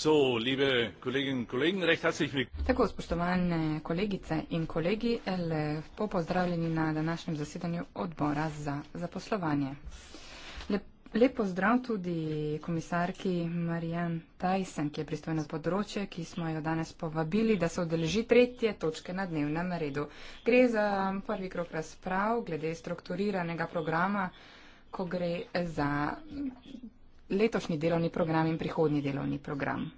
So, liebe Kolleginnen und Kollegen, recht herzlich willkommen. Tako, spoštovane kolegice in kolegi, lepo pozdravljeni na današnjem zasedanju odbora za zaposlovanje. Lep, lep pozdrav tudi komisarki Marijan Tyson, ki je pristojna področje, ki smo jo danes povabili, da se odeleži tretje točke na dnevnem redu. Gre za prvi krok razprav glede strukturiranega programa, ko gre za letošnji delovni program in prihodnji delovni program.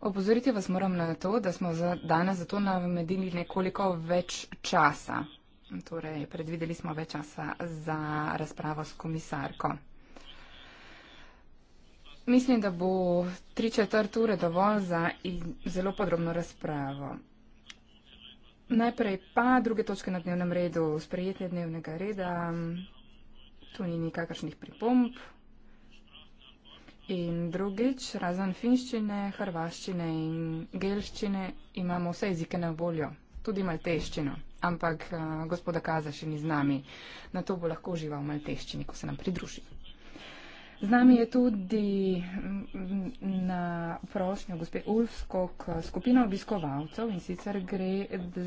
Opozoriti vas moram na to, da smo za danes zato namenili nekoliko več časa. Torej, predvideli smo več časa za razpravo s komisarko. Mislim, da bo tri četrt ure dovolj za zelo podrobno razpravo. Najprej pa druge točke na dnevnem redu, sprejetje dnevnega reda. Tu ni nikakršnih pripomb. In drugič, razen finščine, hrvaščine in gelščine, imamo vse jezike na voljo, tudi malteščino. Ampak uh, gospoda Kaza še ni z nami, na to bo lahko užival v malteščini, ko se nam pridruži. Z nami je tudi mm, na prošnjo gospe Ulfskog eh, skupina obiskovalcev in sicer gre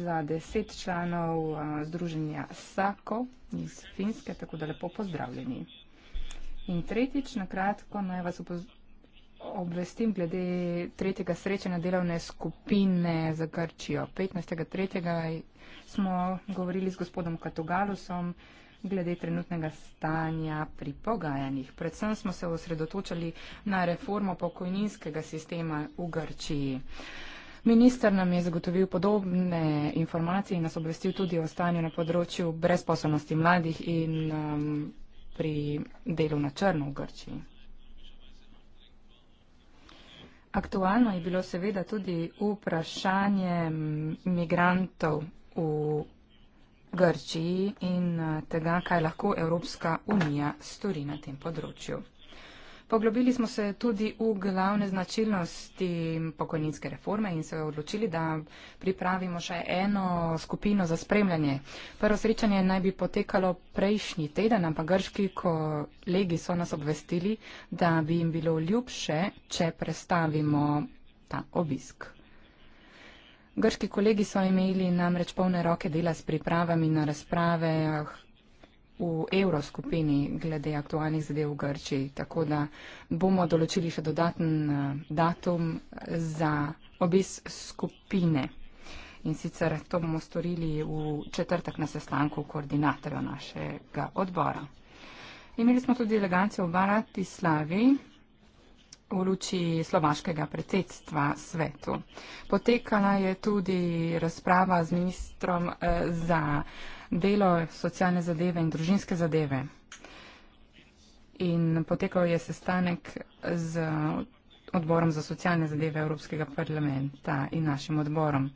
za deset članov eh, združenja SAKO iz Finske, tako da lepo pozdravljeni. In tretjič, na kratko, naj vas obvestim glede tretjega srečanja delovne skupine za Grčijo. 15.3. smo govorili z gospodom Katogalusom glede trenutnega stanja pri pogajanjih. Predvsem smo se osredotočali na reformo pokojninskega sistema v Grčiji. Minister nam je zagotovil podobne informacije in nas obvestil tudi o stanju na področju brezposobnosti mladih in um, pri delu na črno v Grčiji. Aktualno je bilo seveda tudi vprašanje migrantov v Grčiji in eh, tega, kaj lahko Evropska unija stori na tem področju. Poglobili smo se tudi v glavne značilnosti pokojninske reforme in se odločili, da pripravimo še eno skupino za spremljanje. Prvo srečanje naj bi potekalo prejšnji teden, ampak grški kolegi so nas obvestili, da bi jim bilo ljubše, če prestavimo ta obisk. Grški kolegi so imeli namreč polne roke dela s pripravami na razprave v evroskupini glede aktualnih zadev v Grčiji. Tako da bomo določili še dodaten eh, datum za obisk skupine. In sicer to bomo storili v četrtek na sestanku koordinatorja našega odbora. Imeli smo tudi delegacijo v Bratislavi v luči slovaškega predsedstva svetu. Potekala je tudi razprava z ministrom eh, za delo, socialne zadeve in družinske zadeve. In potekal je sestanek z odborom za socialne zadeve Evropskega parlamenta in našim odborom.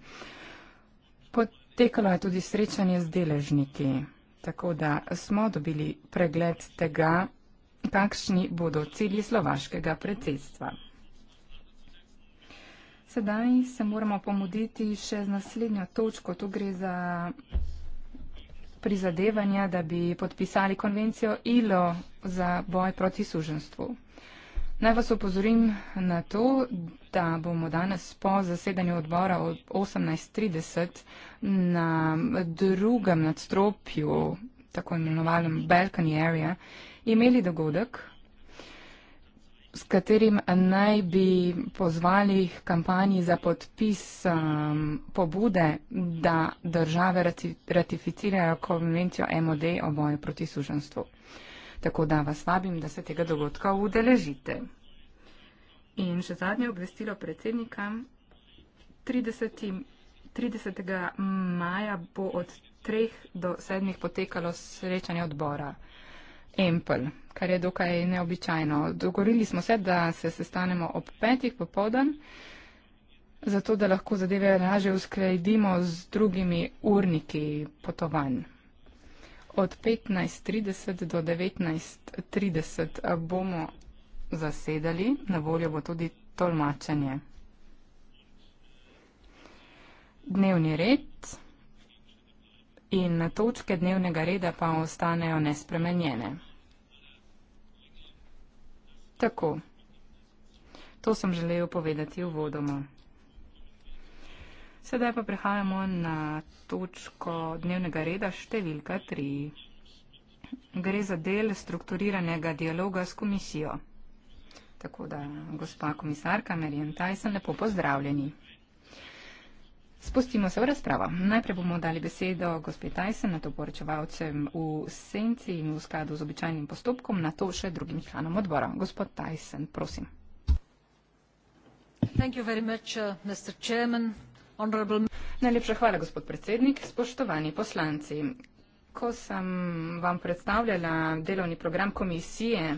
Potekalo je tudi srečanje z deležniki, tako da smo dobili pregled tega, kakšni bodo cilji slovaškega predsedstva. Sedaj se moramo pomuditi še z naslednjo točko. Tu gre za prizadevanja, da bi podpisali konvencijo ILO za boj proti suženstvu. Naj vas opozorim na to, da bomo danes po zasedanju odbora od 18.30 na drugem nadstropju, tako imenovanem Balkan Area, imeli dogodek, s katerim naj bi pozvali k kampanji za podpis um, pobude, da države rati, ratificirajo konvencijo MOD o boju proti suženstvu. Tako da vas vabim, da se tega dogodka udeležite. In še zadnje obvestilo predsednika. 30. 30. maja bo od 3 do 7 potekalo srečanje odbora. Empel, kar je dokaj neobičajno. Dogovorili smo se, da se sestanemo ob petih popoldan, zato da lahko zadeve raže uskladimo z drugimi urniki potovanj. Od 15.30 do 19.30 bomo zasedali, na voljo bo tudi tolmačenje. Dnevni red in točke dnevnega reda pa ostanejo nespremenjene. Tako. To sem želel povedati v vodoma. Sedaj pa prehajamo na točko dnevnega reda številka 3. Gre za del strukturiranega dialoga s komisijo. Tako da, gospa komisarka Merijan Tajsen, lepo pozdravljeni. Spustimo se v razpravo. Najprej bomo dali besedo gospe Tyson, na to poročevalcem v senci in v skladu z običajnim postopkom, na to še drugim članom odbora. Gospod Tyson, prosim. Much, uh, Chairman, Najlepša hvala, gospod predsednik. Spoštovani poslanci, ko sem vam predstavljala delovni program komisije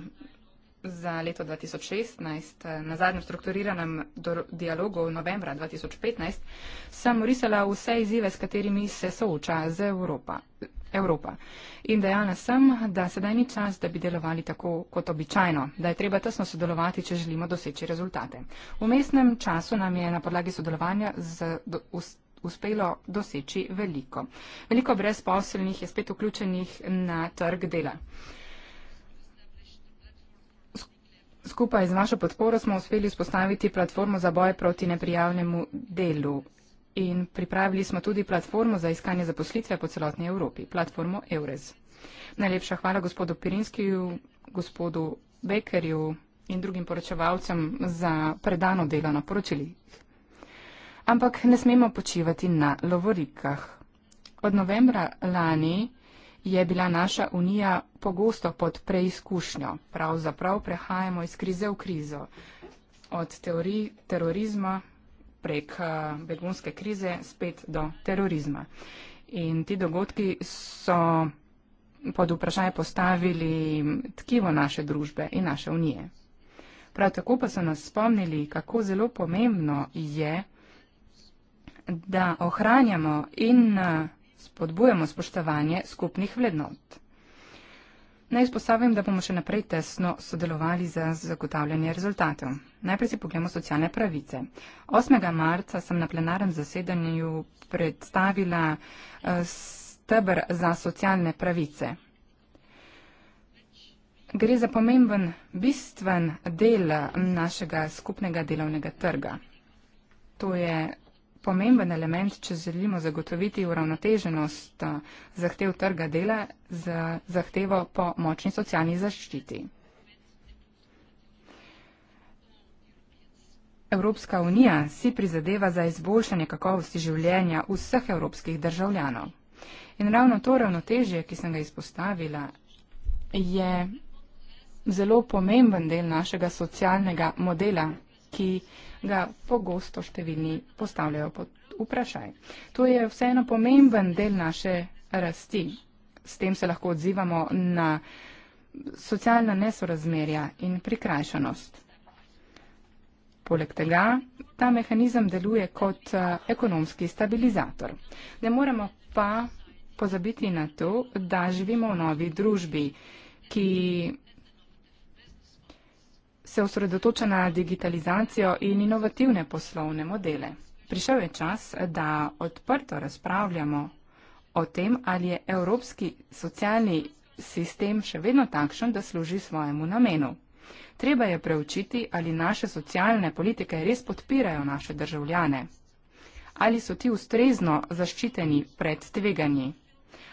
za leto 2016 eh, na zadnjem strukturiranem dialogu novembra 2015 sem risala vse izzive, s katerimi se sooča z Evropa. Evropa. In dejala sem, da sedaj ni čas, da bi delovali tako kot običajno, da je treba tesno sodelovati, če želimo doseči rezultate. V mestnem času nam je na podlagi sodelovanja z, do, us, uspelo doseči veliko. Veliko brezposelnih je spet vključenih na trg dela. Skupaj z vašo podporo smo uspeli vzpostaviti platformo za boj proti neprijavljenemu delu in pripravili smo tudi platformo za iskanje zaposlitve po celotni Evropi, platformo EURES. Najlepša hvala gospodu Pirinskiju, gospodu Bekerju in drugim poročevalcem za predano delo na poročilih. Ampak ne smemo počivati na lovorikah. Od novembra lani je bila naša unija pogosto pod preizkušnjo. Pravzaprav prehajamo iz krize v krizo. Od teorij terorizma prek eh, begunske krize spet do terorizma. In ti dogodki so pod vprašanje postavili tkivo naše družbe in naše unije. Prav tako pa so nas spomnili, kako zelo pomembno je, da ohranjamo in eh, spodbujamo spoštovanje skupnih vrednot. Naj izpostavim, da bomo še naprej tesno sodelovali za zagotavljanje rezultatov. Najprej si pogledamo socialne pravice. 8. marca sem na plenarnem zasedanju predstavila eh, stebr za socialne pravice. Gre za pomemben, bistven del eh, našega skupnega delovnega trga. To je pomemben element, če želimo zagotoviti uravnoteženost eh, zahtev trga dela z zahtevo po močni socialni zaščiti. Evropska unija si prizadeva za izboljšanje kakovosti življenja vseh evropskih državljanov. In ravno to ravnotežje, ki sem ga izpostavila, je zelo pomemben del našega socialnega modela, ki ga pogosto številni postavljajo pod vprašaj. To je vseeno pomemben del naše rasti. S tem se lahko odzivamo na socialna nesorazmerja in prikrajšanost. Poleg tega ta mehanizem deluje kot eh, ekonomski stabilizator. Ne moremo pa pozabiti na to, da živimo v novi družbi, ki se osredotoča na digitalizacijo in inovativne poslovne modele. Prišel je čas, da odprto razpravljamo o tem, ali je evropski socialni sistem še vedno takšen, da služi svojemu namenu. Treba je preučiti, ali naše socialne politike res podpirajo naše državljane. Ali so ti ustrezno zaščiteni pred tveganji?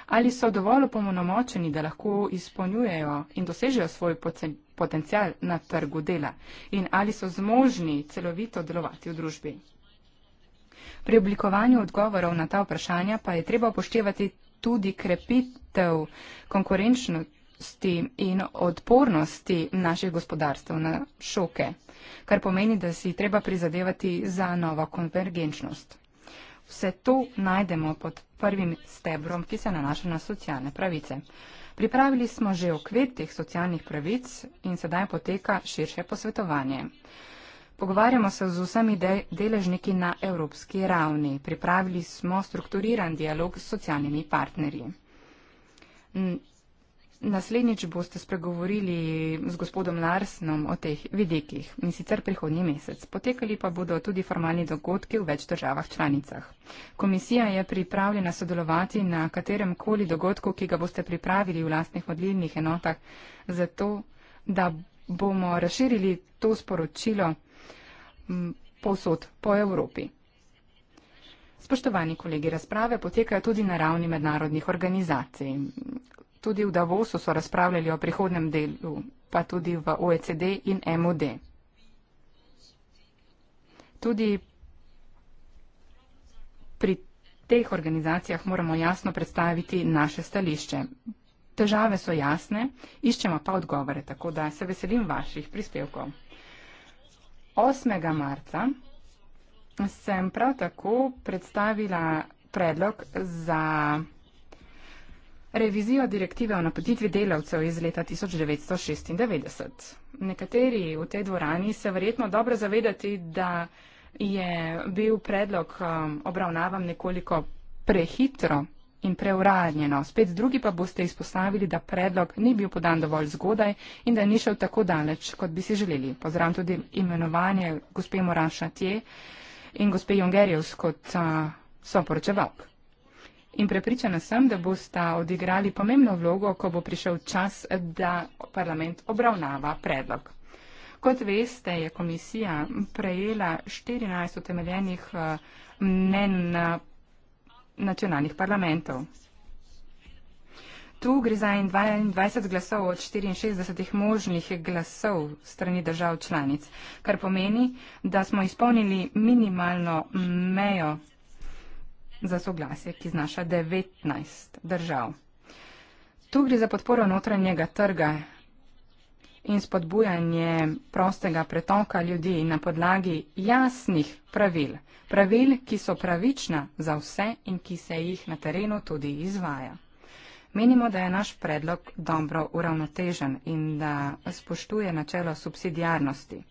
Ali so dovolj pomonomočeni, da lahko izpolnjujejo in dosežejo svoj potencial? potencial na trgu dela in ali so zmožni celovito delovati v družbi. Pri oblikovanju odgovorov na ta vprašanja pa je treba upoštevati tudi krepitev konkurenčnosti in odpornosti naših gospodarstv na šoke, kar pomeni, da si treba prizadevati za novo konvergenčnost. Vse to najdemo pod prvim stebrom, ki se nanaša na socialne pravice. Pripravili smo že okvir teh socialnih pravic in sedaj poteka širše posvetovanje. Pogovarjamo se z vsemi de deležniki na evropski ravni. Pripravili smo strukturiran dialog s socialnimi partnerji. Naslednjič boste spregovorili z gospodom Larsnom o teh vidikih in sicer prihodnji mesec. Potekali pa bodo tudi formalni dogodki v več državah članicah. Komisija je pripravljena sodelovati na katerem koli dogodku, ki ga boste pripravili v lastnih vodilnih enotah, zato da bomo razširili to sporočilo povsod po Evropi. Spoštovani kolegi, razprave potekajo tudi na ravni mednarodnih organizacij. Tudi v Davosu so razpravljali o prihodnem delu, pa tudi v OECD in MOD. Tudi pri teh organizacijah moramo jasno predstaviti naše stališče. Težave so jasne, iščemo pa odgovore, tako da se veselim vaših prispevkov. 8. marca sem prav tako predstavila predlog za revizijo direktive o napotitvi delavcev iz leta 1996. Nekateri v tej dvorani se verjetno dobro zavedati, da je bil predlog um, obravnavam nekoliko prehitro in preuranjeno. Spet drugi pa boste izpostavili, da predlog ni bil podan dovolj zgodaj in da ni šel tako daleč, kot bi si želeli. Pozdravljam tudi imenovanje gospe Moran Šatje in gospe Jongerjevs kot uh, soporočevalk in prepričana sem, da bosta odigrali pomembno vlogo, ko bo prišel čas, da parlament obravnava predlog. Kot veste, je komisija prejela 14 utemeljenih eh, mnen nacionalnih parlamentov. Tu gre za 22 glasov od 64 možnih glasov strani držav članic, kar pomeni, da smo izpolnili minimalno mejo za soglasje, ki znaša 19 držav. Tu gre za podporo notranjega trga in spodbujanje prostega pretoka ljudi na podlagi jasnih pravil. Pravil, ki so pravična za vse in ki se jih na terenu tudi izvaja. Menimo, da je naš predlog dobro uravnotežen in da spoštuje načelo subsidijarnosti.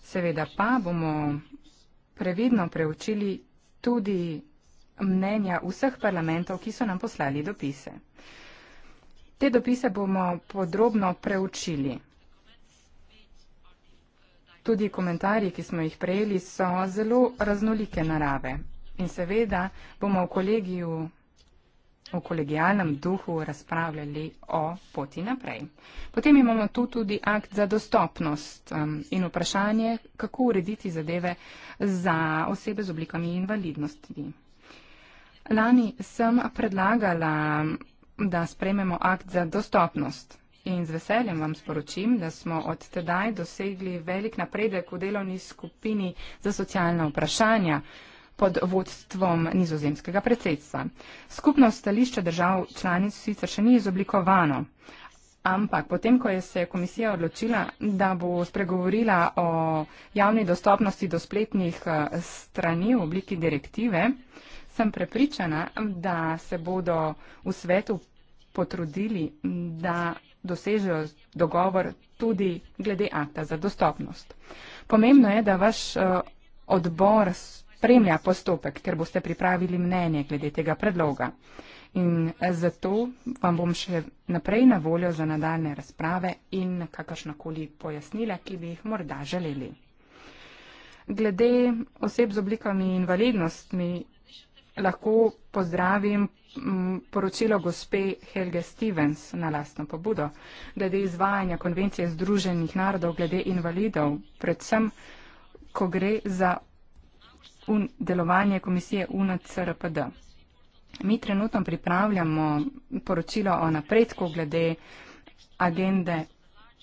Seveda pa bomo previdno preučili tudi mnenja vseh parlamentov, ki so nam poslali dopise. Te dopise bomo podrobno preučili. Tudi komentarji, ki smo jih prejeli, so zelo raznolike narave. In seveda bomo v kolegiju v kolegijalnem duhu razpravljali o poti naprej. Potem imamo tu tudi akt za dostopnost um, in vprašanje, kako urediti zadeve za osebe z oblikami invalidnosti. Lani sem predlagala, da sprememo akt za dostopnost. In z veseljem vam sporočim, da smo od tedaj dosegli velik napredek v delovni skupini za socialna vprašanja, pod vodstvom nizozemskega predsedstva. Skupno stališče držav članic sicer še ni izoblikovano, ampak potem, ko je se komisija odločila, da bo spregovorila o javni dostopnosti do spletnih eh, strani v obliki direktive, sem prepričana, da se bodo v svetu potrudili, da dosežejo dogovor tudi glede akta za dostopnost. Pomembno je, da vaš eh, odbor spremlja postopek, ker boste pripravili mnenje glede tega predloga. In zato vam bom še naprej na voljo za nadaljne razprave in kakršnakoli pojasnila, ki bi jih morda želeli. Glede oseb z oblikami invalidnostmi lahko pozdravim mm, poročilo gospe Helge Stevens na lastno pobudo glede izvajanja konvencije Združenih narodov glede invalidov, predvsem, ko gre za un, delovanje komisije UNCRPD. Mi trenutno pripravljamo poročilo o napredku glede agende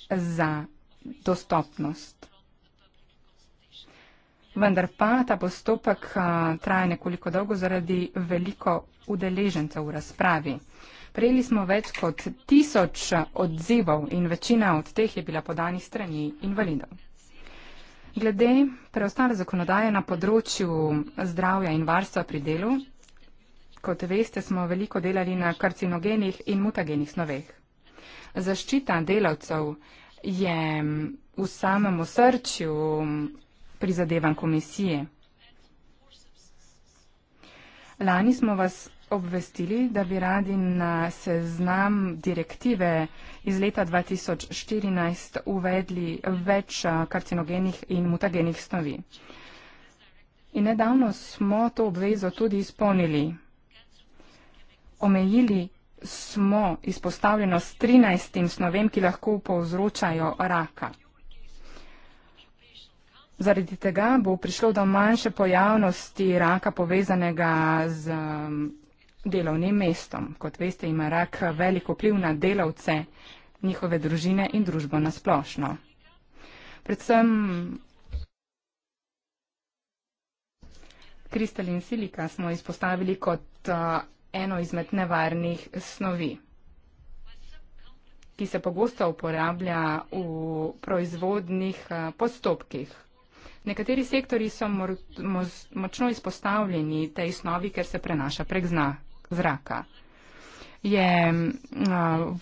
za dostopnost. Vendar pa ta postopek a, traja nekoliko dolgo zaradi veliko udeležencev v razpravi. Prejeli smo več kot tisoč odzivov in večina od teh je bila podanih strani invalidov. Glede preostale zakonodaje na področju zdravja in varstva pri delu, kot veste, smo veliko delali na karcinogenih in mutagenih snoveh. Zaščita delavcev je v samem osrčju prizadevan komisije. Lani smo vas obvestili, da bi radi na seznam direktive iz leta 2014 uvedli več karcinogenih in mutagenih snovi. In nedavno smo to obvezo tudi izpolnili. Omejili smo izpostavljenost 13 snovem, ki lahko povzročajo raka. Zaradi tega bo prišlo do manjše pojavnosti raka povezanega z delovnim mestom. Kot veste, ima rak velik vpliv na delavce, njihove družine in družbo nasplošno. Predvsem kristalin silika smo izpostavili kot eno izmed nevarnih snovi, ki se pogosto uporablja v proizvodnih postopkih. Nekateri sektori so močno izpostavljeni tej snovi, ker se prenaša prek znak zraka. Je uh,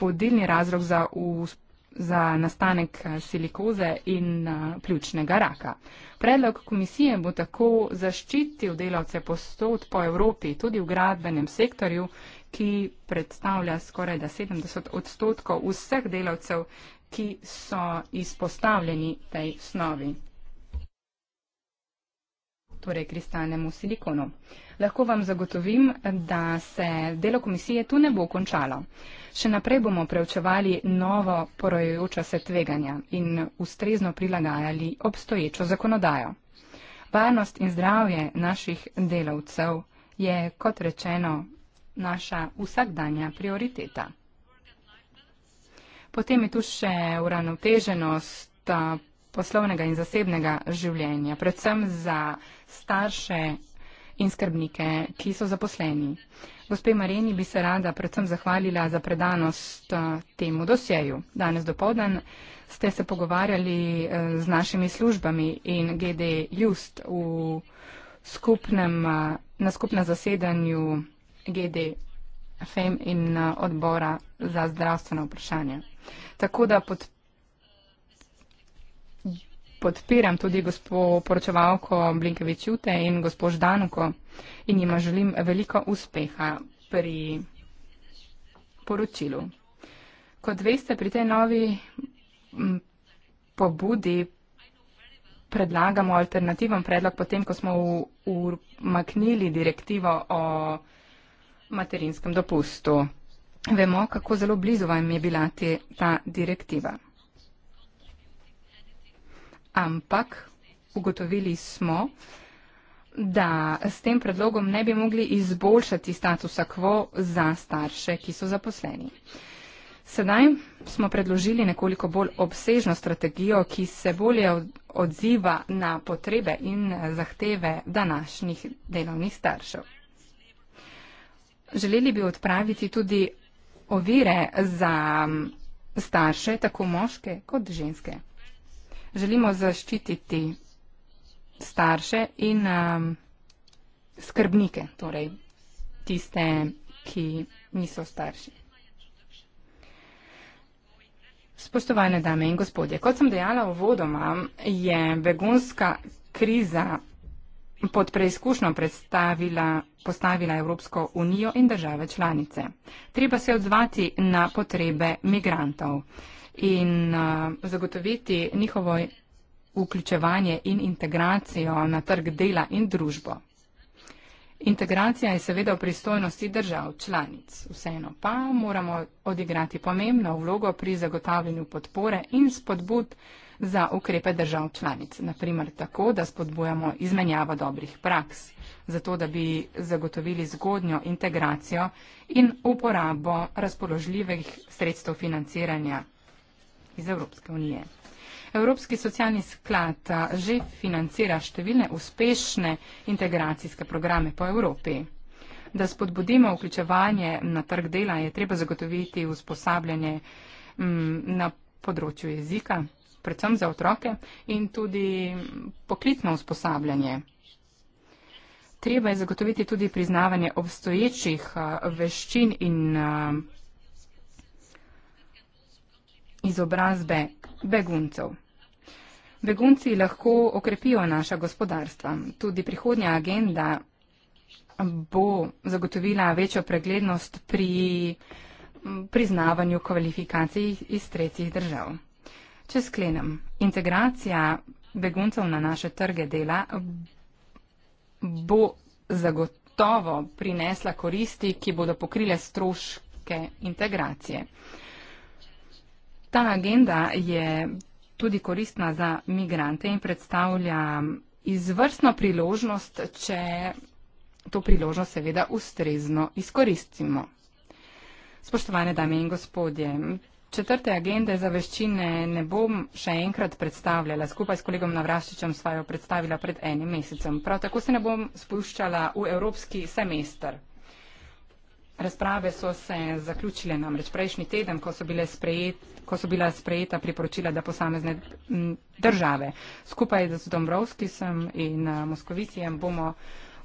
vodilni razlog za, v, za nastanek silikoze in uh, pljučnega raka. Predlog komisije bo tako zaščitil delavce postot po Evropi, tudi v gradbenem sektorju, ki predstavlja skoraj 70 odstotkov vseh delavcev, ki so izpostavljeni tej snovi torej kristalnemu silikonu. Lahko vam zagotovim, da se delo komisije tu ne bo končalo. Še naprej bomo preučevali novo porojujoča se tveganja in ustrezno prilagajali obstoječo zakonodajo. Varnost in zdravje naših delavcev je, kot rečeno, naša vsakdanja prioriteta. Potem je tu še uravnoteženost poslovnega in zasebnega življenja, predvsem za starše in skrbnike, ki so zaposleni. Gospe Mareni bi se rada predvsem zahvalila za predanost eh, temu dosjeju. Danes dopoldan ste se pogovarjali eh, z našimi službami in GD Just v skupnem, eh, na skupnem zasedanju GD FEM in odbora za zdravstveno vprašanje. Tako da podpiramo podpiram tudi gospod poročevalko Blinkevič Jute in gospod Ždanuko in jima želim veliko uspeha pri poročilu. Kot veste, pri tej novi pobudi predlagamo alternativen predlog, potem ko smo umaknili direktivo o materinskem dopustu. Vemo, kako zelo blizu vam je bila te, ta direktiva ampak ugotovili smo, da s tem predlogom ne bi mogli izboljšati statusa quo za starše, ki so zaposleni. Sedaj smo predložili nekoliko bolj obsežno strategijo, ki se bolje odziva na potrebe in zahteve današnjih delovnih staršev. Želeli bi odpraviti tudi ovire za starše, tako moške kot ženske želimo zaščititi starše in um, skrbnike, torej tiste, ki niso starši. Spoštovane dame in gospodje, kot sem dejala v vodoma, je begunska kriza pod preizkušnjo postavila Evropsko unijo in države članice. Treba se odzvati na potrebe migrantov in uh, zagotoviti njihovo vključevanje in integracijo na trg dela in družbo. Integracija je seveda v pristojnosti držav članic, vseeno pa moramo odigrati pomembno vlogo pri zagotavljanju podpore in spodbud za ukrepe držav članic, naprimer tako, da spodbujamo izmenjavo dobrih praks, zato da bi zagotovili zgodnjo integracijo in uporabo razpoložljivih sredstev financiranja iz Evropske unije. Evropski socialni sklad že financira številne uspešne integracijske programe po Evropi. Da spodbudimo vključevanje na trg dela, je treba zagotoviti usposabljanje na področju jezika, predvsem za otroke, in tudi poklicno usposabljanje. Treba je zagotoviti tudi priznavanje obstoječih veščin in izobrazbe beguncev. Begunci lahko okrepijo naša gospodarstva. Tudi prihodnja agenda bo zagotovila večjo preglednost pri priznavanju kvalifikacij iz tretjih držav. Če sklenem, integracija beguncev na naše trge dela bo zagotovo prinesla koristi, ki bodo pokrile stroške integracije. Ta agenda je tudi koristna za migrante in predstavlja izvrstno priložnost, če to priložnost seveda ustrezno izkoristimo. Spoštovane dame in gospodje, četrte agende za veščine ne bom še enkrat predstavljala. Skupaj s kolegom Navraščičem sva jo predstavila pred enim mesecem. Prav tako se ne bom spuščala v evropski semester. Razprave so se zaključile namreč prejšnji teden, ko so, sprejet, ko so bila sprejeta priporočila, da posamezne države skupaj z Dombrovskisem in eh, Moskovicijem bomo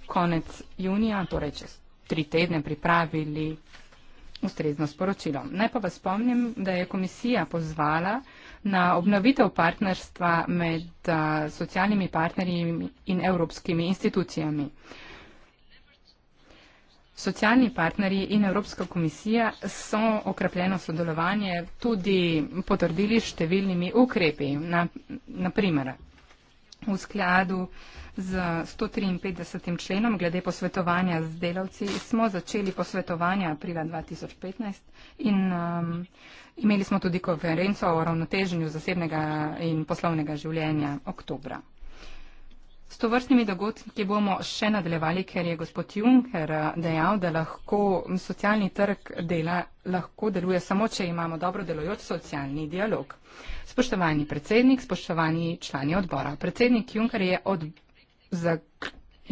konec junija, torej čez tri tedne, pripravili ustrezno sporočilo. Naj pa vas spomnim, da je komisija pozvala na obnovitev partnerstva med eh, socialnimi partnerji in evropskimi institucijami. Socialni partnerji in Evropska komisija so okrepljeno sodelovanje tudi potrdili številnimi ukrepi. Na, naprimer, v skladu z 153. členom glede posvetovanja z delavci smo začeli posvetovanje aprila 2015 in um, imeli smo tudi konferenco o ravnoteženju zasebnega in poslovnega življenja oktobra. S to vrstnimi dogodki bomo še nadaljevali, ker je gospod Juncker eh, dejal, da lahko socialni trg dela lahko deluje samo, če imamo dobro delojoč socialni dialog. Spoštovani predsednik, spoštovani člani odbora. Predsednik Juncker je, od,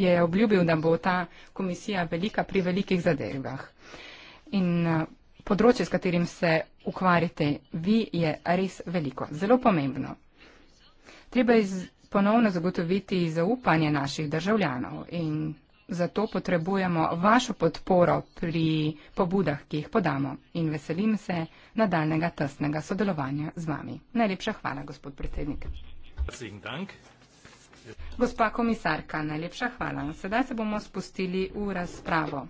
je obljubil, da bo ta komisija velika pri velikih zadevah. In eh, področje, s katerim se ukvarjate vi, je res veliko, zelo pomembno. Treba iz, ponovno zagotoviti zaupanje naših državljanov in zato potrebujemo vašo podporo pri pobudah, ki jih podamo in veselim se nadaljnega tesnega sodelovanja z vami. Najlepša hvala, gospod predsednik. Gospa komisarka, najlepša hvala. Sedaj se bomo spustili v razpravo.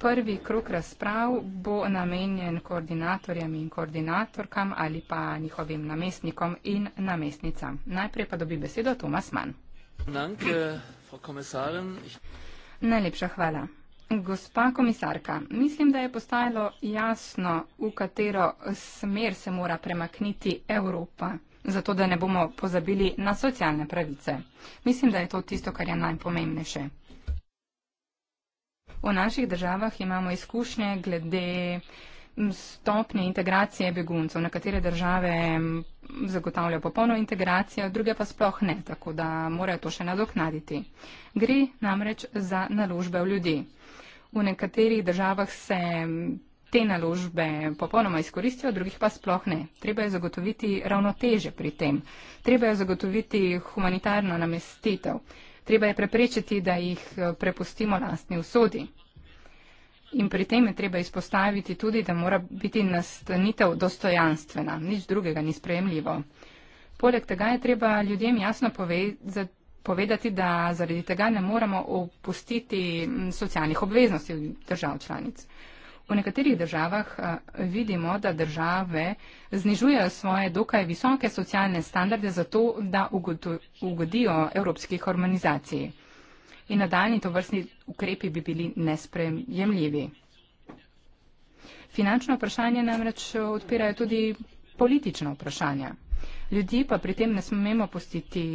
Prvi krok razprav bo namenjen koordinatorjem in koordinatorkam ali pa njihovim namestnikom in namestnicam. Najprej pa dobi besedo Tomas Mann. Najlepša hvala. Gospa komisarka, mislim, da je postajalo jasno, v katero smer se mora premakniti Evropa, zato da ne bomo pozabili na socialne pravice. Mislim, da je to tisto, kar je najpomembnejše. V naših državah imamo izkušnje glede stopnje integracije beguncev. Nekatere države zagotavljajo popolno integracijo, druge pa sploh ne, tako da morajo to še nadoknaditi. Gre namreč za naložbe v ljudi. V nekaterih državah se te naložbe popolnoma izkoristijo, v drugih pa sploh ne. Treba je zagotoviti ravnoteže pri tem. Treba je zagotoviti humanitarno namestitev. Treba je preprečiti, da jih eh, prepustimo lastni usodi. In pri tem je treba izpostaviti tudi, da mora biti nastanitev dostojanstvena, nič drugega ni sprejemljivo. Poleg tega je treba ljudem jasno povedati, da zaradi tega ne moramo opustiti mm, socialnih obveznosti držav članic. V nekaterih državah eh, vidimo, da države znižujejo svoje dokaj visoke socialne standarde zato, da ugodijo evropskih organizacij. In nadaljni to vrstni ukrepi bi bili nesprejemljivi. Finančno vprašanje namreč odpirajo tudi politično vprašanje. Ljudi pa pri tem ne smemo pustiti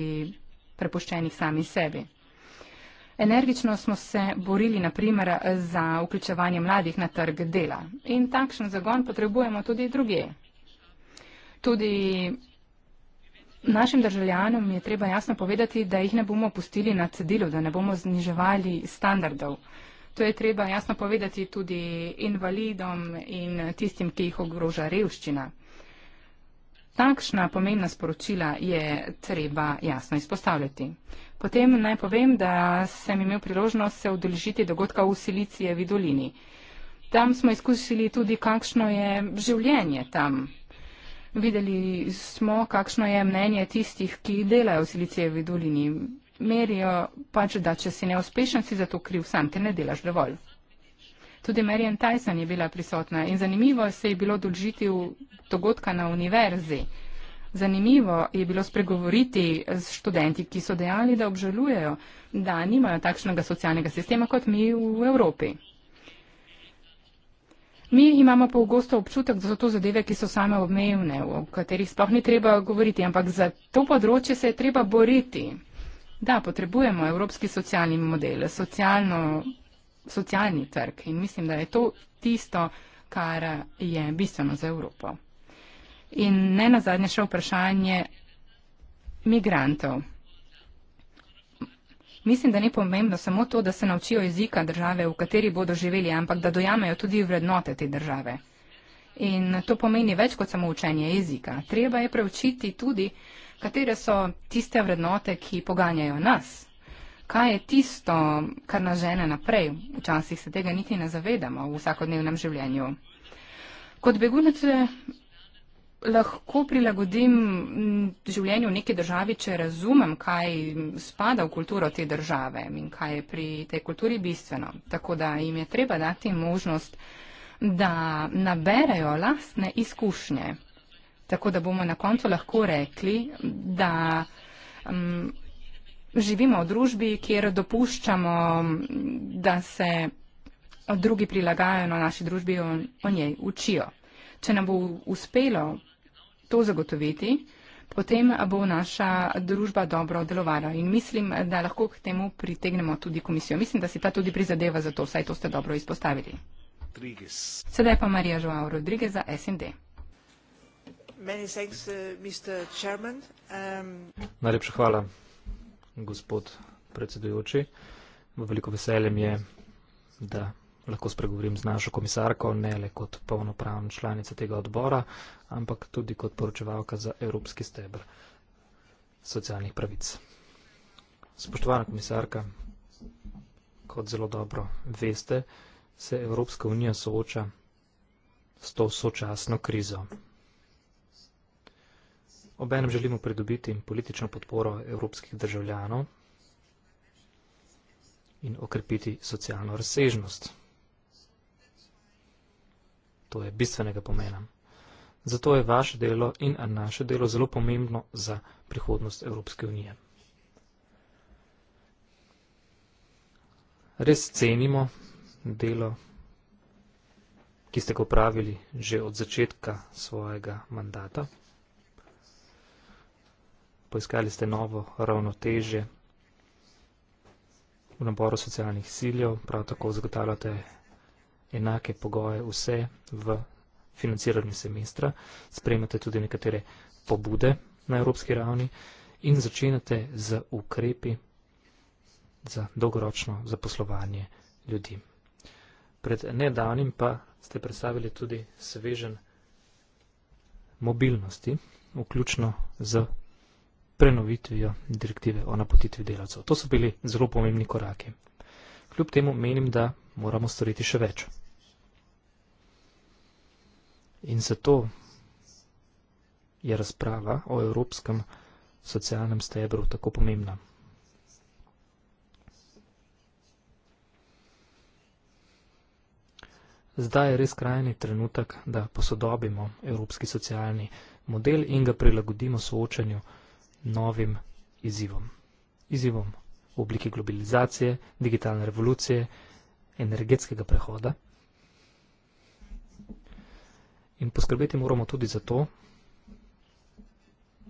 prepuščenih sami sebi. Energično smo se borili, naprimer, za vključevanje mladih na trg dela in takšen zagon potrebujemo tudi druge. Tudi našim državljanom je treba jasno povedati, da jih ne bomo pustili na cedilu, da ne bomo zniževali standardov. To je treba jasno povedati tudi invalidom in tistim, ki jih ogroža revščina. Takšna pomembna sporočila je treba jasno izpostavljati. Potem naj povem, da sem imel priložnost se udeležiti dogodka v Silicije v Dolini. Tam smo izkusili tudi, kakšno je življenje tam. Videli smo, kakšno je mnenje tistih, ki delajo v Silicijevi dolini. Merijo pač, da če si neuspešen, si za to kriv sam, ker ne delaš dovolj. Tudi Marian Tyson je bila prisotna in zanimivo se je bilo dolžiti dogodka na univerzi. Zanimivo je bilo spregovoriti s študenti, ki so dejali, da obžalujejo, da nimajo takšnega socialnega sistema kot mi v Evropi. Mi imamo pa ugosto občutek, da so to zadeve, ki so same obmejne, o katerih sploh ni treba govoriti, ampak za to področje se je treba boriti. Da, potrebujemo evropski socialni model, socialno socialni trg in mislim, da je to tisto, kar je bistveno za Evropo. In ne na zadnje še vprašanje migrantov. Mislim, da ni pomembno samo to, da se naučijo jezika države, v kateri bodo živeli, ampak da dojamejo tudi vrednote te države. In to pomeni več kot samo učenje jezika. Treba je preučiti tudi, katere so tiste vrednote, ki poganjajo nas kaj je tisto, kar nas žene naprej. Včasih se tega niti ne zavedamo v vsakodnevnem življenju. Kot begunec eh, lahko prilagodim mm, življenju v neki državi, če razumem, kaj spada v kulturo te države in kaj je pri tej kulturi bistveno. Tako da jim je treba dati možnost, da naberajo lastne izkušnje. Tako da bomo na koncu lahko rekli, da um, živimo v družbi, kjer dopuščamo, da se drugi prilagajajo na naši družbi in o njej učijo. Če nam bo uspelo to zagotoviti, potem bo naša družba dobro delovala in mislim, da lahko k temu pritegnemo tudi komisijo. Mislim, da si ta tudi prizadeva za to, saj to ste dobro izpostavili. Rodriguez. Sedaj pa Marija Joao Rodriguez za SND. Thanks, uh, um... Najlepša hvala, gospod predsedujoči. Veliko veseljem je, da lahko spregovorim z našo komisarko, ne le kot polnopravna članica tega odbora, ampak tudi kot poročevalka za Evropski stebr socialnih pravic. Spoštovana komisarka, kot zelo dobro veste, se Evropska unija sooča s to sočasno krizo, Obenem želimo pridobiti politično podporo evropskih državljanov in okrepiti socialno razsežnost. To je bistvenega pomena. Zato je vaše delo in naše delo zelo pomembno za prihodnost Evropske unije. Res cenimo delo, ki ste ga upravili že od začetka svojega mandata poiskali ste novo ravnotežje v naboru socialnih ciljev, prav tako zagotavljate enake pogoje vse v financiranju semestra, spremate tudi nekatere pobude na evropski ravni in začenjate z ukrepi za dolgoročno zaposlovanje ljudi. Pred nedavnim pa ste predstavili tudi svežen mobilnosti, vključno z prenovitvijo direktive o napotitvi delavcev. To so bili zelo pomembni koraki. Kljub temu menim, da moramo storiti še več. In zato je razprava o evropskem socialnem stebru tako pomembna. Zdaj je res krajni trenutek, da posodobimo evropski socialni model in ga prilagodimo soočanju novim izzivom. Izzivom v obliki globalizacije, digitalne revolucije, energetskega prehoda. In poskrbeti moramo tudi za to,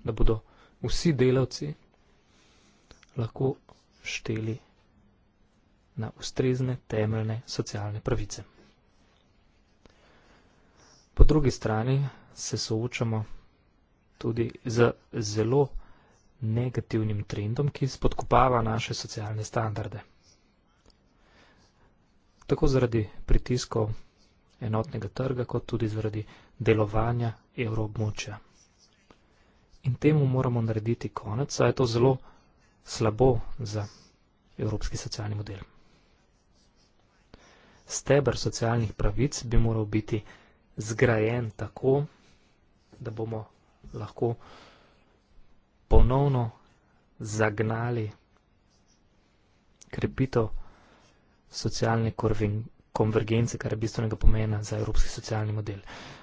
da bodo vsi delavci lahko šteli na ustrezne temeljne socialne pravice. Po drugi strani se soočamo tudi z zelo negativnim trendom, ki spodkopava naše socialne standarde. Tako zaradi pritiskov enotnega trga, kot tudi zaradi delovanja evroobmočja. In temu moramo narediti konec, saj je to zelo slabo za evropski socialni model. Steber socialnih pravic bi moral biti zgrajen tako, da bomo lahko ponovno zagnali krepito socialne konvergence, kar je bistvenega pomena za evropski socialni model.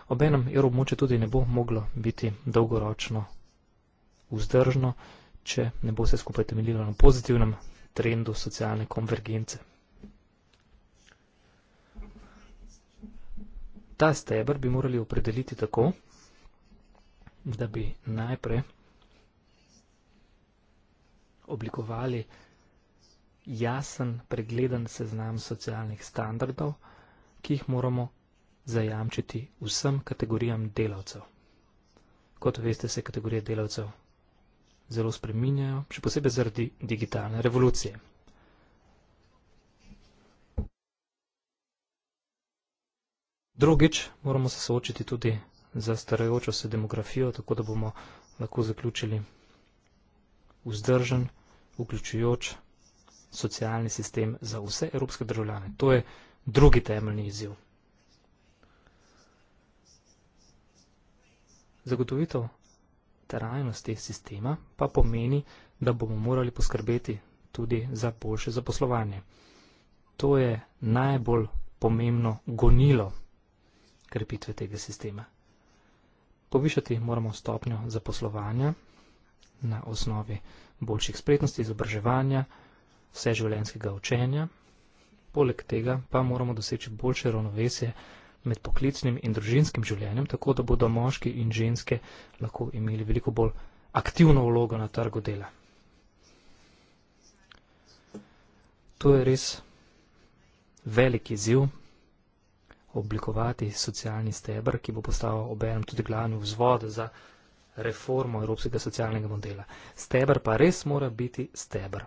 Obenem, evroobmoče tudi ne bo moglo biti dolgoročno vzdržno, če ne bo vse skupaj temeljilo na pozitivnem trendu socialne konvergence. Ta stebr bi morali opredeliti tako, da bi najprej oblikovali jasen, pregleden seznam socialnih standardov, ki jih moramo zajamčiti vsem kategorijam delavcev. Kot veste, se kategorije delavcev zelo spreminjajo, še posebej zaradi digitalne revolucije. Drugič, moramo se soočiti tudi za starajočo se demografijo, tako da bomo lahko zaključili vzdržen, vzdržen, vključujoč socialni sistem za vse evropske državljane. To je drugi temeljni izziv. Zagotovitev trajnosti sistema pa pomeni, da bomo morali poskrbeti tudi za boljše zaposlovanje. To je najbolj pomembno gonilo krepitve tega sistema. Povišati moramo stopnjo zaposlovanja na osnovi boljših spretnosti izobraževanja, vseživljenjskega učenja. Poleg tega pa moramo doseči boljše ravnovesje med poklicnim in družinskim življenjem, tako da bodo moški in ženske lahko imeli veliko bolj aktivno vlogo na trgu dela. To je res velik izziv oblikovati socialni stebr, ki bo postal obenem tudi glavni vzvod za reformo evropskega socialnega modela. Stebr pa res mora biti stebr.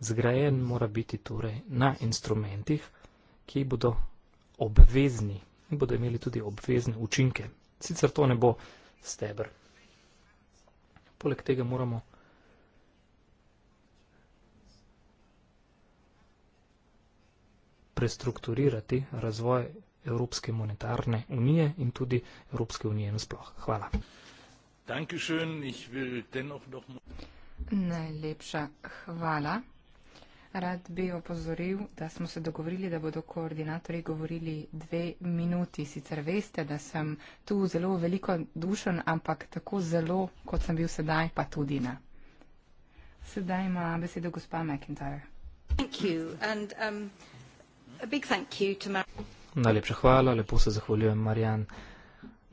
Zgrajen mora biti torej na instrumentih, ki bodo obvezni in bodo imeli tudi obvezne učinke. Sicer to ne bo stebr. Poleg tega moramo prestrukturirati razvoj Evropske monetarne unije in tudi Evropske unije nasploh. Hvala. Najlepša hvala. Rad bi opozoril, da smo se dogovorili, da bodo koordinatorji govorili dve minuti. Sicer veste, da sem tu zelo veliko dušen, ampak tako zelo, kot sem bil sedaj, pa tudi ne. Sedaj ima besedo gospa McIntyre. Thank you. And, um, a big thank you to my... Najlepša hvala, lepo se zahvaljujem Marjan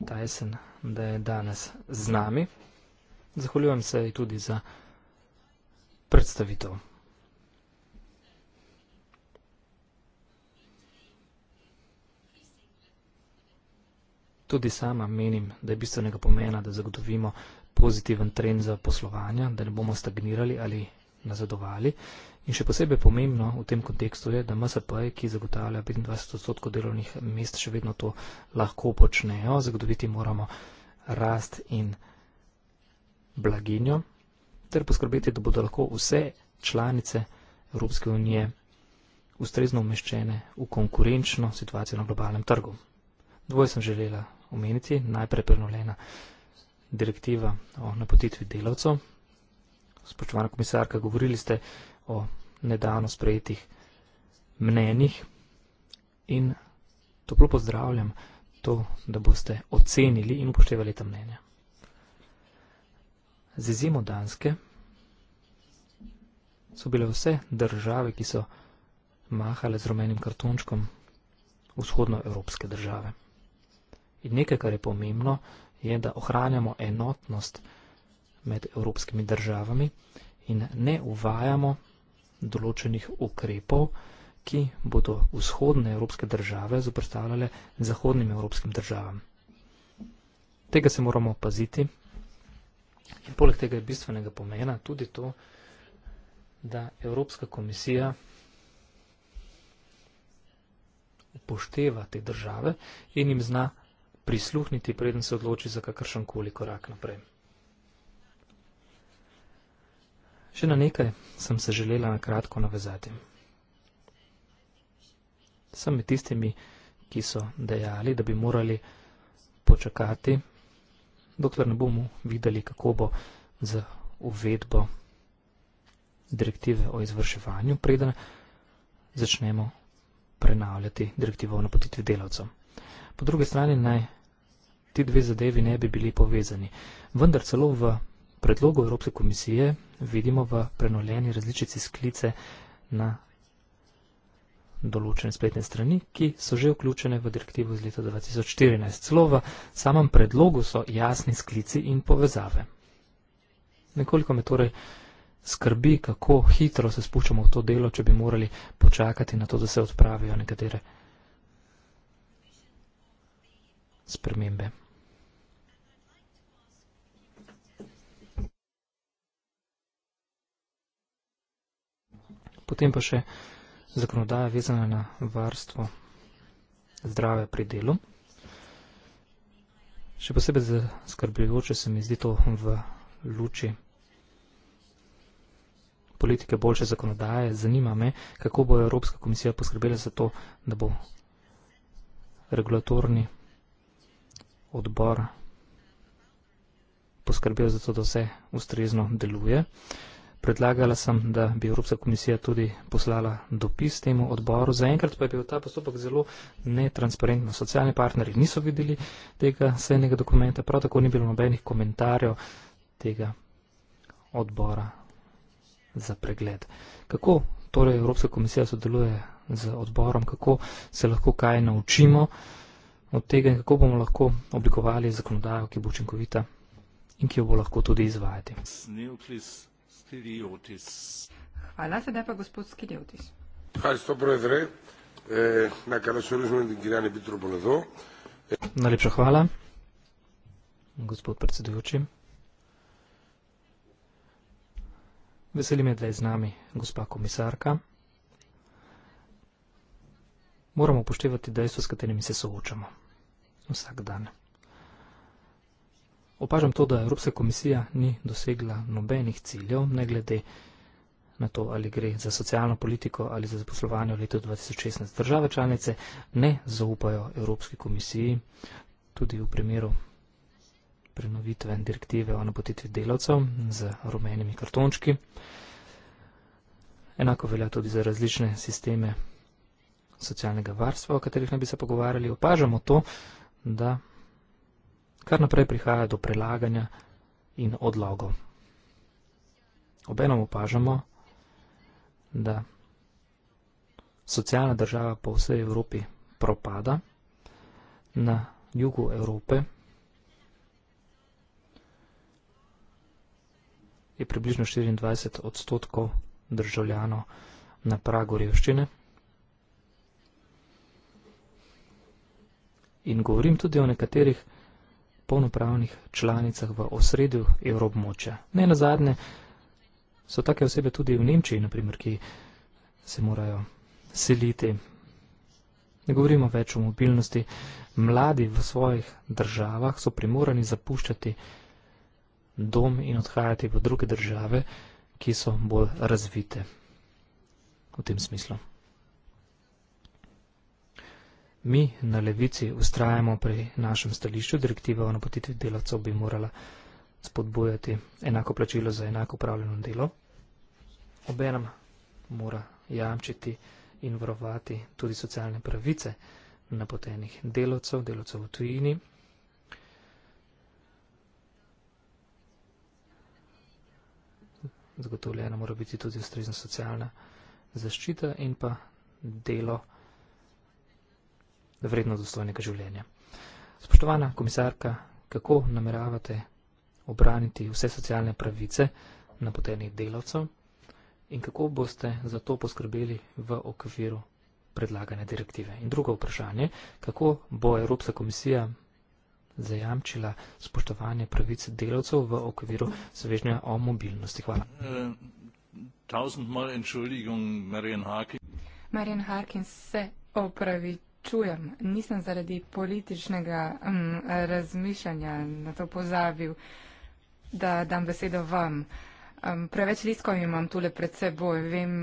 Tyson, da je danes z nami. Zahvaljujem se tudi za predstavitev. Tudi sama menim, da je bistvenega pomena, da zagotovimo pozitiven trend za poslovanje, da ne bomo stagnirali ali nazadovali. In še posebej pomembno v tem kontekstu je, da MSP, ki zagotavlja 25 odstotkov delovnih mest, še vedno to lahko počnejo. Zagotoviti moramo rast in blaginjo ter poskrbeti, da bodo lahko vse članice Evropske unije ustrezno umeščene v konkurenčno situacijo na globalnem trgu. Dvoje sem želela omeniti. Najprej prenovljena direktiva o napotitvi delavcev, spoštovana komisarka, govorili ste o nedavno sprejetih mnenjih in toplo pozdravljam to, da boste ocenili in upoštevali ta mnenja. Z izjemo Danske so bile vse države, ki so mahale z rumenim kartončkom, vzhodnoevropske države. In nekaj, kar je pomembno, je, da ohranjamo enotnost med evropskimi državami in ne uvajamo določenih ukrepov, ki bodo vzhodne evropske države zoprstavljale zahodnim evropskim državam. Tega se moramo opaziti in poleg tega je bistvenega pomena tudi to, da Evropska komisija upošteva te države in jim zna prisluhniti, preden se odloči za kakršen koli korak naprej. Še na nekaj sem se želela na kratko navezati. Sem med tistimi, ki so dejali, da bi morali počakati, dokler ne bomo videli, kako bo z uvedbo direktive o izvrševanju, preden začnemo prenavljati direktivo o napotitvi delavcev. Po druge strani naj ti dve zadevi ne bi bili povezani. Vendar celo v predlogu Evropske komisije vidimo v prenoljeni različici sklice na določene spletne strani, ki so že vključene v direktivo iz leta 2014. Celo v samem predlogu so jasni sklici in povezave. Nekoliko me torej skrbi, kako hitro se spuščamo v to delo, če bi morali počakati na to, da se odpravijo nekatere spremembe. potem pa še zakonodaja vezana na varstvo zdrave pri delu. Še posebej zaskrbljujoče se mi zdi to v luči politike boljše zakonodaje. Zanima me, kako bo Evropska komisija poskrbela za to, da bo regulatorni odbor poskrbel za to, da vse ustrezno deluje predlagala sem, da bi Evropska komisija tudi poslala dopis temu odboru. Zaenkrat pa je bil ta postopek zelo netransparentno. Socialni partneri niso videli tega sejnega dokumenta, prav tako ni bilo nobenih komentarjev tega odbora za pregled. Kako torej Evropska komisija sodeluje z odborom, kako se lahko kaj naučimo od tega in kako bomo lahko oblikovali zakonodajo, ki bo učinkovita in ki jo bo lahko tudi izvajati. Skiriotis. Hvala, sedaj pa gospod Skiriotis. Hvala, predre. E, e, Najlepša hvala, gospod predsedujoči. Veselim je, da je z nami gospa komisarka. Moramo upoštevati dejstva, s katerimi se soočamo vsak dan. Opažam to, da Evropska komisija ni dosegla nobenih ciljev, ne glede na to, ali gre za socialno politiko ali za zaposlovanje v letu 2016. Države članice ne zaupajo Evropski komisiji, tudi v primeru prenovitve direktive o napotitvi delavcev z rumenimi kartončki. Enako velja tudi za različne sisteme socialnega varstva, o katerih naj bi se pogovarjali. Opažamo to, da kar naprej prihaja do prelaganja in odlogov. Obenem opažamo, da socialna država po vsej Evropi propada, na jugu Evrope je približno 24 odstotkov državljanov na pragu revščine. In govorim tudi o nekaterih polnopravnih članicah v osredju evrobmoča. Ne na zadnje so take osebe tudi v Nemčiji, naprimer, ki se morajo seliti. Ne govorimo več o mobilnosti. Mladi v svojih državah so primorani zapuščati dom in odhajati v druge države, ki so bolj razvite v tem smislu. Mi na levici ustrajamo pri našem stališču, direktiva o napotitvi delavcev bi morala spodbujati enako plačilo za enako upravljeno delo. Obenem mora jamčiti in vrovati tudi socialne pravice napotenih delavcev, delavcev v tujini. Zagotovljena mora biti tudi ustrezna socialna zaščita in pa delo delo vredno dostojnega življenja. Spoštovana komisarka, kako nameravate obraniti vse socialne pravice napotenih delavcev in kako boste za to poskrbeli v okviru predlagane direktive? In drugo vprašanje, kako bo Evropska komisija zajamčila spoštovanje pravic delavcev v okviru svežnja o mobilnosti? Hvala. Uh, Marjen Harkin se opravičuje čujem, nisem zaradi političnega um, razmišljanja na to pozabil, da dam besedo vam. Um, preveč listkov imam tule pred seboj, vem,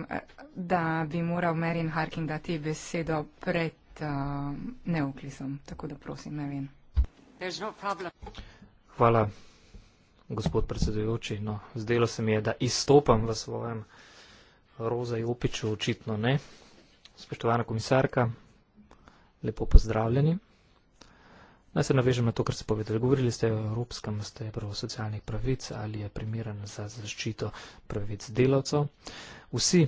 da bi moral Merin Harkin dati besedo pred um, eh, neuklisom, tako da prosim, ne vem. No Hvala, gospod predsedujoči. No, zdelo se mi je, da izstopam v svojem roza jopiču, očitno ne. Spoštovana komisarka, lepo pozdravljeni. Naj se navežem na to, kar ste povedali. Govorili ste o evropskem stebru socialnih pravic, ali je primeren za zaščito pravic delavcev. Vsi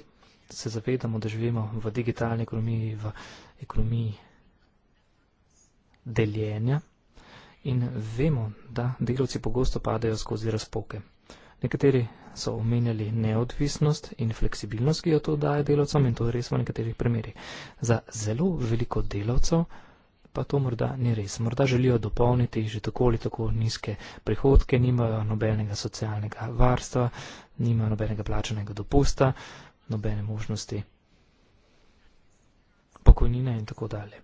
se zavedamo, da živimo v digitalni ekonomiji, v ekonomiji deljenja in vemo, da delavci pogosto padajo skozi razpoke. Nekateri so omenjali neodvisnost in fleksibilnost, ki jo to daje delavcem in to res v nekaterih primerjih. Za zelo veliko delavcev pa to morda ni res. Morda želijo dopolniti že tako ali tako nizke prihodke, nimajo nobenega socialnega varstva, nimajo nobenega plačanega dopusta, nobene možnosti pokojnine in tako dalje.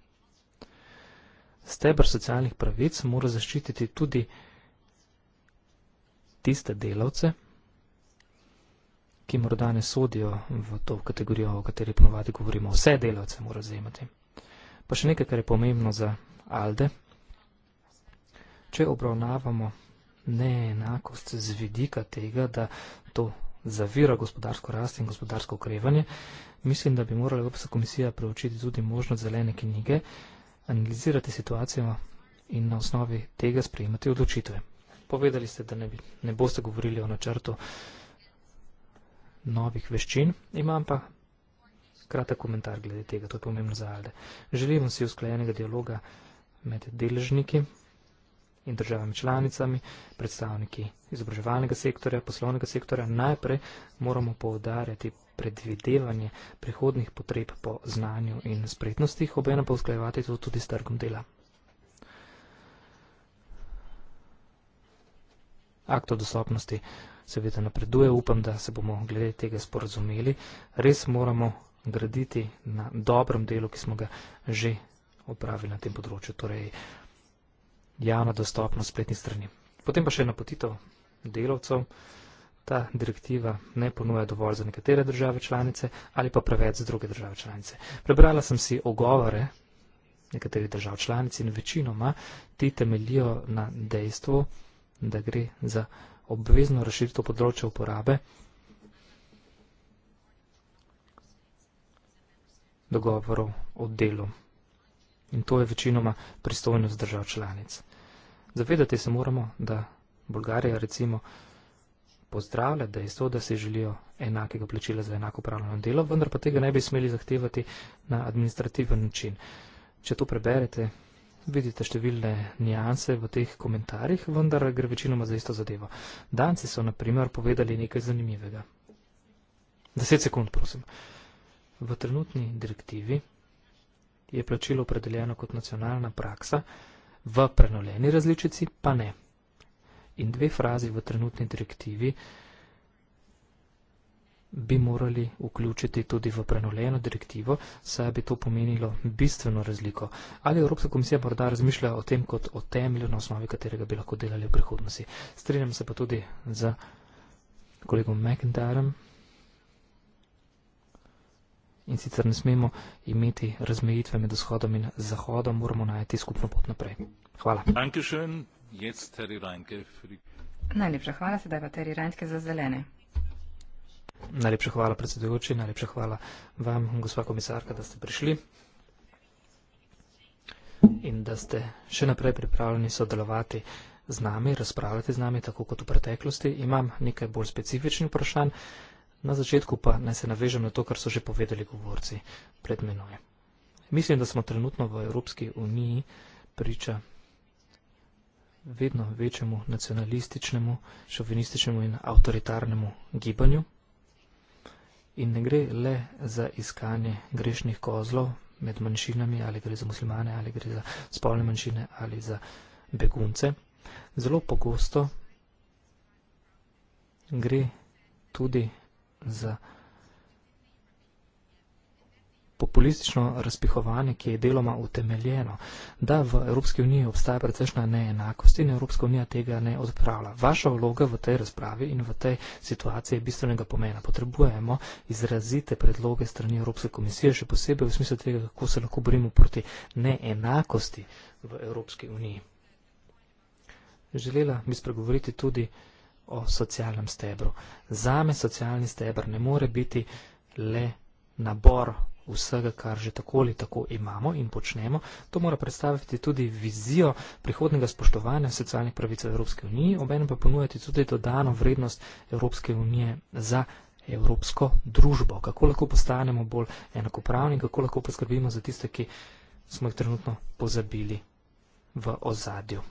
Stebr socialnih pravic mora zaščititi tudi tiste delavce, ki morda ne sodijo v to kategorijo, o kateri ponovadi govorimo, vse delavce mora zajemati. Pa še nekaj, kar je pomembno za Alde. Če obravnavamo neenakost z vidika tega, da to zavira gospodarsko rast in gospodarsko okrevanje, mislim, da bi morala Evropska komisija preučiti tudi možnost zelene knjige, analizirati situacijo in na osnovi tega sprejemati odločitve. Povedali ste, da ne, bi, ne boste govorili o načrtu novih veščin. Imam pa kratek komentar glede tega, to je pomembno za Alde. Želim si usklajenega dialoga med deležniki in državami članicami, predstavniki izobraževalnega sektorja, poslovnega sektorja. Najprej moramo poudarjati predvidevanje prihodnih potreb po znanju in spretnostih, obena pa usklajevati to tudi s trgom dela. akt o dostopnosti seveda napreduje. Upam, da se bomo glede tega sporazumeli. Res moramo graditi na dobrem delu, ki smo ga že opravili na tem področju, torej javna dostopnost spletni strani. Potem pa še napotitev delovcev. Ta direktiva ne ponuja dovolj za nekatere države članice ali pa preveč za druge države članice. Prebrala sem si ogovore nekaterih držav članic in večinoma ti temeljijo na dejstvu, da gre za obvezno razširitev področja uporabe. dogovorov o delu. In to je večinoma pristojnost držav članic. Zavedati se moramo, da Bolgarija recimo pozdravlja dejstvo, da si želijo enakega plačila za enako upravljeno delo, vendar pa tega ne bi smeli zahtevati na administrativen način. Če to preberete, vidite številne nijanse v teh komentarjih, vendar gre večinoma za isto zadevo. Danci so naprimer povedali nekaj zanimivega. 10 sekund, prosim. V trenutni direktivi je plačilo opredeljeno kot nacionalna praksa, v prenoljeni različici pa ne. In dve frazi v trenutni direktivi je, bi morali vključiti tudi v prenovljeno direktivo, saj bi to pomenilo bistveno razliko. Ali Evropska komisija morda razmišlja o tem kot o temelju, na osnovi katerega bi lahko delali v prihodnosti. Strenjam se pa tudi z kolegom McIntyrem. In sicer ne smemo imeti razmejitve med vzhodom in zahodom, moramo najti skupno pot naprej. Hvala. Najlepša hvala, sedaj pa Teri Rajnke za zelene. Najlepša hvala, predsedujoči, najlepša hvala vam, gospa komisarka, da ste prišli in da ste še naprej pripravljeni sodelovati z nami, razpravljati z nami, tako kot v preteklosti. Imam nekaj bolj specifičnih vprašanj, na začetku pa naj se navežem na to, kar so že povedali govorci pred menoj. Mislim, da smo trenutno v Evropski uniji priča vedno večjemu nacionalističnemu, šovinističnemu in avtoritarnemu gibanju in ne gre le za iskanje grešnih kozlov med manjšinami, ali gre za muslimane, ali gre za spolne manjšine, ali za begunce. Zelo pogosto gre tudi za populistično razpihovanje, ki je deloma utemeljeno, da v Evropski uniji obstaja precejšna neenakost in Evropska unija tega ne odpravlja. Vaša vloga v tej razpravi in v tej situaciji je bistvenega pomena. Potrebujemo izrazite predloge strani Evropske komisije, še posebej v smislu tega, kako se lahko borimo proti neenakosti v Evropski uniji. Želela bi spregovoriti tudi o socialnem stebru. Zame socialni stebr ne more biti le nabor vsega, kar že tako ali tako imamo in počnemo. To mora predstaviti tudi vizijo prihodnega spoštovanja socialnih pravic Evropske unije, obenem pa ponujati tudi dodano vrednost Evropske unije za evropsko družbo. Kako lahko postanemo bolj enakopravni, kako lahko poskrbimo za tiste, ki smo jih trenutno pozabili v ozadju.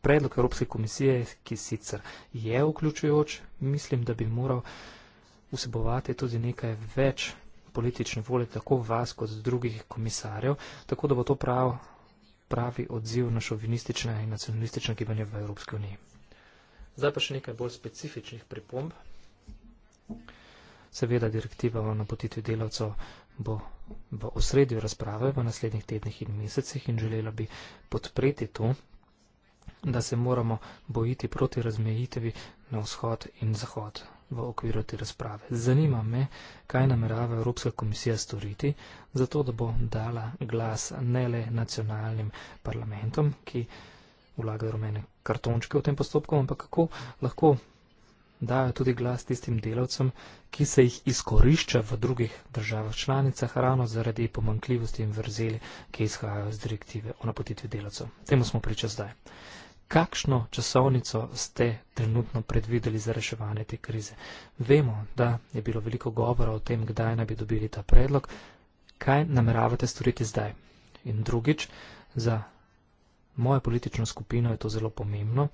Predlog Evropske komisije, ki sicer je vključujoč, mislim, da bi moral vsebovati tudi nekaj več politični volje tako vas kot drugih komisarjev, tako da bo to prav, pravi odziv na šovinistične in nacionalistične gibanje v Evropski uniji. Zdaj pa še nekaj bolj specifičnih pripomb. Seveda direktiva o napotitvi delavcev bo v osredju razprave v naslednjih tednih in mesecih in želela bi podpreti to, da se moramo bojiti proti razmejitvi na vzhod in zahod v okviru te razprave. Zanima me, kaj namerava Evropska komisija storiti, zato da bo dala glas ne le nacionalnim parlamentom, ki vlagajo rumene kartončke v tem postopku, ampak kako lahko dajo tudi glas tistim delavcem, ki se jih izkorišča v drugih državah članicah, ravno zaradi pomankljivosti in vrzeli, ki izhajajo z direktive o napotitvi delavcev. Temu smo priča zdaj kakšno časovnico ste trenutno predvideli za reševanje te krize. Vemo, da je bilo veliko govora o tem, kdaj naj bi dobili ta predlog. Kaj nameravate storiti zdaj? In drugič, za mojo politično skupino je to zelo pomembno.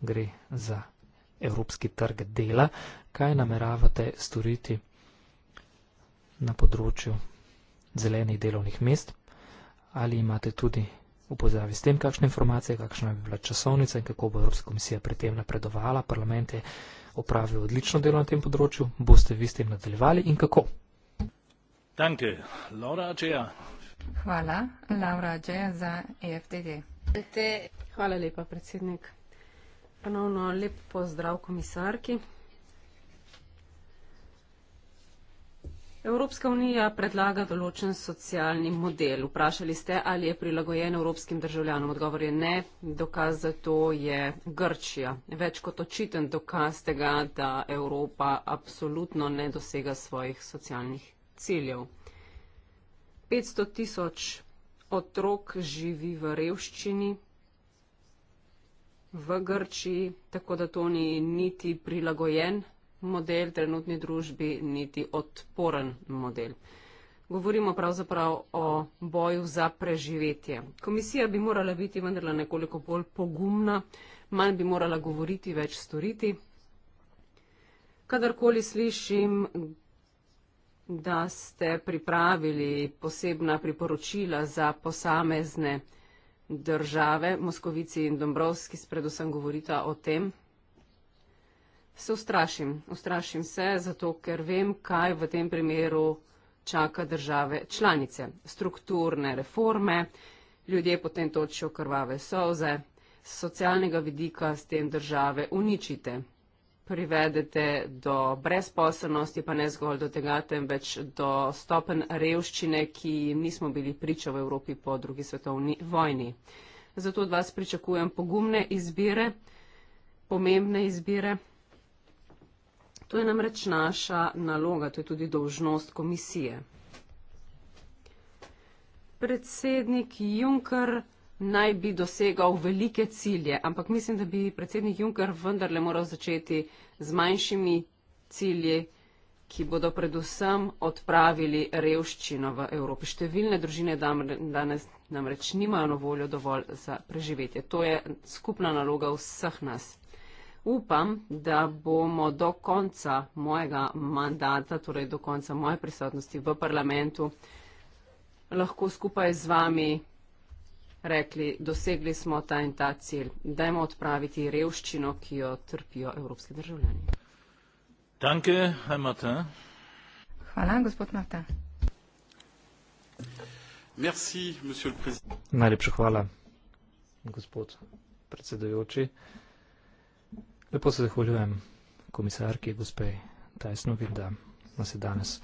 Gre za evropski trg dela. Kaj nameravate storiti na področju zelenih delovnih mest? Ali imate tudi v povezavi s tem, kakšne informacije, kakšna bi bila časovnica in kako bo Evropska komisija pri tem napredovala. Parlament je opravil odlično delo na tem področju. Boste vi s tem nadaljevali in kako? Danke, Laura Adžeja. Hvala, Laura Adžeja za EFDD. Hvala lepa, predsednik. Ponovno lep pozdrav komisarki. Evropska unija predlaga določen socialni model. Vprašali ste, ali je prilagojen evropskim državljanom. Odgovor je ne. Dokaz za to je Grčija. Več kot očiten dokaz tega, da Evropa absolutno ne dosega svojih socialnih ciljev. 500 tisoč otrok živi v revščini v Grčiji, tako da to ni niti prilagojen model trenutni družbi niti odporen model. Govorimo pravzaprav o boju za preživetje. Komisija bi morala biti vendarle nekoliko bolj pogumna, manj bi morala govoriti, več storiti. Kadarkoli slišim, da ste pripravili posebna priporočila za posamezne države, Moskovici in Dombrovski, predvsem govorita o tem, Se ustrašim. Ustrašim se, zato ker vem, kaj v tem primeru čaka države članice. Strukturne reforme, ljudje potem točijo krvave soze, z socialnega vidika s tem države uničite, privedete do brezposobnosti, pa ne zgolj do tega, temveč do stopen revščine, ki nismo bili priča v Evropi po drugi svetovni vojni. Zato od vas pričakujem pogumne izbire, pomembne izbire. To je namreč naša naloga, to je tudi dolžnost komisije. Predsednik Juncker naj bi dosegal velike cilje, ampak mislim, da bi predsednik Juncker vendarle moral začeti z manjšimi cilji, ki bodo predvsem odpravili revščino v Evropi. Številne družine danes namreč nimajo na voljo dovolj za preživetje. To je skupna naloga vseh nas upam, da bomo do konca mojega mandata, torej do konca moje prisotnosti v parlamentu, lahko skupaj z vami rekli, dosegli smo ta in ta cilj. Dajmo odpraviti revščino, ki jo trpijo evropski državljani. Danke, Herr Martin. Hvala, gospod Martin. Merci, Najlepša hvala, gospod predsedujoči. Uh, Lepo se zahvaljujem komisarki, gospe Tajsnovi, da nas je danes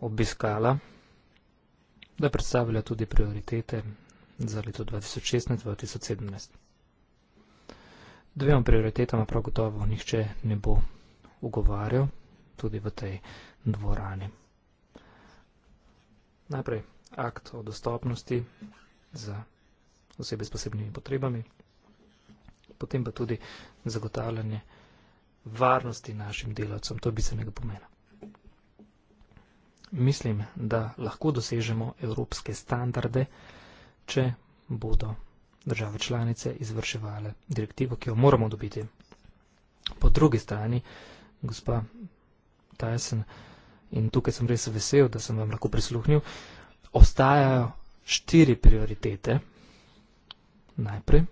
obiskala, da predstavlja tudi prioritete za leto 2016-2017. Dvema prioritetama prav gotovo nihče ne bo ugovarjal, tudi v tej dvorani. Najprej akt o dostopnosti za osebe s posebnimi potrebami, potem pa tudi zagotavljanje varnosti našim delavcem, to je bistvenega pomena. Mislim, da lahko dosežemo evropske standarde, če bodo države članice izvrševale direktivo, ki jo moramo dobiti. Po drugi strani, gospa Tyson, in tukaj sem res vesel, da sem vam lahko prisluhnil, ostajajo štiri prioritete. Najprej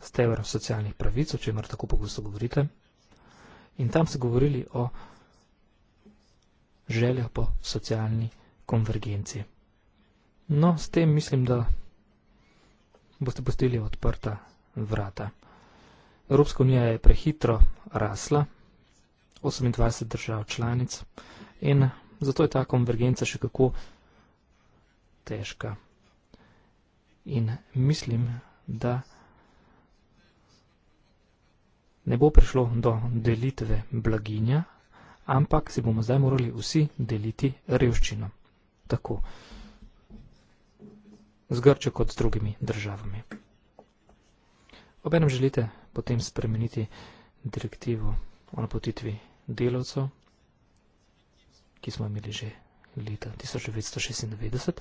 stebr socialnih pravic, o čemer tako pogosto govorite. In tam ste govorili o željo po socialni konvergenci. No, s tem mislim, da boste postili odprta vrata. Evropska unija je prehitro rasla, 28 držav članic in zato je ta konvergenca še kako težka. In mislim, da ne bo prišlo do delitve blaginja, ampak si bomo zdaj morali vsi deliti revščino. Tako. Z Grčjo kot z drugimi državami. Obenem želite potem spremeniti direktivo o napotitvi delavcev, ki smo imeli že leta 1996.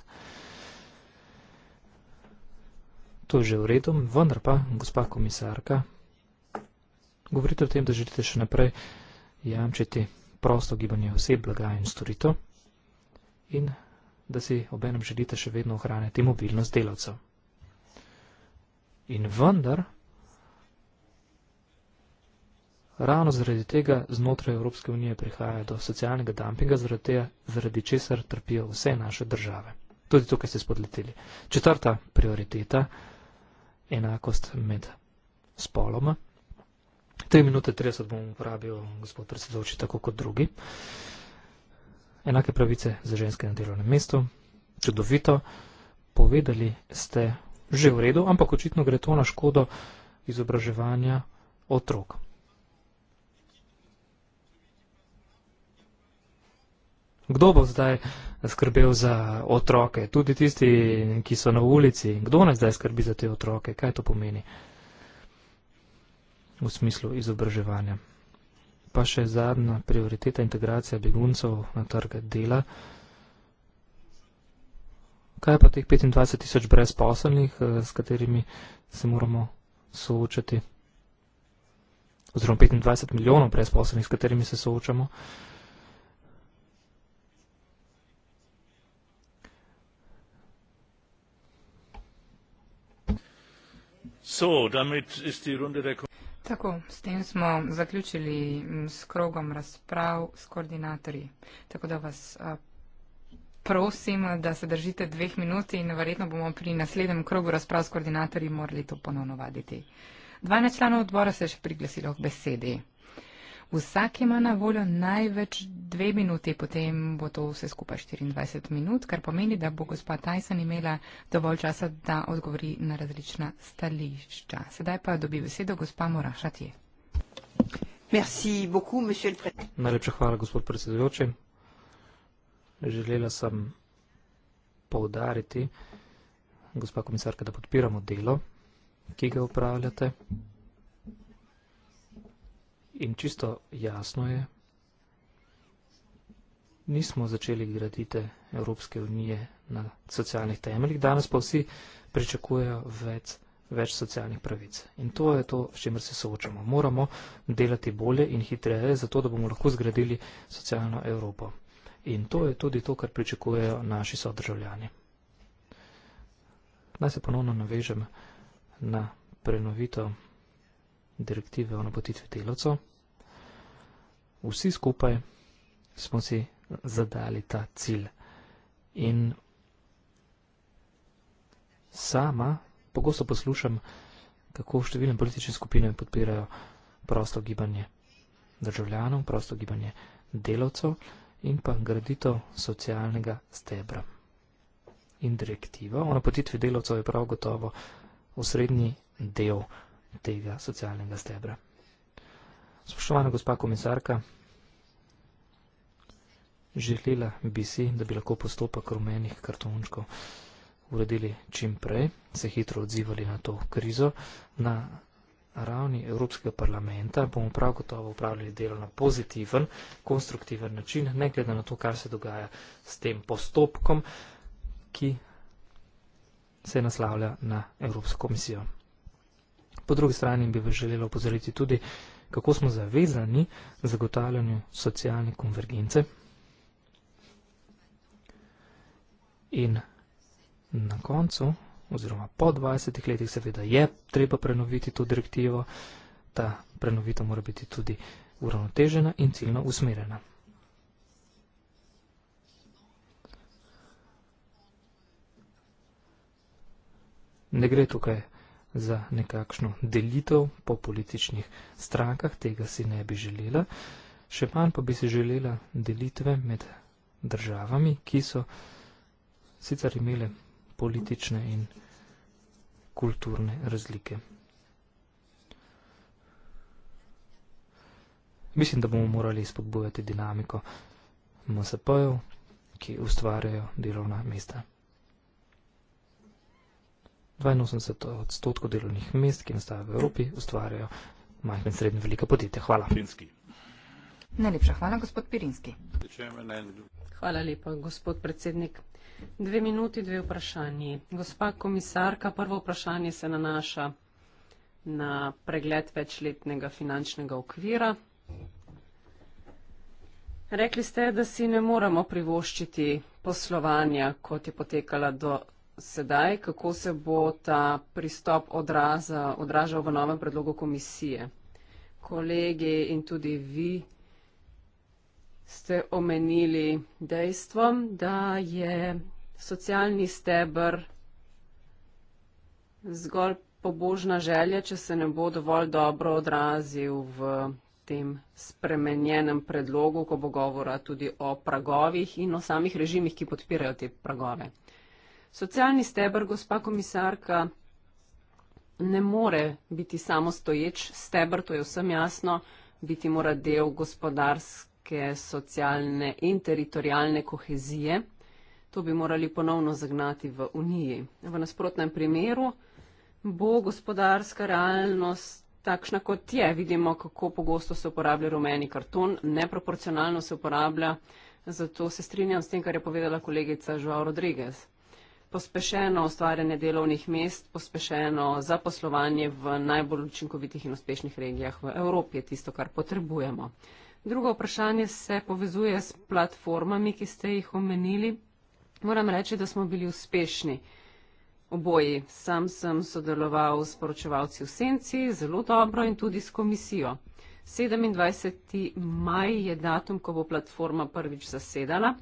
To je že v redu, vendar pa, gospa komisarka, govorite o tem, da želite še naprej jamčiti prosto gibanje oseb, blaga in storitev in da si obenem želite še vedno ohraniti mobilnost delavcev. In vendar, ravno zaradi tega znotraj Evropske unije prihaja do socialnega dumpinga, zaradi, tega, zaradi česar trpijo vse naše države. Tudi tukaj ste spodleteli. Četrta prioriteta, enakost med spoloma. 3 minute 30 bom uporabil, gospod predsedovči, tako kot drugi. Enake pravice za ženske na delovnem mestu. Čudovito, povedali ste že v redu, ampak očitno gre to na škodo izobraževanja otrok. Kdo bo zdaj skrbel za otroke, tudi tisti, ki so na ulici? Kdo naj zdaj skrbi za te otroke? Kaj to pomeni? v smislu izobraževanja. Pa še zadnja prioriteta integracija beguncev na trg dela. Kaj pa teh 25 tisoč brezposelnih, eh, s katerimi se moramo soočati? Oziroma 25 milijonov brezposelnih, s katerimi se soočamo. So, damit ist die Runde der Kommission. Tako, s tem smo zaključili mm, s krogom razprav s koordinatorji. Tako da vas prosim, da se držite dveh minut in verjetno bomo pri naslednjem krogu razprav s koordinatorji morali to ponovno vaditi. 12 članov odbora se je še priglasilo k besedi. Vsak ima na voljo največ dve minuti, potem bo to vse skupaj 24 minut, kar pomeni, da bo gospa Tyson imela dovolj časa, da odgovori na različna stališča. Sedaj pa dobi besedo gospa Morašati. Najlepša hvala, gospod predsedujoči. Želela sem poudariti, gospa komisarka, da podpiramo delo, ki ga upravljate. In čisto jasno je, nismo začeli graditi Evropske unije na socialnih temeljih, danes pa vsi pričakujejo več, več socialnih pravic. In to je to, s čimer se soočamo. Moramo delati bolje in hitreje, zato da bomo lahko zgradili socialno Evropo. In to je tudi to, kar pričakujejo naši sodržavljani. Naj se ponovno navežem na prenovito direktive o napotitvi delavcev, vsi skupaj smo si zadali ta cilj. In sama pogosto poslušam, kako številne politične skupine podpirajo prosto gibanje državljanov, prosto gibanje delavcev in pa graditev socialnega stebra. In direktiva o napotitvi delavcev je prav gotovo osrednji del tega socialnega stebra. Spoštovana gospa komisarka, želela bi si, da bi lahko postopek rumenih kartončkov uredili čim prej, se hitro odzivali na to krizo. Na ravni Evropskega parlamenta bomo prav gotovo upravljali delo na pozitiven, konstruktiven način, ne glede na to, kar se dogaja s tem postopkom, ki se naslavlja na Evropsko komisijo. Po drugi strani bi vas želela opozoriti tudi, kako smo zavezani zagotavljanju socialne konvergence. In na koncu, oziroma po 20 letih, seveda je treba prenoviti to direktivo, ta prenovita mora biti tudi uravnotežena in ciljno usmerjena. Ne gre tukaj za nekakšno delitev po političnih strankah, tega si ne bi želela. Še manj pa bi si želela delitve med državami, ki so sicer imele politične in kulturne razlike. Mislim, da bomo morali spodbujati dinamiko MSP-jev, ki ustvarjajo delovna mesta. 82 odstotkov delovnih mest, ki nastajajo v Evropi, ustvarjajo majhne in srednje velike podjetja. Hvala. Pirinski. Najlepša hvala, gospod Pirinski. Hvala lepa, gospod predsednik. Dve minuti, dve vprašanji. Gospa komisarka, prvo vprašanje se nanaša na pregled večletnega finančnega okvira. Rekli ste, da si ne moremo privoščiti poslovanja, kot je potekala do sedaj, kako se bo ta pristop odraza, odražal v novem predlogu komisije. Kolegi in tudi vi ste omenili dejstvom, da je socialni stebr zgolj pobožna želja, če se ne bo dovolj dobro odrazil v tem spremenjenem predlogu, ko bo govora tudi o pragovih in o samih režimih, ki podpirajo te pragove. Uh, Socialni stebr, gospa komisarka, ne more biti samostoječ stebr, to je vsem jasno, biti mora del gospodarske, socialne in teritorijalne kohezije. To bi morali ponovno zagnati v Uniji. V nasprotnem primeru bo gospodarska realnost takšna, kot je. Vidimo, kako pogosto se uporablja rumeni karton, neproporcionalno se uporablja, zato se strinjam s tem, kar je povedala kolegica Žao Rodriguez pospešeno ustvarjanje delovnih mest, pospešeno zaposlovanje v najbolj učinkovitih in uspešnih regijah v Evropi, je tisto, kar potrebujemo. Drugo vprašanje se povezuje s platformami, ki ste jih omenili. Moram reči, da smo bili uspešni. Oboji. Sam sem sodeloval s poročevalci v Senci, zelo dobro in tudi s komisijo. 27. maj je datum, ko bo platforma prvič zasedala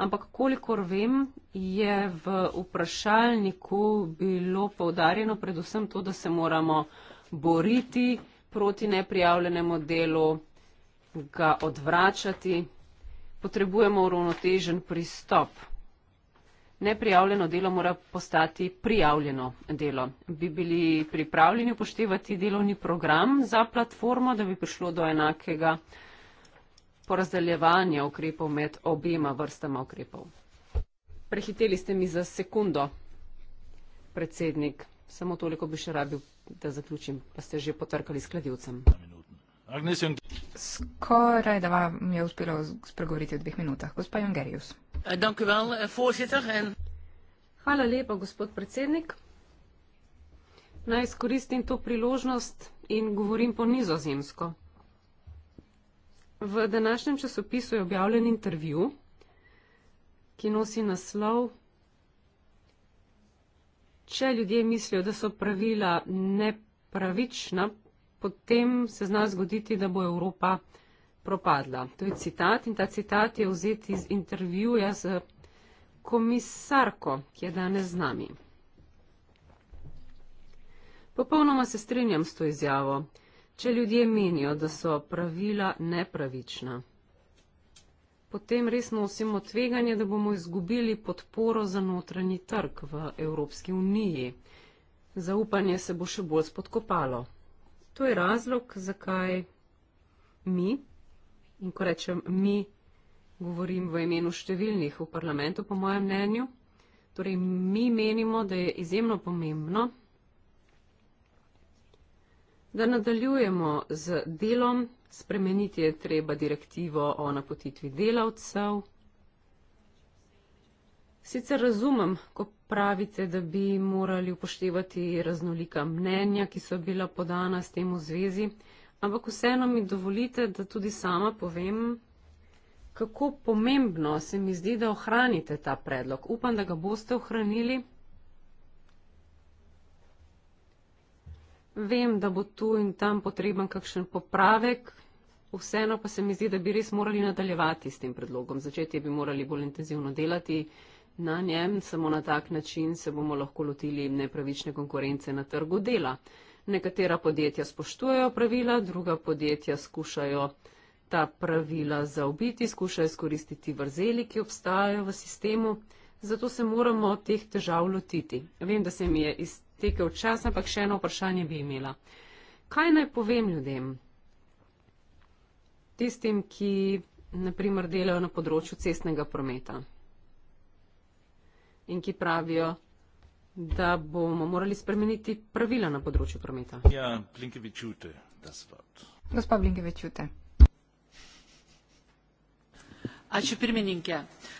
ampak kolikor vem, je v vprašalniku bilo povdarjeno predvsem to, da se moramo boriti proti neprijavljenemu delu, ga odvračati. Potrebujemo uravnotežen pristop. Neprijavljeno delo mora postati prijavljeno delo. Bi bili pripravljeni upoštevati delovni program za platformo, da bi prišlo do enakega porazdeljevanje ukrepov med obema vrstama ukrepov. Prehiteli ste mi za sekundo, predsednik. Samo toliko bi še rabil, da zaključim, pa ste že potrkali s kladivcem. Skoraj, da vam je uspelo spregovoriti v dveh minutah. Gospa Jungerius. Eh, eh, Hvala lepa, gospod predsednik. Naj izkoristim to priložnost in govorim po nizozemsko. V današnjem časopisu je objavljen intervju, ki nosi naslov: Če ljudje mislijo, da so pravila nepravična, potem se zna zgoditi, da bo Evropa propadla. To je citat in ta citat je vzet iz intervjuja z komisarko, ki je danes z nami. Popolnoma se strinjam s to izjavo. Če ljudje menijo, da so pravila nepravična, potem res nosimo tveganje, da bomo izgubili podporo za notranji trg v Evropski uniji. Zaupanje se bo še bolj spodkopalo. To je razlog, zakaj mi, in ko rečem mi, govorim v imenu številnih v parlamentu, po mojem mnenju, torej mi menimo, da je izjemno pomembno, Da nadaljujemo z delom, spremeniti je treba direktivo o napotitvi delavcev. Sicer razumem, ko pravite, da bi morali upoštevati raznolika mnenja, ki so bila podana s tem v zvezi, ampak vseeno mi dovolite, da tudi sama povem, kako pomembno se mi zdi, da ohranite ta predlog. Upam, da ga boste ohranili. Vem, da bo tu in tam potreben kakšen popravek, vseeno pa se mi zdi, da bi res morali nadaljevati s tem predlogom. Začeti bi morali bolj intenzivno delati na njem, samo na tak način se bomo lahko lotili nepravične konkurence na trgu dela. Nekatera podjetja spoštujejo pravila, druga podjetja skušajo ta pravila zaobiti, skušajo izkoristiti vrzeli, ki obstajajo v sistemu. Zato se moramo teh težav lotiti. Vem, da se mi je iz tekel čas, ampak še eno vprašanje bi imela. Kaj naj povem ljudem, tistim, ki naprimer delajo na področju cestnega prometa in ki pravijo, da bomo morali spremeniti pravila na področju prometa? Ja, Blinkevič čute, da svat. Gospa Blinkevič čute. Ačiū pirmininkė. Uh,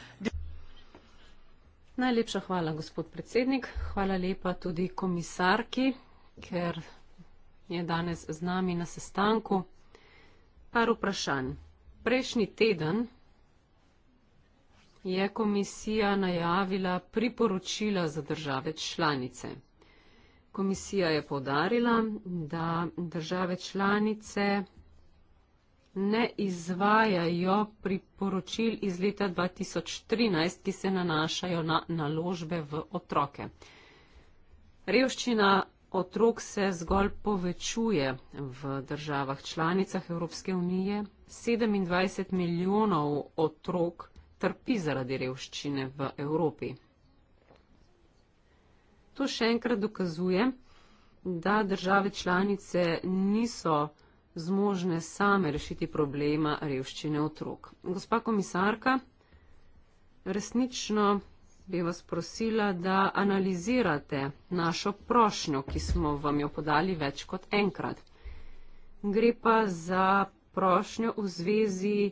Najlepša hvala, gospod predsednik. Hvala lepa tudi komisarki, ker je danes z nami na sestanku. Par vprašanj. Prejšnji teden je komisija najavila priporočila za države članice. Komisija je povdarila, da države članice ne izvajajo priporočil iz leta 2013, ki se nanašajo na naložbe v otroke. Revščina otrok se zgolj povečuje v državah članicah Evropske unije. 27 milijonov otrok trpi zaradi revščine v Evropi. To še enkrat dokazuje, da države članice niso zmožne same rešiti problema revščine otrok. Gospa komisarka, resnično bi vas prosila, da analizirate našo prošnjo, ki smo vam jo podali več kot enkrat. Gre pa za prošnjo v zvezi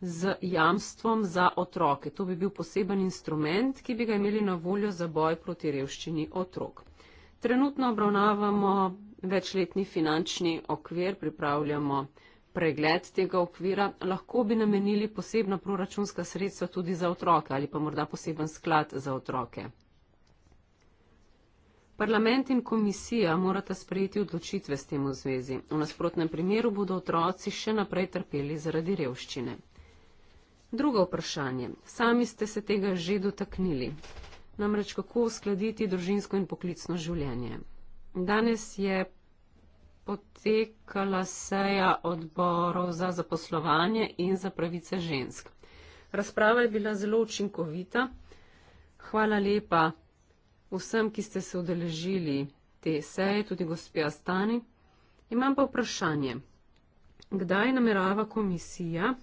z jamstvom za otroke. To bi bil poseben instrument, ki bi ga imeli na voljo za boj proti revščini otrok. Trenutno obravnavamo večletni finančni okvir, pripravljamo pregled tega okvira. Lahko bi namenili posebna proračunska sredstva tudi za otroke ali pa morda poseben sklad za otroke. Parlament in komisija morata sprejeti odločitve s tem v zvezi. V nasprotnem primeru bodo otroci še naprej trpeli zaradi revščine. Drugo vprašanje. Sami ste se tega že dotaknili. Namreč kako uskladiti družinsko in poklicno življenje? Danes je potekala seja odborov za zaposlovanje in za pravice žensk. Razprava je bila zelo učinkovita. Hvala lepa vsem, ki ste se udeležili te seje, tudi gospe Astani. Imam pa vprašanje, kdaj namerava komisija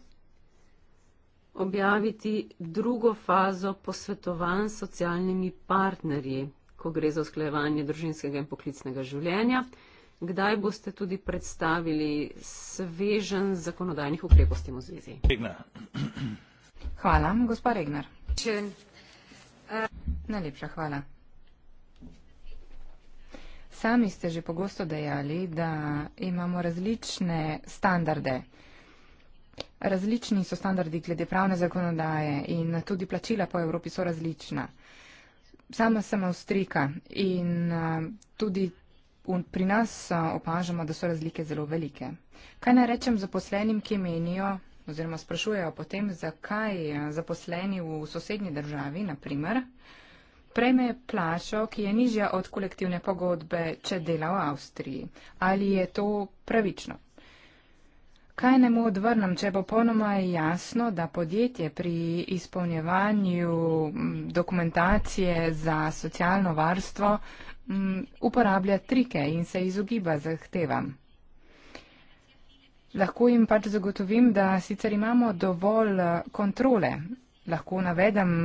objaviti drugo fazo posvetovanj s socialnimi partnerji ko gre za usklajevanje družinskega in poklicnega življenja. Kdaj boste tudi predstavili svežen zakonodajnih ukrepov s tem v zvezi? Regnar. Hvala, gospa Regnar. Če, uh... Najlepša hvala. Sami ste že pogosto dejali, da imamo različne standarde. Različni so standardi glede pravne zakonodaje in tudi plačila po Evropi so različna. Sama sem avstrika in eh, tudi pri nas eh, opažamo, da so razlike zelo velike. Kaj naj rečem zaposlenim, ki menijo oziroma sprašujejo potem, zakaj eh, zaposleni v sosednji državi, naprimer, prejme plačo, ki je nižja od kolektivne pogodbe, če dela v Avstriji. Ali je to pravično? Kaj ne mu odvrnem, če popolnoma je jasno, da podjetje pri izpolnjevanju dokumentacije za socialno varstvo uporablja trike in se izogiba zahtevam. Lahko jim pač zagotovim, da sicer imamo dovolj eh, kontrole. Lahko navedem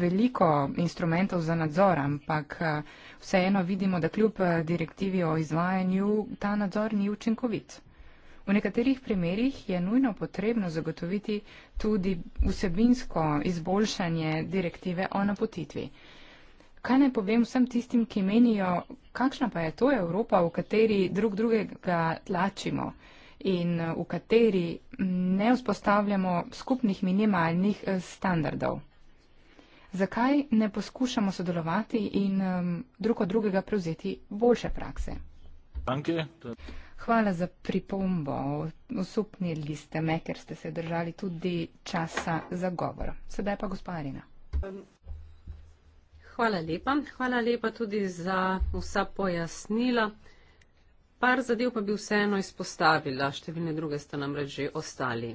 veliko instrumentov za nadzor, ampak eh, vseeno vidimo, da kljub eh, direktivi o izvajanju ta nadzor ni učinkovit. V nekaterih primerjih je nujno potrebno zagotoviti tudi vsebinsko izboljšanje direktive o napotitvi. Kaj naj povem vsem tistim, ki menijo, kakšna pa je to Evropa, v kateri drug drugega tlačimo in eh, v kateri ne vzpostavljamo skupnih minimalnih eh, standardov? Zakaj ne poskušamo sodelovati in eh, drug od drugega prevzeti boljše prakse? Danke. Hvala za pripombo. Osupnili ste me, ker ste se držali tudi časa za govor. Sedaj pa gospodarina. Hvala lepa. Hvala lepa tudi za vsa pojasnila. Par zadev pa bi vseeno izpostavila, številne druge ste nam reči ostali.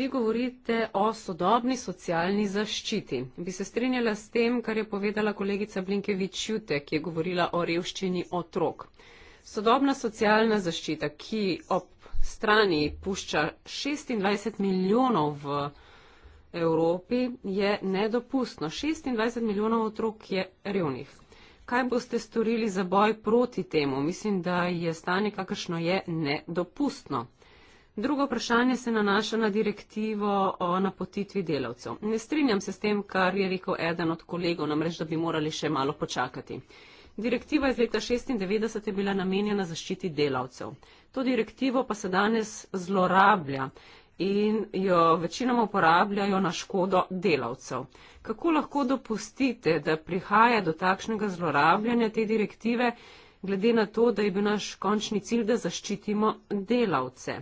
Vi govorite o sodobni socialni zaščiti. Bi se strinjala s tem, kar je povedala kolegica Blinkevič Jute, ki je govorila o revščini otrok. Sodobna socialna zaščita, ki ob strani pušča 26 milijonov v Evropi, je nedopustno. 26 milijonov otrok je revnih. Kaj boste storili za boj proti temu? Mislim, da je stanje, kakršno je, nedopustno. Drugo vprašanje se nanaša na direktivo o napotitvi delavcev. Ne strinjam se s tem, kar je rekel eden od kolegov, namreč, da bi morali še malo počakati. Direktiva iz leta 1996 je bila namenjena zaščiti delavcev. To direktivo pa se danes zlorablja in jo večinoma uporabljajo na škodo delavcev. Kako lahko dopustite, da prihaja do takšnega zlorabljanja te direktive, glede na to, da je bil naš končni cilj, da zaščitimo delavce?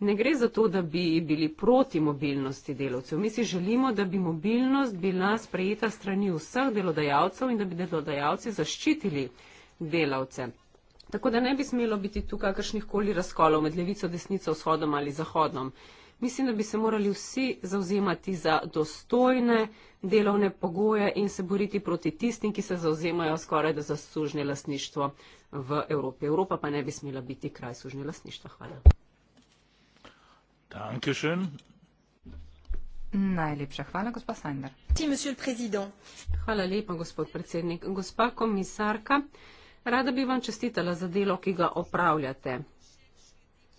Ne gre za to, da bi bili proti mobilnosti delavcev. Mi si želimo, da bi mobilnost bila sprejeta strani vseh delodajalcev in da bi delodajalci zaščitili delavce. Tako da ne bi smelo biti tu kakršnih koli razkolov med levico, desnico, vzhodom ali zahodom. Mislim, da bi se morali vsi zauzemati za dostojne delovne pogoje in se boriti proti tistim, ki se zauzemajo skoraj da za sužnje lasništvo v Evropi. Evropa pa ne bi smela biti kraj sužnje lasništva. Hvala. Najlepša hvala, gospa Sander. Hvala lepa, gospod predsednik. Gospa komisarka, rada bi vam čestitala za delo, ki ga opravljate.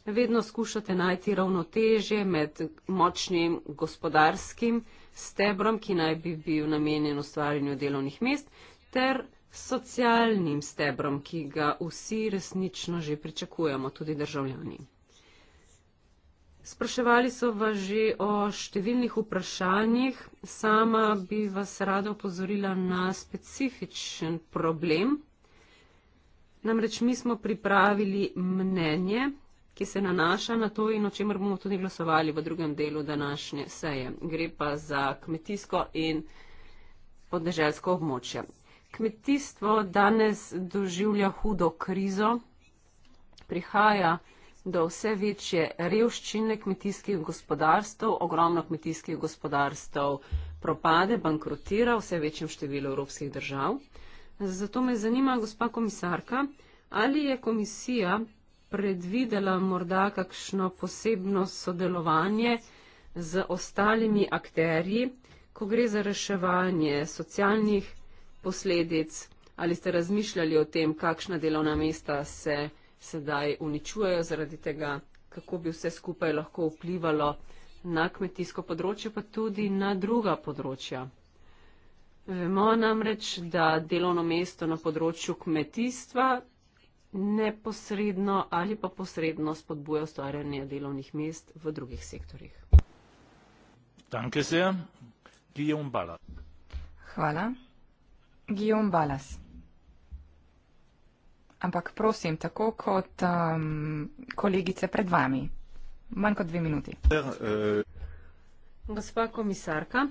Vedno skušate najti ravnotežje med močnim gospodarskim stebrom, ki naj bi bil namenjen ustvarjanju delovnih mest, ter socialnim stebrom, ki ga vsi resnično že pričakujemo, tudi državljani. Spraševali so vas že o številnih vprašanjih. Sama bi vas rada upozorila na specifičen problem. Namreč mi smo pripravili mnenje, ki se nanaša na to in o čemer bomo tudi glasovali v drugem delu današnje seje. Gre pa za kmetijsko in podeželsko območje. Kmetijstvo danes doživlja hudo krizo. Prihaja do vse večje revščine kmetijskih gospodarstv, ogromno kmetijskih gospodarstv propade, bankrotira v vse večjem številu evropskih držav. Zato me zanima, gospa komisarka, ali je komisija predvidela morda kakšno posebno sodelovanje z ostalimi akterji, ko gre za reševanje socialnih posledic, ali ste razmišljali o tem, kakšna delovna mesta se sedaj uničujejo zaradi tega, kako bi vse skupaj lahko vplivalo na kmetijsko področje, pa tudi na druga področja. Vemo namreč, da delovno mesto na področju kmetijstva neposredno ali pa posredno spodbuja ustvarjanje delovnih mest v drugih sektorjih. Hvala. Guillaume Balas ampak prosim, tako kot um, kolegice pred vami. Manj kot dve minuti. Gospa komisarka,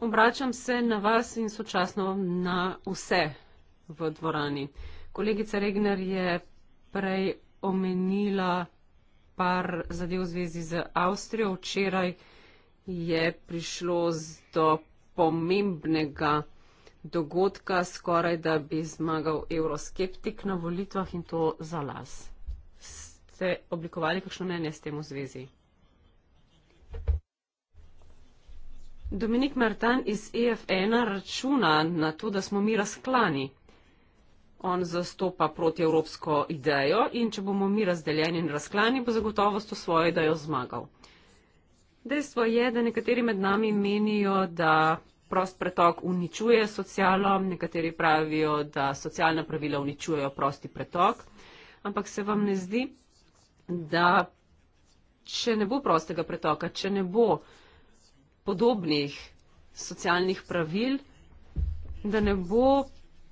obračam se na vas in sočasno na vse v dvorani. Kolegica Regner je prej omenila par zadev v zvezi z Avstrijo. Včeraj je prišlo do pomembnega dogodka, skoraj da bi zmagal euroskeptik na volitvah in to za las. Ste oblikovali kakšno mnenje s tem v zvezi? Dominik Martan iz EF1 računa na to, da smo mi razklani. On zastopa protievropsko idejo in če bomo mi razdeljeni in razklani, bo zagotovost v svojo idejo zmagal. Dejstvo je, da nekateri med nami menijo, da prost pretok uničuje socialo, nekateri pravijo, da socialna pravila uničujejo prosti pretok, ampak se vam ne zdi, da če ne bo prostega pretoka, če ne bo podobnih socialnih pravil, da ne bo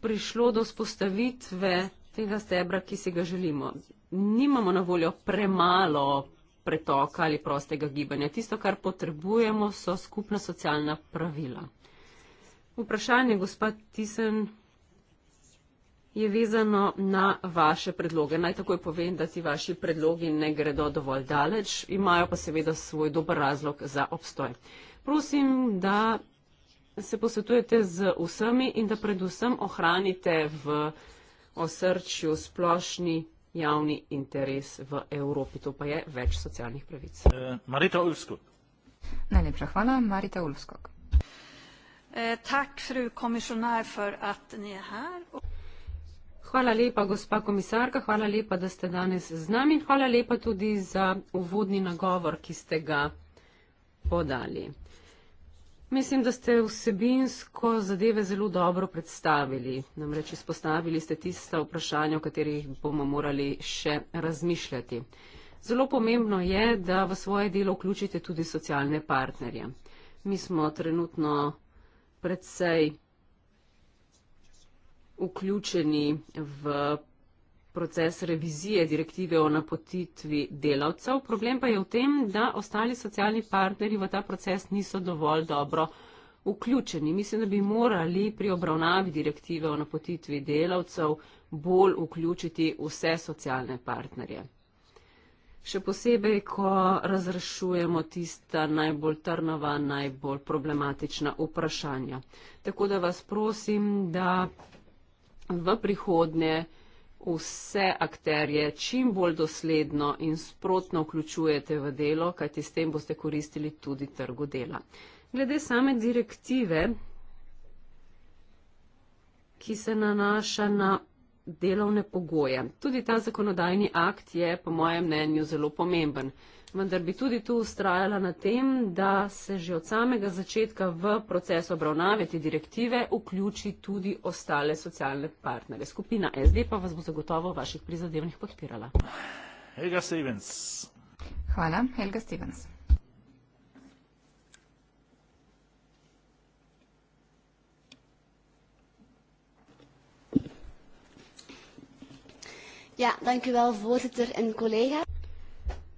prišlo do spostavitve tega stebra, ki si ga želimo. Nimamo na voljo premalo pretoka ali prostega gibanja. Tisto, kar potrebujemo, so skupna socialna pravila. Vprašanje, gospod Tisen, je vezano na vaše predloge. Naj takoj povem, da ti vaši predlogi ne gredo dovolj daleč, imajo pa seveda svoj dober razlog za obstoj. Prosim, da se posvetujete z vsemi in da predvsem ohranite v osrčju splošni javni interes v Evropi. To pa je več socialnih pravic. Eh, Marita Ulfskog. Najlepša hvala, Marita Ulfskog. Eh, tack, fru komisionär, för att ni är här. Hvala lepa, gospa komisarka, hvala lepa, da ste danes z nami in hvala lepa tudi za uvodni nagovor, ki ste ga podali. Mislim, da ste vsebinsko zadeve zelo dobro predstavili, namreč izpostavili ste tista vprašanja, o katerih bomo morali še razmišljati. Zelo pomembno je, da v svoje delo vključite tudi socialne partnerje. Mi smo trenutno predvsej vključeni v proces revizije direktive o napotitvi delavcev. Problem pa je v tem, da ostali socialni partnerji v ta proces niso dovolj dobro vključeni. Mislim, da bi morali pri obravnavi direktive o napotitvi delavcev bolj vključiti vse socialne partnerje. Še posebej, ko razrešujemo tista najbolj trnova, najbolj problematična vprašanja. Tako da vas prosim, da v prihodnje vse akterje čim bolj dosledno in sprotno vključujete v delo, kajti s tem boste koristili tudi trgu dela. Glede same direktive, ki se nanaša na delovne pogoje. Tudi ta zakonodajni akt je, po mojem mnenju, zelo pomemben. Vendar bi tudi tu ustrajala na tem, da se že od samega začetka v proces obravnave te direktive vključi tudi ostale socialne partnere. Skupina SD pa vas bo zagotovo v vaših prizadevanjih podpirala. Helga Stevens. Hvala, Helga Stevens. Ja, dank u wel, voorzitter en collega.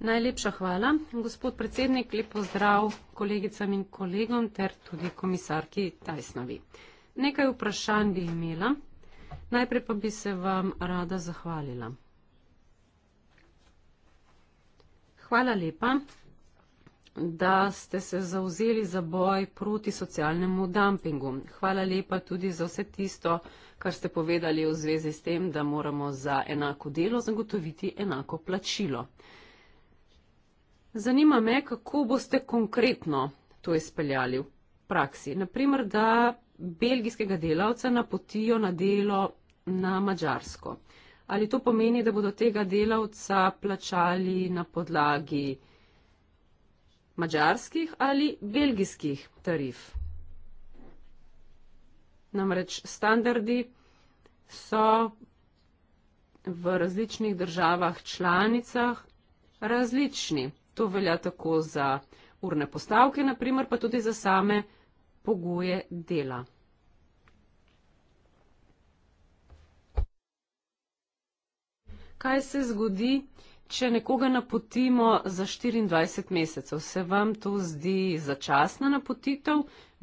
Najlepša hvala. Gospod predsednik, lep pozdrav kolegicam in kolegom ter tudi komisarki Tajsnovi. Nekaj vprašanj bi imela. Najprej pa bi se vam rada zahvalila. Hvala lepa da ste se zauzeli za boj proti socialnemu dumpingu. Hvala lepa tudi za vse tisto, kar ste povedali v zvezi s tem, da moramo za enako delo zagotoviti enako plačilo. Zanima me, kako boste konkretno to izpeljali v praksi. Naprimer, da belgijskega delavca napotijo na delo na Mačarsko. Ali to pomeni, da bodo tega delavca plačali na podlagi mađarskih ali belgijskih tarif. Namreč standardi so v različnih državah članicah različni. To velja tako za urne postavke, naprimer, pa tudi za same pogoje dela. Kaj se zgodi, Če nekoga napotimo za 24 mesecev, se vam to zdi začasna napotitev?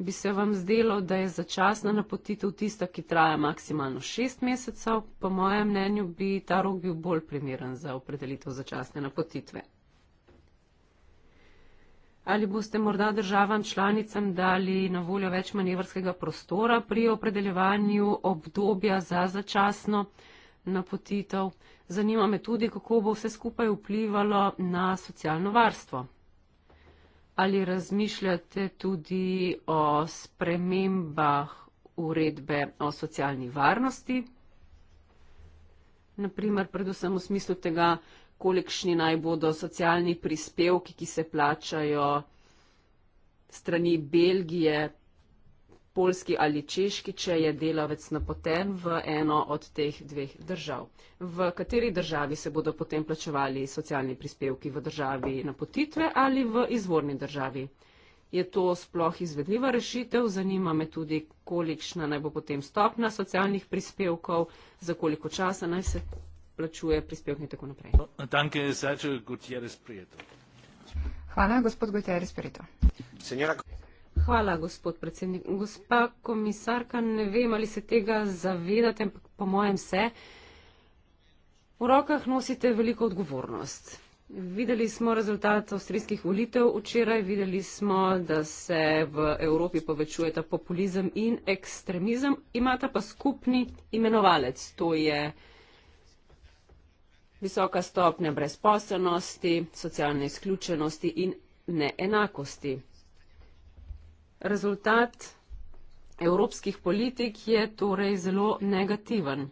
Bi se vam zdelo, da je začasna napotitev tista, ki traja maksimalno 6 mesecev? Po mojem mnenju bi ta rok bil bolj primeren za opredelitev začasne napotitve. Ali boste morda državam članicam dali na voljo več manevrskega prostora pri opredeljevanju obdobja za začasno napotitev? napotitev. Zanima me tudi, kako bo vse skupaj vplivalo na socialno varstvo. Ali razmišljate tudi o spremembah uredbe o socialni varnosti? Naprimer, predvsem v smislu tega, kolikšni naj bodo socialni prispevki, ki se plačajo strani Belgije, polski ali češki, če je delavec napoten v eno od teh dveh držav. V kateri državi se bodo potem plačevali socialni prispevki v državi napotitve ali v izvorni državi? Je to sploh izvedljiva rešitev? Zanima me tudi, kolikšna naj bo potem stopna socialnih prispevkov, za koliko časa naj se plačuje prispevki in tako naprej. Tanke je začel Gutierrez Prieto. Hvala, gospod Gutierrez Prieto. Senjora... Hvala, gospod predsednik. Gospa komisarka, ne vem, ali se tega zavedate, ampak po mojem se. V rokah nosite veliko odgovornost. Videli smo rezultat avstrijskih volitev včeraj, videli smo, da se v Evropi povečujeta populizem in ekstremizem, imata pa skupni imenovalec. To je visoka stopnja brezposobnosti, socialne izključenosti in neenakosti rezultat evropskih politik je torej zelo negativen.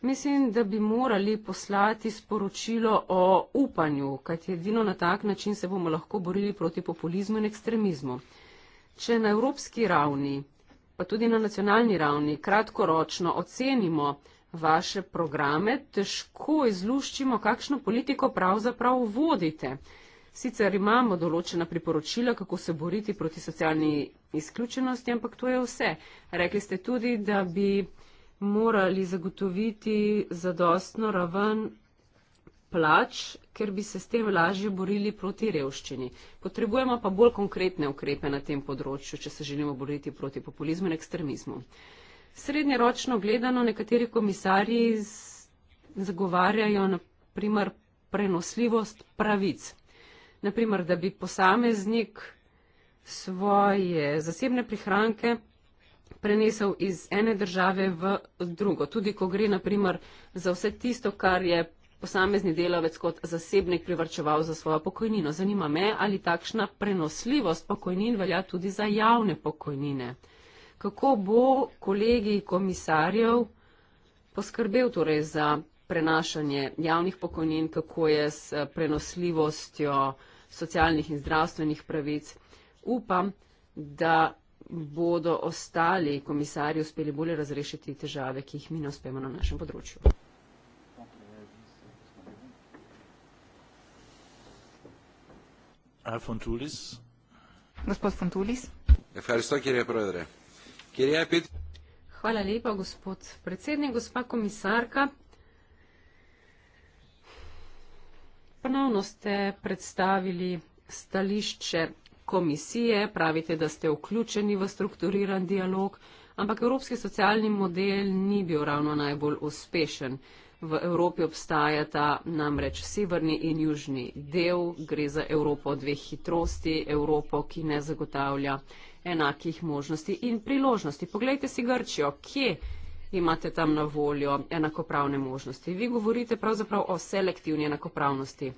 Mislim, da bi morali poslati sporočilo o upanju, kajti edino na tak način se bomo lahko borili proti populizmu in ekstremizmu. Če na evropski ravni, pa tudi na nacionalni ravni, kratkoročno ocenimo vaše programe, težko izluščimo, kakšno politiko pravzaprav vodite. Sicer imamo določena priporočila, kako se boriti proti socialni izključenosti, ampak to je vse. Rekli ste tudi, da bi morali zagotoviti zadostno raven plač, ker bi se s tem lažje borili proti revščini. Potrebujemo pa bolj konkretne ukrepe na tem področju, če se želimo boriti proti populizmu in ekstremizmu. Srednjeročno gledano nekateri komisarji zagovarjajo na primer prenosljivost pravic naprimer, da bi posameznik svoje zasebne prihranke prenesel iz ene države v drugo. Tudi, ko gre, naprimer, za vse tisto, kar je posamezni delavec kot zasebnik privrčeval za svojo pokojnino. Zanima me, ali takšna prenosljivost pokojnin velja tudi za javne pokojnine. Kako bo kolegi komisarjev poskrbel torej za prenašanje javnih pokojnin, kako je s prenosljivostjo uh, socialnih in zdravstvenih pravic. Upam, da bodo ostali komisarji uspeli bolje razrešiti težave, ki jih mi ne uspemo na našem področju. Gospod Fontulis. Hvala lepa, gospod predsednik, gospa komisarka. Ponovno ste predstavili stališče komisije, pravite, da ste vključeni v strukturiran dialog, ampak evropski socialni model ni bil ravno najbolj uspešen. V Evropi obstajata namreč severni in južni del, gre za Evropo dveh hitrosti, Evropo, ki ne zagotavlja enakih možnosti in priložnosti. Poglejte si Grčijo, kje imate tam na voljo enakopravne možnosti. Vi govorite pravzaprav o selektivni enakopravnosti.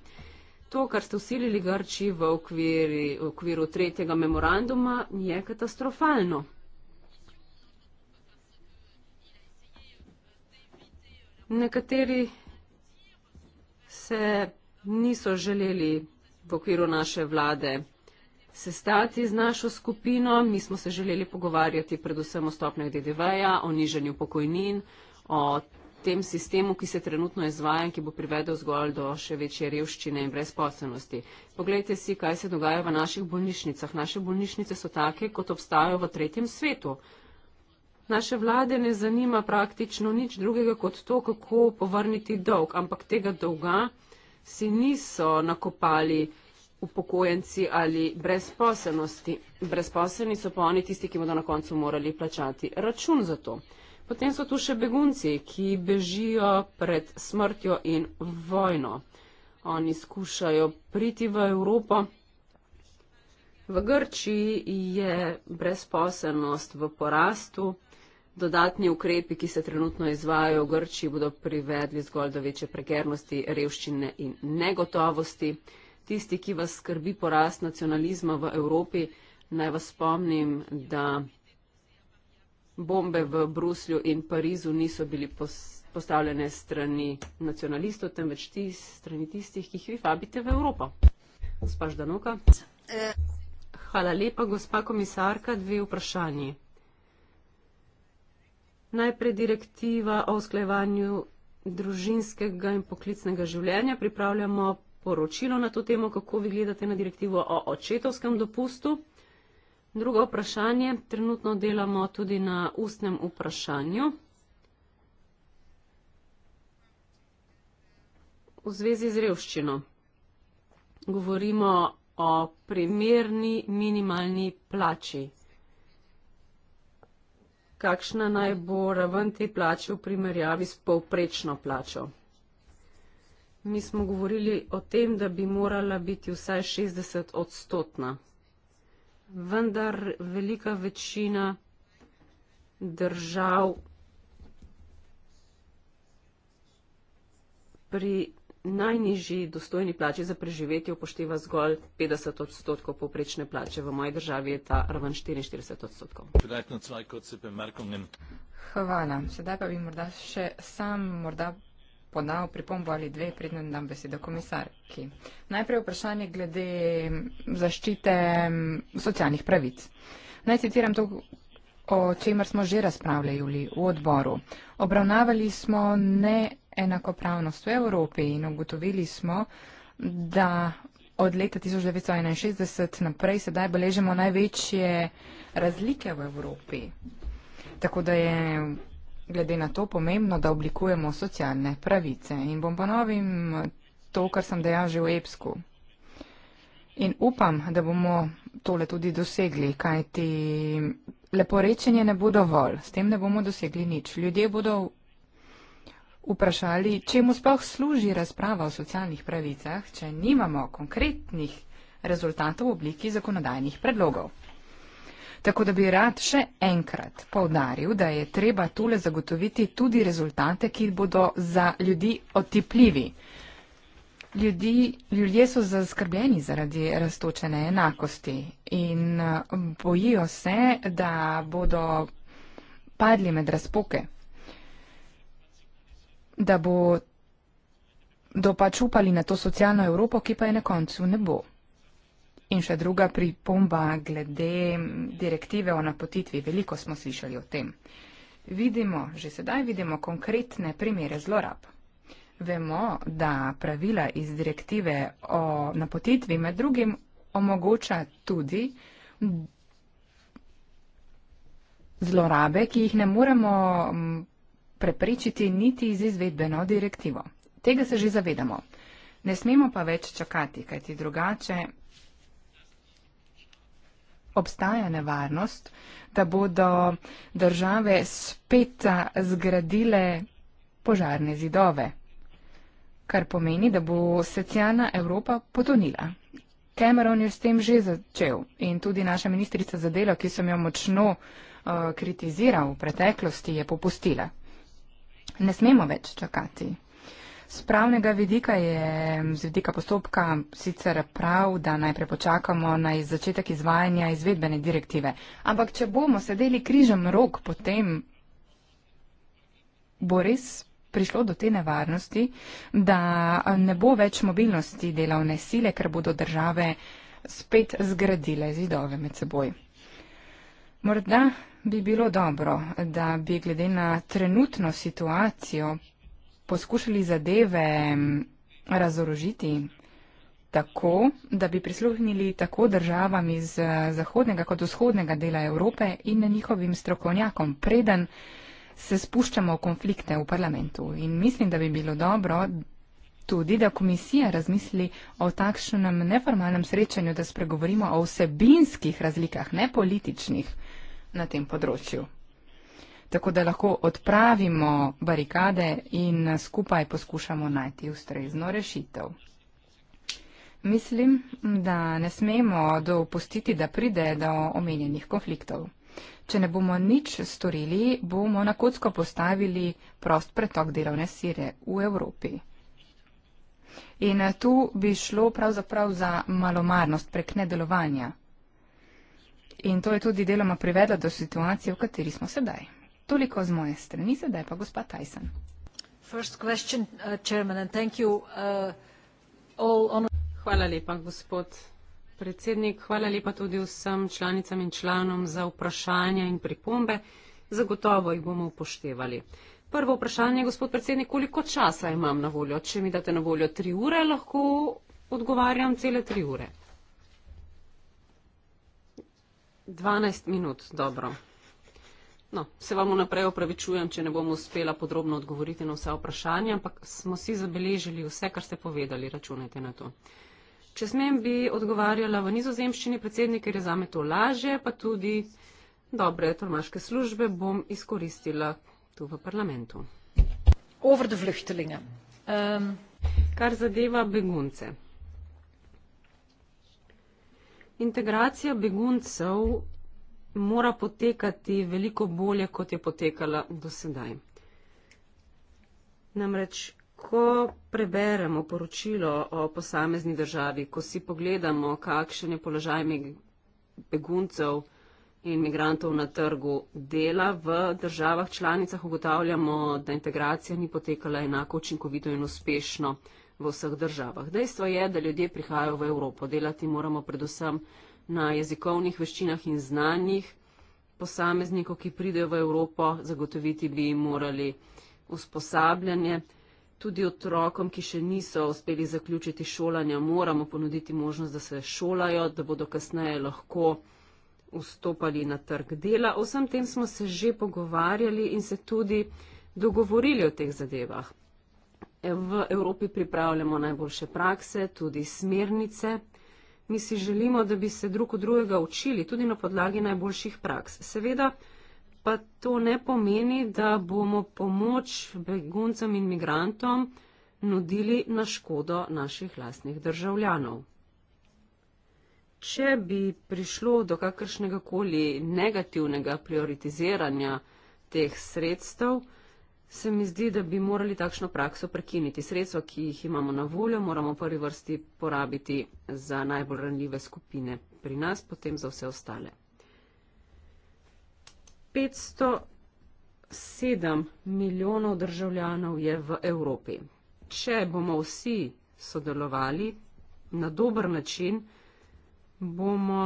To, kar ste usilili Grči v, okviri, v okviru tretjega memoranduma, je katastrofalno. Nekateri se niso želeli v okviru naše vlade sestati z našo skupino. Mi smo se želeli pogovarjati predvsem o stopnjah DDV-ja, o nižanju pokojnin, o tem sistemu, ki se trenutno izvaja in ki bo privedel zgolj do še večje revščine in brezposobnosti. Poglejte si, kaj se dogaja v naših bolnišnicah. Naše bolnišnice so take, kot obstajajo v tretjem svetu. Naše vlade ne zanima praktično nič drugega kot to, kako povrniti dolg, ampak tega dolga si niso nakopali upokojenci ali brezposelnosti. Brezposelni so pa oni tisti, ki bodo na koncu morali plačati račun za to. Potem so tu še begunci, ki bežijo pred smrtjo in vojno. Oni skušajo priti v Evropo. V Grčiji je brezposelnost v porastu. Dodatni ukrepi, ki se trenutno izvajajo v Grčiji, bodo privedli zgolj do večje prekernosti, revščine in negotovosti. Tisti, ki vas skrbi porast nacionalizma v Evropi, naj vas spomnim, da bombe v Bruslju in Parizu niso bili postavljene strani nacionalistov, temveč ti strani tistih, ki jih vi vabite v Evropo. Gospa Ždanuka. Hvala lepa, gospa komisarka. Dve vprašanji. Najprej direktiva o usklajevanju družinskega in poklicnega življenja. Pripravljamo poročilo na to temo, kako vi gledate na direktivo o očetovskem dopustu. Drugo vprašanje, trenutno delamo tudi na ustnem vprašanju. V zvezi z revščino govorimo o primerni minimalni plači. Kakšna naj bo raven te plače v primerjavi s povprečno plačo? Mi smo govorili o tem, da bi morala biti vsaj 60 odstotna. Vendar velika večina držav pri najnižji dostojni plači za preživetje upošteva zgolj 50 odstotkov poprečne plače. V moji državi je ta raven 44 odstotkov. Hvala. Sedaj pa bi morda še sam morda podal pripombo ali dve, preden dam besedo komisarki. Najprej vprašanje glede zaščite socialnih pravic. Naj citiram to, o čemer smo že razpravljali v odboru. Obravnavali smo neenakopravnost v Evropi in ugotovili smo, da od leta 1961 naprej sedaj beležemo največje razlike v Evropi. Tako da je glede na to pomembno, da oblikujemo socialne pravice. In bom ponovim to, kar sem dejal že v EPSKU. In upam, da bomo tole tudi dosegli, kajti leporečenje ne bo dovolj, s tem ne bomo dosegli nič. Ljudje bodo vprašali, čemu sploh služi razprava o socialnih pravicah, če nimamo konkretnih rezultatov v obliki zakonodajnih predlogov. Tako da bi rad še enkrat povdaril, da je treba tule zagotoviti tudi rezultate, ki bodo za ljudi otipljivi. Ljudi, ljudje so zaskrbljeni zaradi raztočene enakosti in eh, bojijo se, da bodo padli med razpoke, da bodo pač upali na to socialno Evropo, ki pa je na koncu ne bo. In še druga pripomba glede direktive o napotitvi. Veliko smo slišali o tem. Vidimo, že sedaj vidimo konkretne primere zlorab. Vemo, da pravila iz direktive o napotitvi med drugim omogoča tudi zlorabe, ki jih ne moremo preprečiti niti z izvedbeno direktivo. Tega se že zavedamo. Ne smemo pa več čakati, kajti drugače obstaja nevarnost, da bodo države spet zgradile požarne zidove, kar pomeni, da bo socialna Evropa potonila. Cameron je s tem že začel in tudi naša ministrica za delo, ki sem jo močno uh, kritiziral v preteklosti, je popustila. Ne smemo več čakati. Z pravnega vidika je, z vidika postopka, sicer prav, da najprej počakamo na začetek izvajanja izvedbene direktive. Ampak, če bomo sedeli križem rok, potem bo res prišlo do te nevarnosti, da ne bo več mobilnosti delovne sile, ker bodo države spet zgradile zidove med seboj. Morda bi bilo dobro, da bi glede na trenutno situacijo poskušali zadeve mm, razorožiti tako, da bi prisluhnili tako državam iz eh, zahodnega kot vzhodnega dela Evrope in njihovim strokovnjakom, preden se spuščamo v konflikte v parlamentu. In mislim, da bi bilo dobro tudi, da komisija razmisli o takšnem neformalnem srečanju, da spregovorimo o vsebinskih razlikah, ne političnih, na tem področju tako da lahko odpravimo barikade in skupaj poskušamo najti ustrezno rešitev. Mislim, da ne smemo dopustiti, da pride do omenjenih konfliktov. Če ne bomo nič storili, bomo na kocko postavili prost pretok delovne sire v Evropi. In tu bi šlo pravzaprav za malomarnost prek nedelovanja. In to je tudi deloma privedlo do situacije, v kateri smo sedaj. Toliko z moje strani, sedaj pa gospa Tyson. First question, uh, chairman, and thank you, uh, all on... Hvala lepa, gospod predsednik. Hvala lepa tudi vsem članicam in članom za vprašanja in pripombe. Zagotovo jih bomo upoštevali. Prvo vprašanje, gospod predsednik, koliko časa imam na voljo? Če mi date na voljo tri ure, lahko odgovarjam cele tri ure. 12 minut, dobro. No, se vam vnaprej opravičujem, če ne bom uspela podrobno odgovoriti na vse vprašanja, ampak smo si zabeležili vse, kar ste povedali, računajte na to. Če smem, bi odgovarjala v nizozemščini predsednik, ker je za me to laže, pa tudi dobre tolmaške službe bom izkoristila tu v parlamentu. Over the vluchtelinge. Um... Ehm. Kar zadeva begunce. Integracija beguncev mora potekati veliko bolje, kot je potekala do sedaj. Namreč, ko preberemo poročilo o posamezni državi, ko si pogledamo, kakšen je položaj beguncev in migrantov na trgu dela v državah članicah, ugotavljamo, da integracija ni potekala enako učinkovito in uspešno v vseh državah. Dejstvo je, da ljudje prihajajo v Evropo. Delati moramo predvsem na jezikovnih veščinah in znanjih posameznikov, ki pridejo v Evropo, zagotoviti bi jim morali usposabljanje. Tudi otrokom, ki še niso uspeli zaključiti šolanja, moramo ponuditi možnost, da se šolajo, da bodo kasneje lahko vstopali na trg dela. O vsem tem smo se že pogovarjali in se tudi dogovorili o teh zadevah. E, v Evropi pripravljamo najboljše prakse, tudi smernice mi si želimo, da bi se drug od drugega učili, tudi na podlagi najboljših praks. Seveda pa to ne pomeni, da bomo pomoč beguncem in migrantom nudili na škodo naših lastnih državljanov. Če bi prišlo do kakršnega koli negativnega prioritiziranja teh sredstev, se mi zdi, da bi morali takšno prakso prekiniti. Sredstva, ki jih imamo na voljo, moramo v prvi vrsti porabiti za najbolj ranljive skupine pri nas, potem za vse ostale. 507 milijonov državljanov je v Evropi. Če bomo vsi sodelovali na dober način, bomo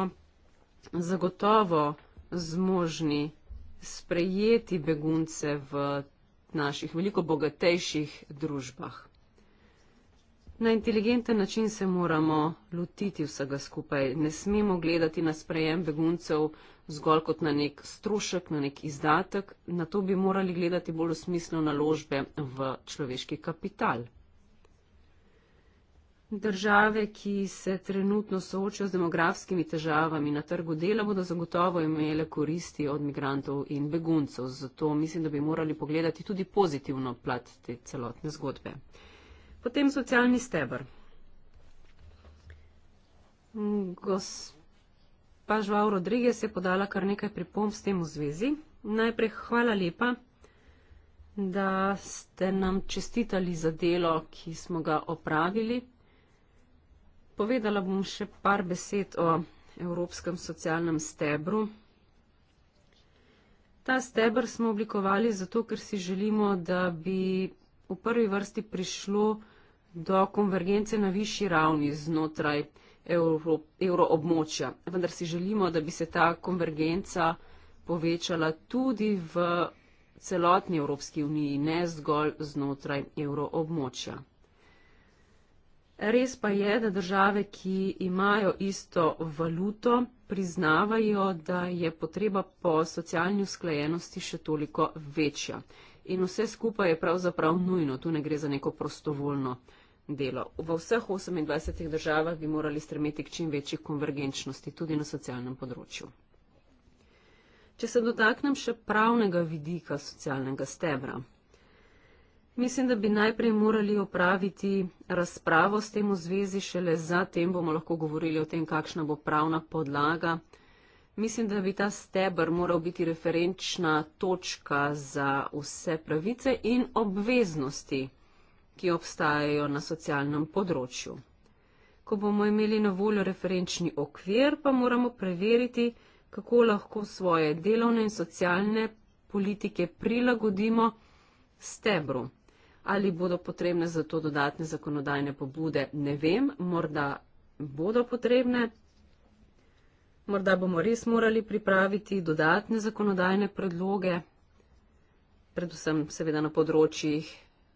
zagotovo zmožni sprejeti begunce v naših veliko bogatejših družbah. Na inteligenten način se moramo lotiti vsega skupaj. Ne smemo gledati na sprejem beguncev zgolj kot na nek strošek, na nek izdatek. Na to bi morali gledati bolj v smislu naložbe v človeški kapital. Države, ki se trenutno soočajo z demografskimi težavami na trgu dela, bodo zagotovo imele koristi od migrantov in beguncev. Zato mislim, da bi morali pogledati tudi pozitivno plat te celotne zgodbe. Potem socialni stebr. Gospa Žvao Rodriguez je podala kar nekaj pripomb s tem v zvezi. Najprej hvala lepa, da ste nam čestitali za delo, ki smo ga opravili. Povedala bom še par besed o Evropskem socialnem stebru. Ta stebr smo oblikovali zato, ker si želimo, da bi v prvi vrsti prišlo do konvergence na višji ravni znotraj evro, evroobmočja. Vendar si želimo, da bi se ta konvergenca povečala tudi v celotni Evropski uniji, ne zgolj znotraj evroobmočja. Res pa je, da države, ki imajo isto valuto, priznavajo, da je potreba po socialni usklajenosti še toliko večja. In vse skupaj je pravzaprav nujno, tu ne gre za neko prostovoljno delo. V vseh 28 državah bi morali stremeti k čim večji konvergenčnosti, tudi na socialnem področju. Če se dotaknem še pravnega vidika socialnega stebra. Mislim, da bi najprej morali opraviti razpravo s tem v zvezi, šele zatem bomo lahko govorili o tem, kakšna bo pravna podlaga. Mislim, da bi ta stebr moral biti referenčna točka za vse pravice in obveznosti, ki obstajajo na socialnem področju. Ko bomo imeli na voljo referenčni okvir, pa moramo preveriti, kako lahko svoje delovne in socialne politike prilagodimo stebru ali bodo potrebne za to dodatne zakonodajne pobude, ne vem, morda bodo potrebne. Morda bomo res morali pripraviti dodatne zakonodajne predloge, predvsem seveda na področjih,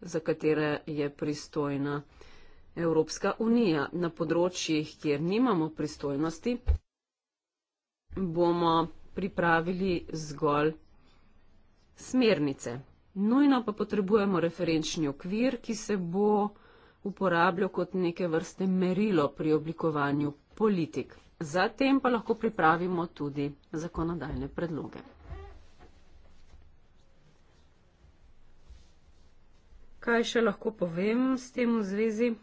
za katere je pristojna Evropska unija. Na področjih, kjer nimamo pristojnosti, bomo pripravili zgolj smernice nujno pa potrebujemo referenčni okvir, ki se bo uporabljal kot neke vrste merilo pri oblikovanju politik. Zatem pa lahko pripravimo tudi zakonodajne predloge. Kaj še lahko povem s tem v zvezi?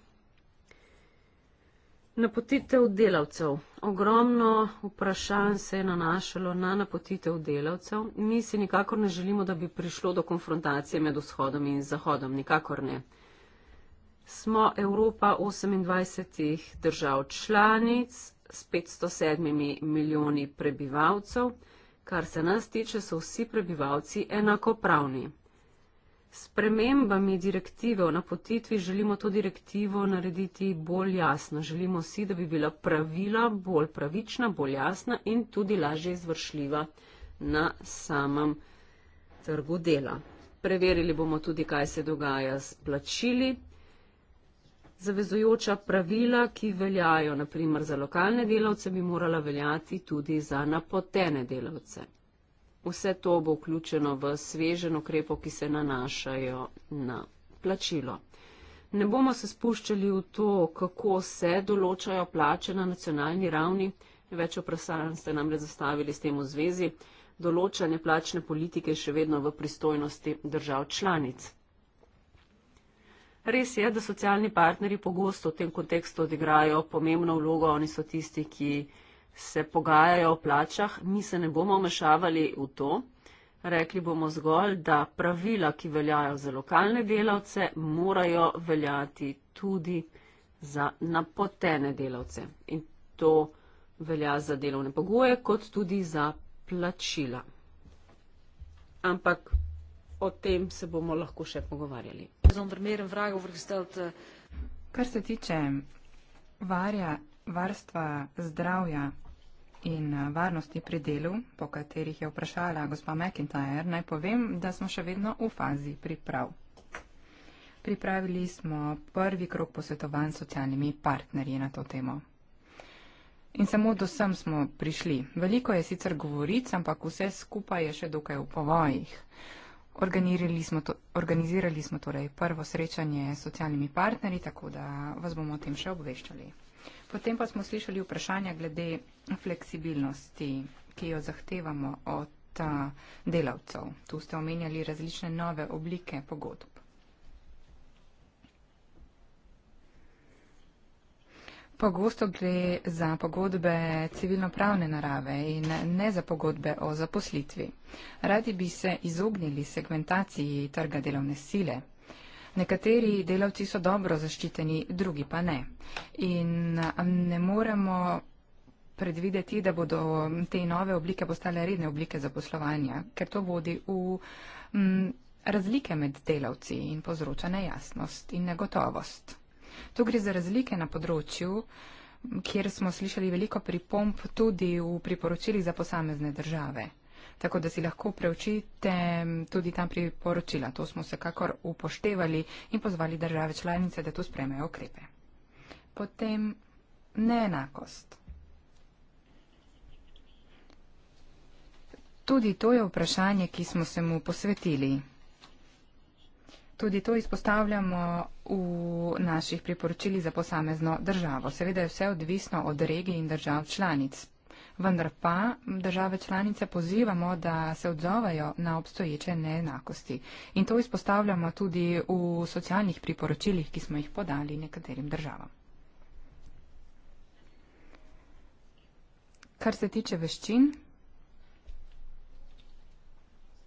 Napotitev delavcev. Ogromno vprašanj se je nanašalo na napotitev delavcev. Mi si nikakor ne želimo, da bi prišlo do konfrontacije med vzhodom in zahodom. Nikakor ne. Smo Evropa 28 držav članic s 507 milijoni prebivalcev. Kar se nas tiče, so vsi prebivalci enakopravni spremembami direktive o napotitvi želimo to direktivo narediti bolj jasno. Želimo si, da bi bila pravila bolj pravična, bolj jasna in tudi lažje izvršljiva na samem trgu dela. Preverili bomo tudi, kaj se dogaja s plačili. Zavezujoča pravila, ki veljajo naprimer za lokalne delavce, bi morala veljati tudi za napotene delavce. Vse to bo vključeno v svežen ukrepov, ki se nanašajo na plačilo. Ne bomo se spuščali v to, kako se določajo plače na nacionalni ravni. Več vprašanj ste namreč zastavili s tem v zvezi. Določanje plačne politike je še vedno v pristojnosti držav članic. Res je, da socialni partneri pogosto v tem kontekstu odigrajo pomembno vlogo. Oni so tisti, ki se pogajajo o plačah, mi se ne bomo mešavali v to. Rekli bomo zgolj, da pravila, ki veljajo za lokalne delavce, morajo veljati tudi za napotene delavce. In to velja za delovne pogoje, kot tudi za plačila. Ampak o tem se bomo lahko še pogovarjali. Eh, Kar se tiče varja, varstva zdravja in eh, varnosti pri delu, po katerih je vprašala gospa McIntyre, naj povem, da smo še vedno v fazi priprav. Pripravili smo prvi krok posvetovanj s socialnimi partnerji na to temo. In samo do sem smo prišli. Veliko je sicer govoric, ampak vse skupaj je še dokaj v povojih. Organirali smo, to, organizirali smo torej prvo srečanje s socialnimi partnerji, tako da vas bomo o tem še obveščali. Potem pa smo slišali vprašanja glede fleksibilnosti, ki jo zahtevamo od delavcev. Tu ste omenjali različne nove oblike pogodb. Pogosto gre za pogodbe civilno-pravne narave in ne za pogodbe o zaposlitvi. Radi bi se izognili segmentaciji trga delovne sile, Nekateri delavci so dobro zaščiteni, drugi pa ne. In um, ne moremo predvideti, da bodo te nove oblike postale redne oblike zaposlovanja, ker to vodi v m, um, razlike med delavci in povzroča nejasnost in negotovost. Tu gre za razlike na področju, kjer smo slišali veliko pripomp tudi v priporočili za posamezne države tako da si lahko preučite mm, tudi tam priporočila. To smo vsekakor upoštevali in pozvali države članice, da tu spremejo ukrepe. Potem neenakost. Tudi to je vprašanje, ki smo se mu posvetili. Tudi to izpostavljamo v naših priporočili za posamezno državo. Seveda je vse odvisno od regij in držav članic vendar pa države članice pozivamo, da se odzovajo na obstoječe neenakosti. In to izpostavljamo tudi v socialnih priporočilih, ki smo jih podali nekaterim državam. Kar se tiče veščin,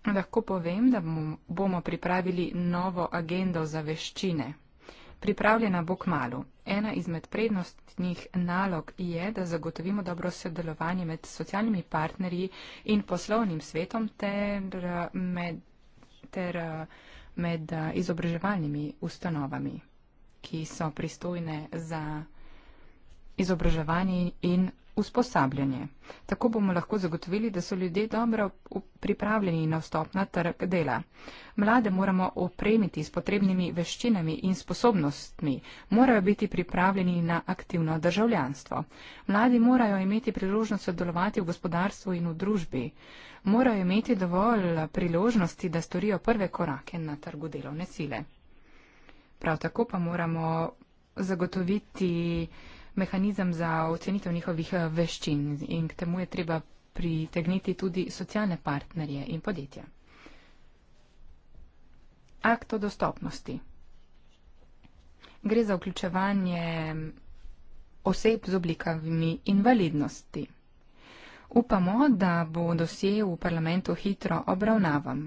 lahko povem, da bomo pripravili novo agendo za veščine pripravljena bo k malu. Ena izmed prednostnih nalog je, da zagotovimo dobro sodelovanje med socialnimi partnerji in poslovnim svetom ter med, ter med izobraževalnimi ustanovami, ki so pristojne za izobraževanje in usposabljanje. Tako bomo lahko zagotovili, da so ljudje dobro pripravljeni na vstop na trg dela. Mlade moramo opremiti s potrebnimi veščinami in sposobnostmi, morajo biti pripravljeni na aktivno državljanstvo. Mladi morajo imeti priložnost sodelovati v gospodarstvu in v družbi, morajo imeti dovolj priložnosti, da storijo prve korake na trgu delovne sile. Prav tako pa moramo zagotoviti mehanizem za ocenitev njihovih eh, veščin in k temu je treba pritegniti tudi socialne partnerje in podjetja. Akt o dostopnosti. Gre za vključevanje oseb z oblikami invalidnosti. Upamo, da bo dosje v parlamentu hitro obravnavan.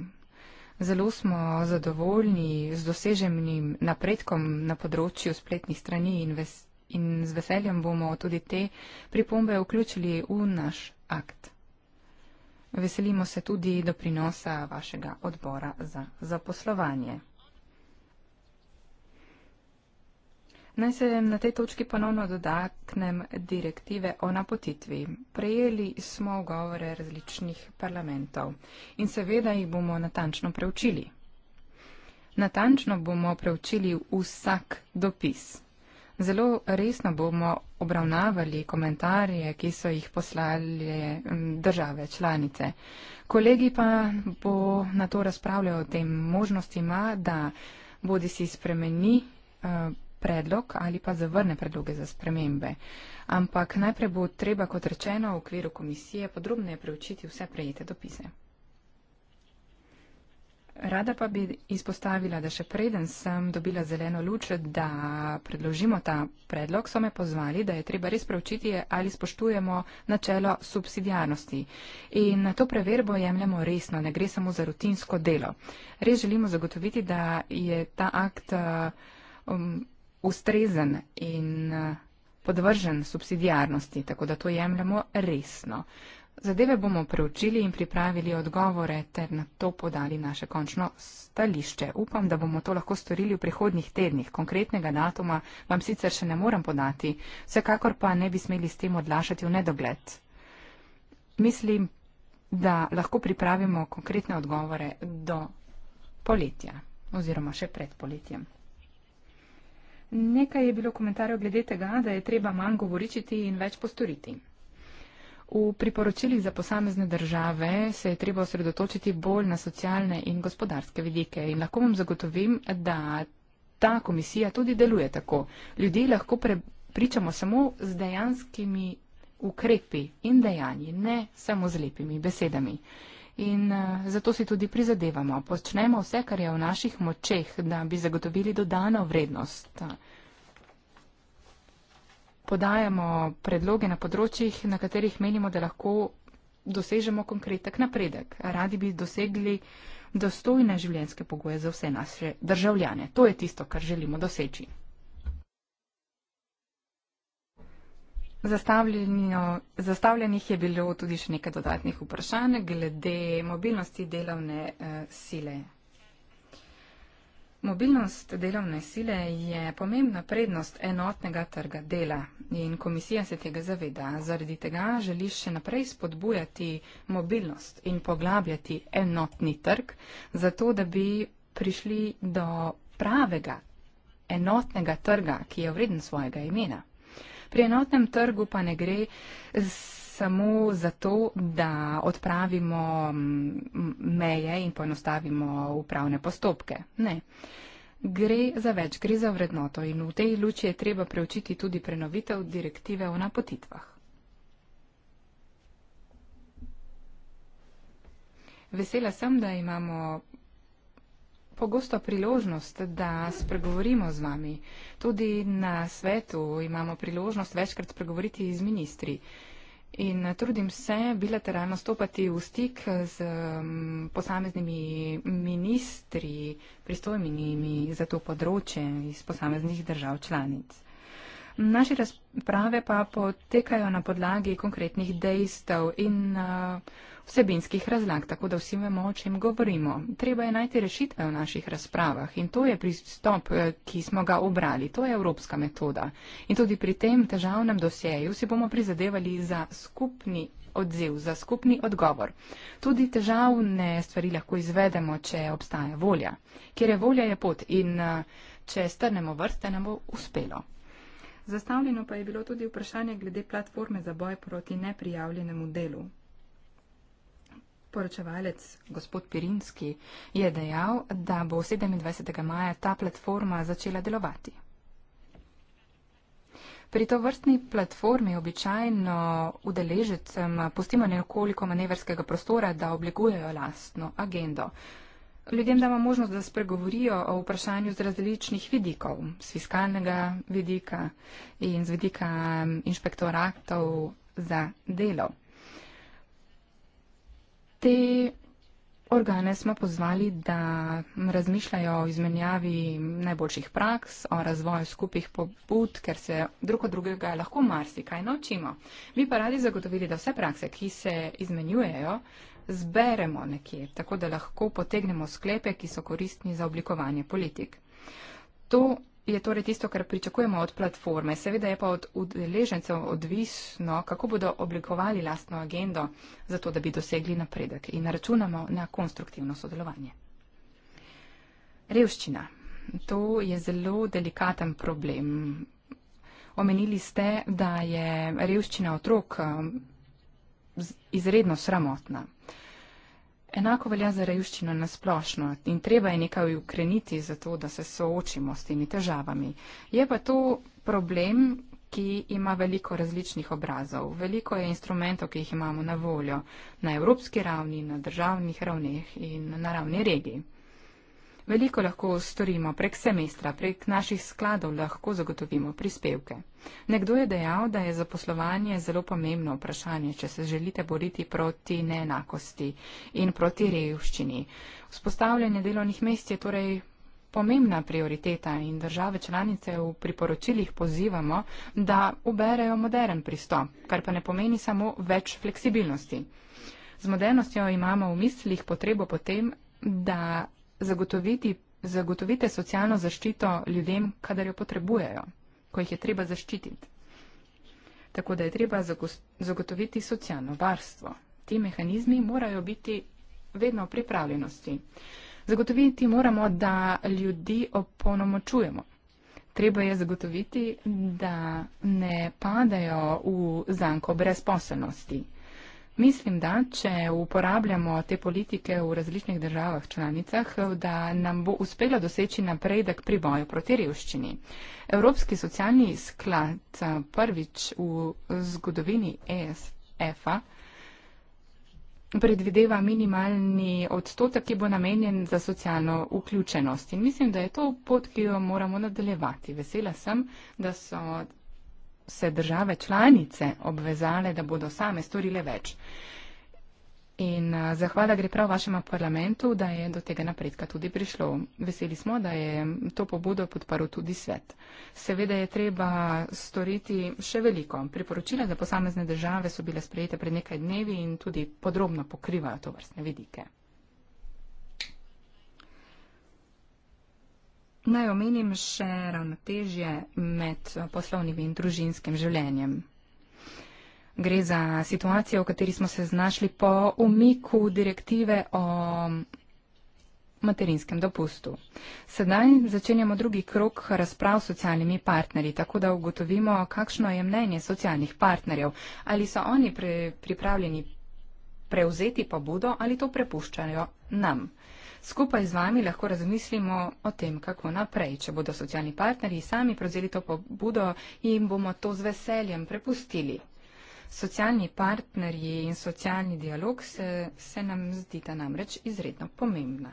Zelo smo zadovoljni z doseženim napredkom na področju spletnih strani in vest in z veseljem bomo tudi te pripombe vključili v naš akt. Veselimo se tudi doprinosa vašega odbora za zaposlovanje. Naj se na tej točki ponovno dodaknem direktive o napotitvi. Prejeli smo govore različnih parlamentov in seveda jih bomo natančno preučili. Natančno bomo preučili vsak dopis. Zelo resno bomo obravnavali komentarje, ki so jih poslali države članice. Kolegi pa bo na to razpravljal o tem možnosti, da bodi si spremeni eh, predlog ali pa zavrne predloge za spremembe. Ampak najprej bo treba, kot rečeno, v okviru komisije podrobneje preučiti vse prejete dopise. Rada pa bi izpostavila, da še preden sem dobila zeleno luč, da predložimo ta predlog, so me pozvali, da je treba res preučiti, ali spoštujemo načelo subsidijarnosti. In na to preverbo jemljamo resno, ne gre samo za rutinsko delo. Res želimo zagotoviti, da je ta akt um, ustrezen in podvržen subsidijarnosti, tako da to jemljamo resno. Zadeve bomo preučili in pripravili odgovore ter na to podali naše končno stališče. Upam, da bomo to lahko storili v prihodnih tednih. Konkretnega datuma vam sicer še ne morem podati, vsekakor pa ne bi smeli s tem odlašati v nedogled. Mislim, da lahko pripravimo konkretne odgovore do poletja oziroma še pred poletjem. Nekaj je bilo komentarjev glede tega, da je treba manj govoriti in več postoriti. V priporočilih za posamezne države se je treba osredotočiti bolj na socialne in gospodarske vidike in lahko vam zagotovim, da ta komisija tudi deluje tako. Ljudje lahko pričamo samo z dejanskimi ukrepi in dejanji, ne samo z lepimi besedami. In eh, zato si tudi prizadevamo, počnemo vse, kar je v naših močeh, da bi zagotovili dodano vrednost. Eh, podajamo predloge na področjih, na katerih menimo, da lahko dosežemo konkretek napredek. Radi bi dosegli dostojne življenjske pogoje za vse naše državljane. To je tisto, kar želimo doseči. Zastavljenih je bilo tudi še nekaj dodatnih vprašanj glede mobilnosti delovne eh, sile. Mobilnost delovne sile je pomembna prednost enotnega trga dela in komisija se tega zaveda. Zaradi tega želi še naprej spodbujati mobilnost in poglabljati enotni trg, zato da bi prišli do pravega enotnega trga, ki je vreden svojega imena. Pri enotnem trgu pa ne gre s samo zato, da odpravimo meje in poenostavimo upravne postopke. Ne. Gre za več, gre za vrednoto in v tej luči je treba preučiti tudi prenovitev direktive o napotitvah. Vesela sem, da imamo pogosto priložnost, da spregovorimo z vami. Tudi na svetu imamo priložnost večkrat spregovoriti z ministri. In trudim se bilateralno stopati v stik z mm, posameznimi ministri, pristojnimi za to področje iz posameznih držav članic. Naše razprave pa potekajo na podlagi konkretnih dejstev in uh, vsebinskih razlag, tako da vsi vemo, o čem govorimo. Treba je najti rešitve v naših razpravah in to je pristop, eh, ki smo ga obrali. To je evropska metoda. In tudi pri tem težavnem dosjeju si bomo prizadevali za skupni odziv, za skupni odgovor. Tudi težavne stvari lahko izvedemo, če obstaja volja. Ker je volja, je pot in eh, če strnemo vrste, nam bo uspelo. Zastavljeno pa je bilo tudi vprašanje glede platforme za boj proti neprijavljenemu delu. Poročevalec gospod Pirinski je dejal, da bo 27. maja ta platforma začela delovati. Pri to vrstni platformi običajno udeležitem pustimo nekoliko manevrskega prostora, da oblikujejo lastno agendo. Ljudem damo možnost, da spregovorijo o vprašanju z različnih vidikov, z fiskalnega vidika in z vidika mm, inšpektoratov za delo. Te organe smo pozvali, da razmišljajo o izmenjavi najboljših praks, o razvoju skupih pobud, ker se drug od drugega lahko marsikaj naučimo. Mi pa radi zagotovili, da vse prakse, ki se izmenjujejo, zberemo nekje, tako da lahko potegnemo sklepe, ki so koristni za oblikovanje politik. To je torej tisto, kar pričakujemo od platforme. Seveda je pa od udeležencev odvisno, kako bodo oblikovali lastno agendo, zato da bi dosegli napredek in računamo na konstruktivno sodelovanje. Revščina. To je zelo delikaten problem. Omenili ste, da je revščina otrok um, izredno sramotna. Enako velja za revščino na splošno in treba je nekaj ukreniti za to, da se soočimo s temi težavami. Je pa to problem, ki ima veliko različnih obrazov. Veliko je instrumentov, ki jih imamo na voljo na evropski ravni, na državnih ravneh in na ravni regij. Veliko lahko storimo prek semestra, prek naših skladov lahko zagotovimo prispevke. Nekdo je dejal, da je zaposlovanje zelo pomembno vprašanje, če se želite boriti proti neenakosti in proti revščini. Vzpostavljanje delovnih mest je torej. Pomembna prioriteta in države članice v priporočilih pozivamo, da uberejo modern pristop, kar pa ne pomeni samo več fleksibilnosti. Z modernostjo imamo v mislih potrebo potem, da zagotoviti, zagotovite socialno zaščito ljudem, kadar jo potrebujejo, ko jih je treba zaščititi. Tako da je treba zagotoviti socialno varstvo. Ti mehanizmi morajo biti vedno v pripravljenosti. Zagotoviti moramo, da ljudi opolnomočujemo. Treba je zagotoviti, da ne padajo v zanko brezposelnosti. Mislim, da če uporabljamo te politike v različnih državah članicah, da nam bo uspelo doseči napredek pri boju proti revščini. Evropski socialni sklad prvič v zgodovini ESF-a predvideva minimalni odstotek, ki bo namenjen za socialno vključenost. In mislim, da je to pot, ki jo moramo nadaljevati. Vesela sem, da so se države članice obvezale, da bodo same storile več. In zahvala gre prav vašemu parlamentu, da je do tega napredka tudi prišlo. Veseli smo, da je to pobudo podparil tudi svet. Seveda je treba storiti še veliko. Priporočila za posamezne države so bile sprejete pred nekaj dnevi in tudi podrobno pokrivajo to vrstne vidike. Naj omenim še ravnotežje med poslovnim in družinskim življenjem. Gre za situacijo, v kateri smo se znašli po umiku direktive o materinskem dopustu. Sedaj začenjamo drugi krok razprav s socialnimi partnerji, tako da ugotovimo, kakšno je mnenje socialnih partnerjev. Ali so oni pre, pripravljeni prevzeti pobudo ali to prepuščajo nam. Skupaj z vami lahko razmislimo o tem, kako naprej. Če bodo socialni partnerji sami prevzeli to pobudo, jim bomo to z veseljem prepustili. Socialni partnerji in socialni dialog se, se nam zdita namreč izredno pomembna.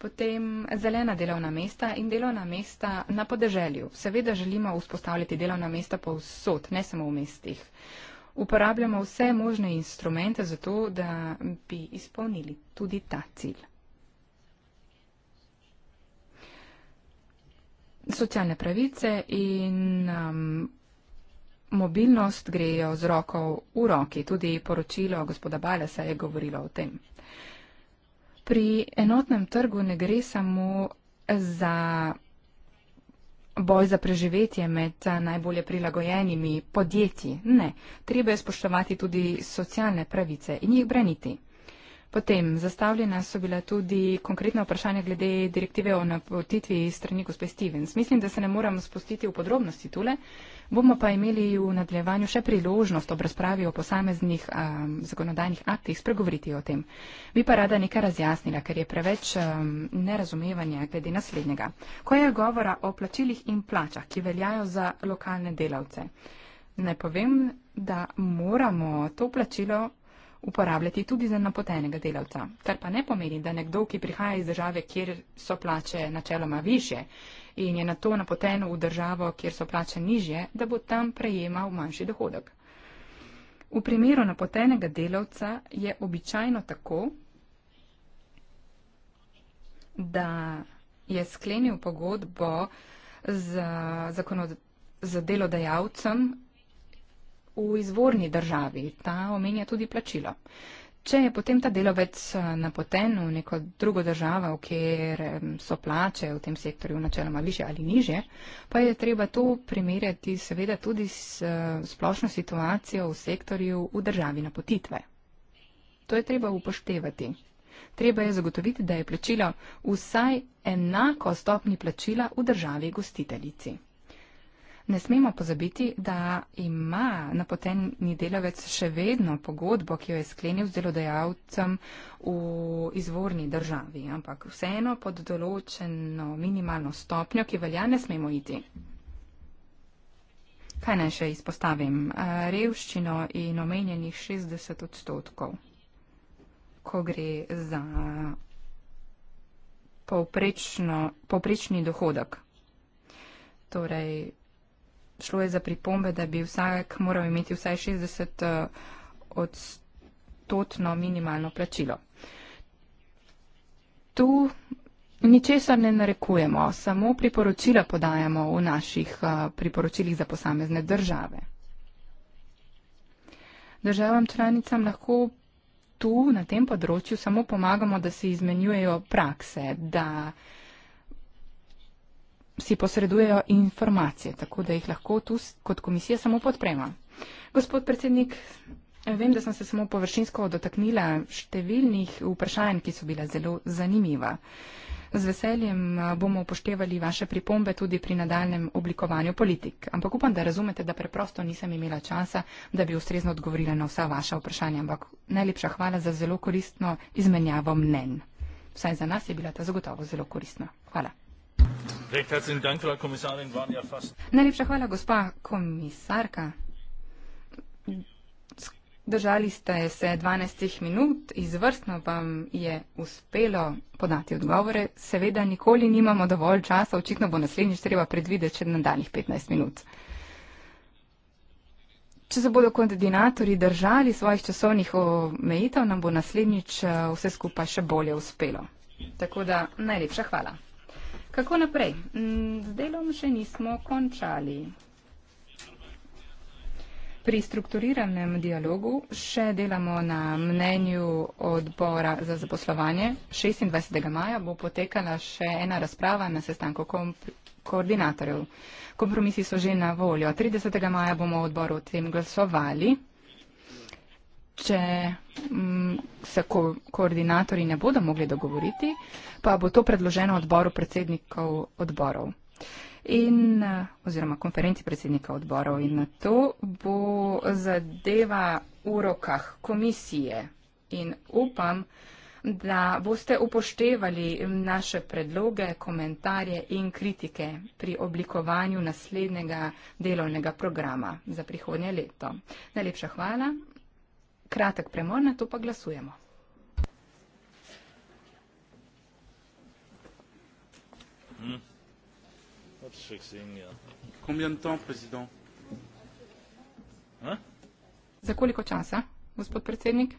Potem zelena delovna mesta in delovna mesta na podeželju. Seveda želimo vzpostavljati delovna mesta povsod, ne samo v mestih. Uporabljamo vse možne instrumente za to, da bi izpolnili tudi ta cilj. socialne pravice in um, mobilnost grejo z roko v roki. Tudi poročilo gospoda Balesa je govorilo o tem. Pri enotnem trgu ne gre samo za boj za preživetje med najbolje prilagojenimi podjetji. Ne, treba je spoštovati tudi socialne pravice in jih braniti. Potem, zastavljena so bila tudi konkretna vprašanja glede direktive o napotitvi strani gospe Stevens. Mislim, da se ne moram spustiti v podrobnosti tule. Bomo pa imeli v nadaljevanju še priložnost ob razpravi o posameznih um, zakonodajnih aktih spregovoriti o tem. Bi pa rada nekaj razjasnila, ker je preveč um, nerazumevanja glede naslednjega. Ko je govora o plačilih in plačah, ki veljajo za lokalne delavce, naj povem, da moramo to plačilo uporabljati tudi za napotenega delavca. Kar pa ne pomeni, da nekdo, ki prihaja iz države, kjer so plače načeloma više in je na to napoten v državo, kjer so plače nižje, da bo tam prejemal manjši dohodek. V primeru napotenega delavca je običajno tako, da je sklenil pogodbo z, z delodajalcem v izvorni državi. Ta omenja tudi plačilo. Če je potem ta delovec eh, napoten v neko drugo državo, kjer so plače v tem sektorju načeloma više ali niže, pa je treba to primerjati seveda tudi s eh, splošno situacijo v sektorju v državi napotitve. To je treba upoštevati. Treba je zagotoviti, da je plačilo vsaj enako stopni plačila v državi gostiteljici. Ne smemo pozabiti, da ima napoteni delavec še vedno pogodbo, ki jo je sklenil z delodajalcem v izvorni državi, ampak vseeno pod določeno minimalno stopnjo, ki velja, ne smemo iti. Kaj naj še izpostavim? Revščino in omenjenih 60 odstotkov, ko gre za povprečni dohodek. Torej, šlo je za pripombe, da bi vsak moral imeti vsaj 60 eh, odstotno minimalno plačilo. Tu ničesar ne narekujemo, samo priporočila podajamo v naših eh, priporočilih za posamezne države. Državam članicam lahko tu na tem področju samo pomagamo, da se izmenjujejo prakse, da si posredujejo informacije, tako da jih lahko tu kot komisija samo podprema. Gospod predsednik, vem, da sem se samo površinsko dotaknila številnih vprašanj, ki so bila zelo zanimiva. Z veseljem bomo upoštevali vaše pripombe tudi pri nadaljem oblikovanju politik, ampak upam, da razumete, da preprosto nisem imela časa, da bi ustrezno odgovorila na vsa vaša vprašanja, ampak najlepša hvala za zelo koristno izmenjavo mnen. Vsaj za nas je bila ta zagotovo zelo koristna. Hvala. Ja najlepša hvala, gospa komisarka. Držali ste se 12 minut, izvrstno vam je uspelo podati odgovore. Seveda nikoli nimamo dovolj časa, očitno bo naslednjič treba predvideti še nadaljih 15 minut. Če se bodo koordinatori držali svojih časovnih omejitev, nam bo naslednjič eh, vse skupaj še bolje uspelo. Tako da najlepša hvala. Kako naprej? Mm, z delom še nismo končali. Pri strukturiranem dialogu še delamo na mnenju odbora za zaposlovanje. 26. maja bo potekala še ena razprava na sestanku koordinatorjev. Kompromisi so že na voljo. 30. maja bomo v odboru o tem glasovali če m, mm, se ko koordinatori ne bodo mogli dogovoriti, pa bo to predloženo odboru predsednikov odborov in eh, oziroma konferenci predsednika odborov in na to bo zadeva v rokah komisije in upam, da boste upoštevali naše predloge, komentarje in kritike pri oblikovanju naslednjega delovnega programa za prihodnje leto. Najlepša hvala kratek premor, na to pa glasujemo. Hmm. Za koliko časa, gospod predsednik?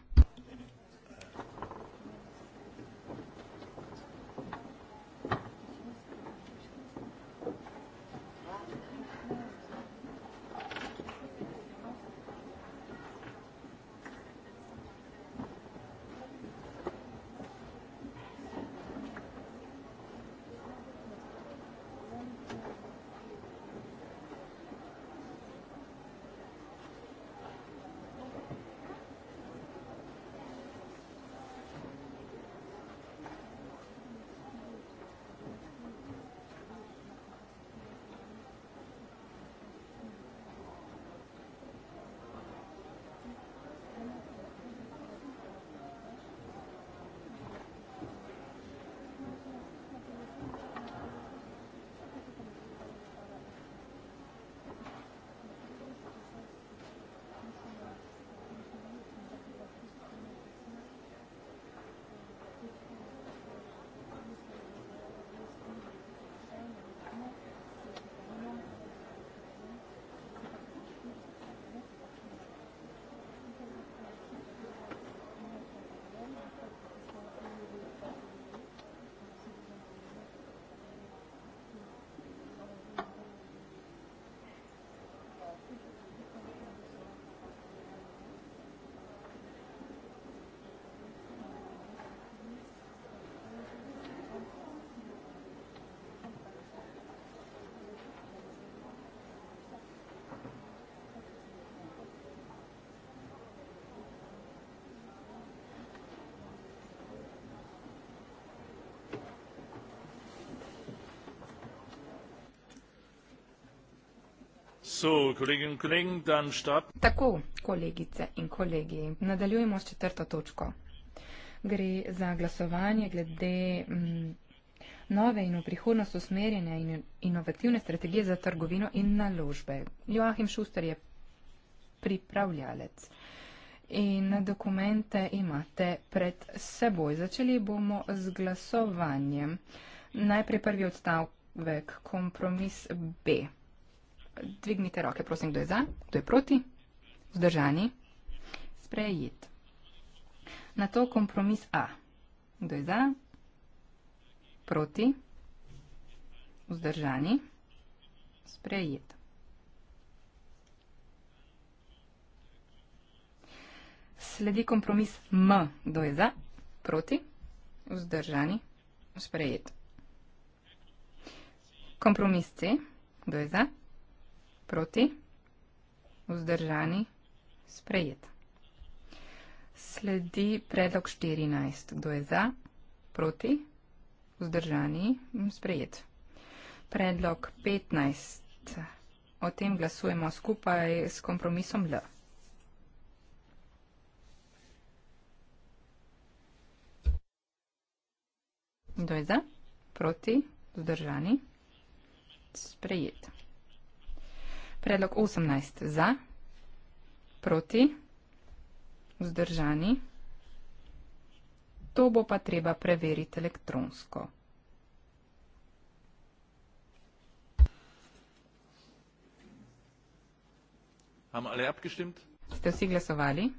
Tako, kolegice in kolegi, nadaljujemo s četrto točko. Gre za glasovanje glede m, mm, nove in v prihodnost usmerjene in inovativne strategije za trgovino in naložbe. Joachim Šuster je pripravljalec in dokumente imate pred seboj. Začeli bomo z glasovanjem. Najprej prvi odstavek kompromis B dvignite roke, prosim, kdo je za, kdo je proti, vzdržani, sprejet. Na to kompromis A. Kdo je za, proti, vzdržani, sprejet. Sledi kompromis M. Kdo je za, proti, vzdržani, sprejet. Kompromis C. Kdo je za, proti, vzdržani, sprejet proti, vzdržani, sprejet. Sledi predlog 14. Kdo je za, proti, vzdržani, sprejet. Predlog 15. O tem glasujemo skupaj s kompromisom L. Kdo je za, proti, vzdržani, sprejet. Predlog 18 za, proti, vzdržani. To bo pa treba preveriti elektronsko. Ste vsi glasovali?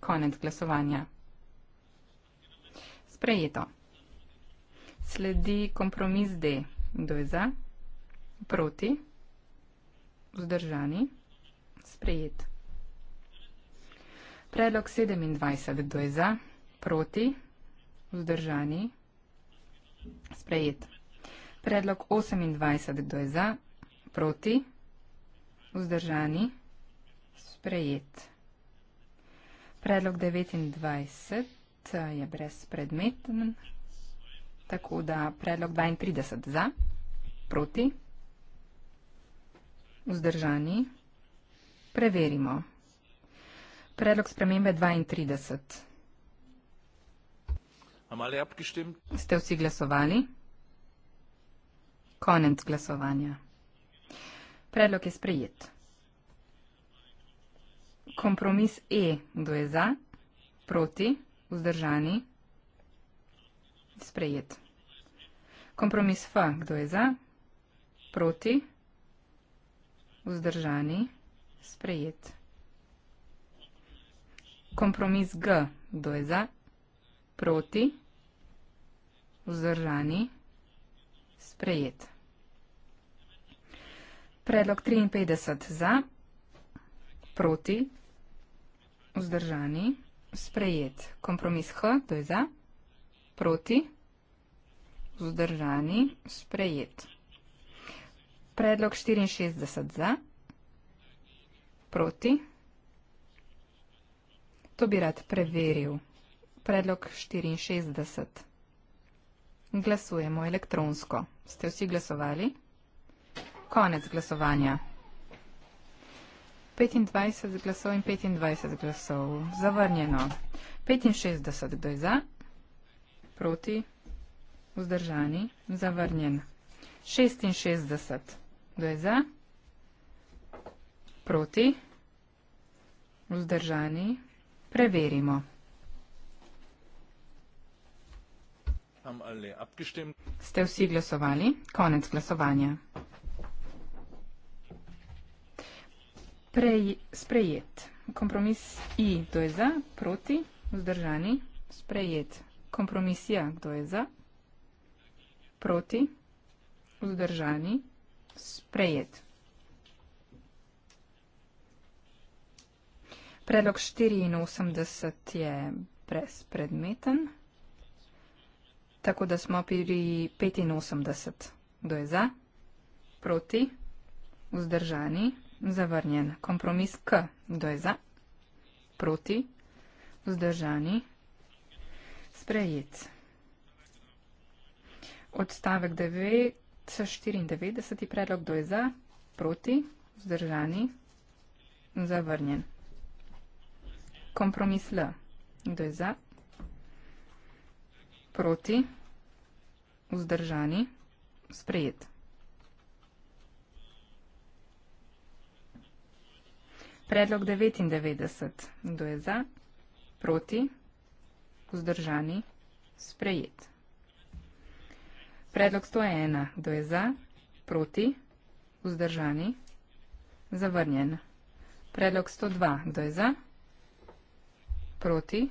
Konec glasovanja. Sprejeto. Sledi kompromis D. Kdo je za? Proti? Vzdržani. Sprejet. Predlog 27. Kdo je za? Proti. Vzdržani. Sprejet. Predlog 28. Kdo je za? Proti. Vzdržani. Sprejet. Predlog 29 je brezpredmeten, tako da predlog 32 za, proti vzdržani? Preverimo. Predlog spremembe 32. Ste vsi glasovali? Konec glasovanja. Predlog je sprejet. Kompromis E, kdo je za, proti, vzdržani, sprejet. Kompromis F, kdo je za, proti, vzdržani vzdržani, sprejet. Kompromis G, kdo je za, proti, vzdržani, sprejet. Predlog 53 za, proti, vzdržani, sprejet. Kompromis H, kdo je za, proti, vzdržani, sprejet. Vzdržani predlog 64 za, proti. To bi rad preveril. Predlog 64. Glasujemo elektronsko. Ste vsi glasovali? Konec glasovanja. 25 glasov in 25 glasov. Zavrnjeno. 65, kdo je za? Proti? Vzdržani? Zavrnjen. 66. 66. Kdo je za? Proti? Vzdržani? Preverimo. Ste vsi glasovali? Konec glasovanja. Prej, sprejet. Kompromis I. Kdo je za? Proti? Vzdržani? Sprejet. Kompromis J. Kdo je za? Proti? Vzdržani? Sprejet sprejet. Predlog 84 je brezpredmeten, tako da smo pri 85. Kdo je za? Proti? Vzdržani? Zavrnjen. Kompromis K. Kdo je za? Proti? Vzdržani? Sprejet. Odstavek 9. 94. predlog, kdo je za, proti, vzdržani, zavrnjen. Kompromis L. Kdo je za, proti, vzdržani, sprejet. Predlog 99. Kdo je za, proti, vzdržani, sprejet. Predlog 101. Kdo je za? Proti? Vzdržani? Zavrnjen. Predlog 102. Kdo je za? Proti?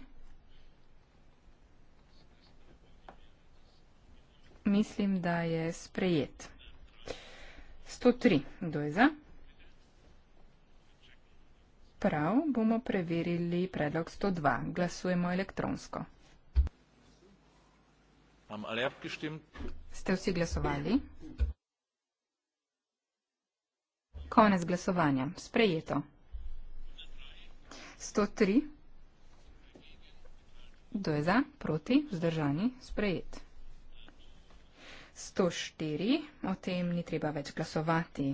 Mislim, da je sprejet. 103. Kdo je za? Prav bomo preverili predlog 102. Glasujemo elektronsko. Am alert gestimmt? Ste vsi glasovali? Konec glasovanja. Sprejeto. 103. Kdo je za? Proti? Vzdržani? Sprejet. 104. O tem ni treba več glasovati,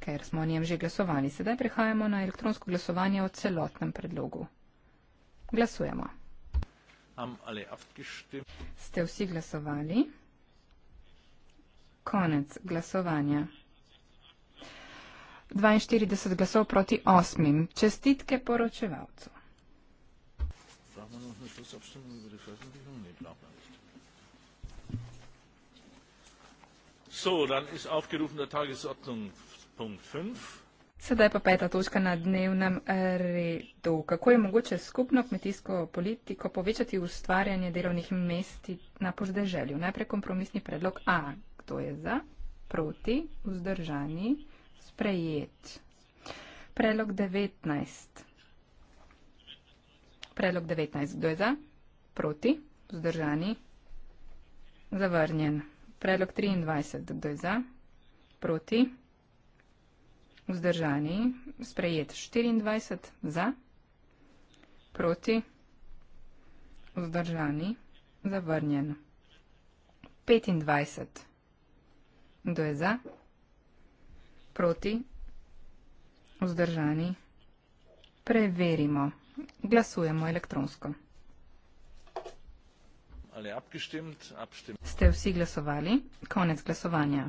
ker smo o njem že glasovali. Sedaj prehajamo na elektronsko glasovanje o celotnem predlogu. Glasujemo. Ste vsi glasovali? Konec glasovanja. 42 glasov proti 8. Čestitke poročevalcu. Sedaj pa peta točka na dnevnem eh, redu. Kako je mogoče skupno kmetijsko politiko povečati ustvarjanje delovnih mest na poždeželju? Najprej kompromisni predlog A to je za, proti, vzdržani, sprejet. Prelog 19. Prelog 19. Kdo je za? Proti, vzdržani, zavrnjen. Prelog 23. Kdo je za? Proti, vzdržani, sprejet. 24. Za, proti, vzdržani, zavrnjen. 25. Kdo je za? Proti? Vzdržani? Preverimo. Glasujemo elektronsko. Ste vsi glasovali? Konec glasovanja.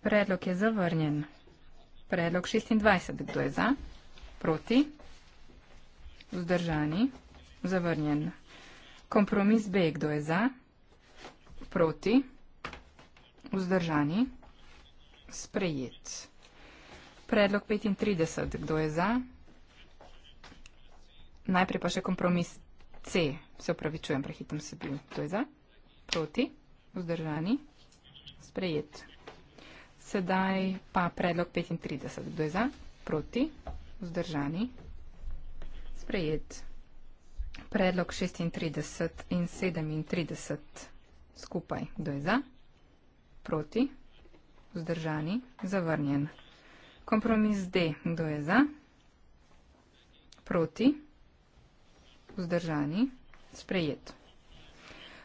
Predlog je zavrnjen. Predlog 26. Kdo je za? Proti? Vzdržani? Zavrnjen. Kompromis B. Kdo je za? Proti? Proti? Vzdržani. Sprejet. Predlog 35. Kdo je za? Najprej pa še kompromis C. Se upravičujem, prehitam se bil. Kdo je za? Proti. Vzdržani. Sprejet. Sedaj pa predlog 35. Kdo je za? Proti. Vzdržani. Sprejet. Predlog 36 in 37 skupaj. Kdo je za? Proti proti, vzdržani, zavrnjen. Kompromis D, kdo je za, proti, vzdržani, sprejet.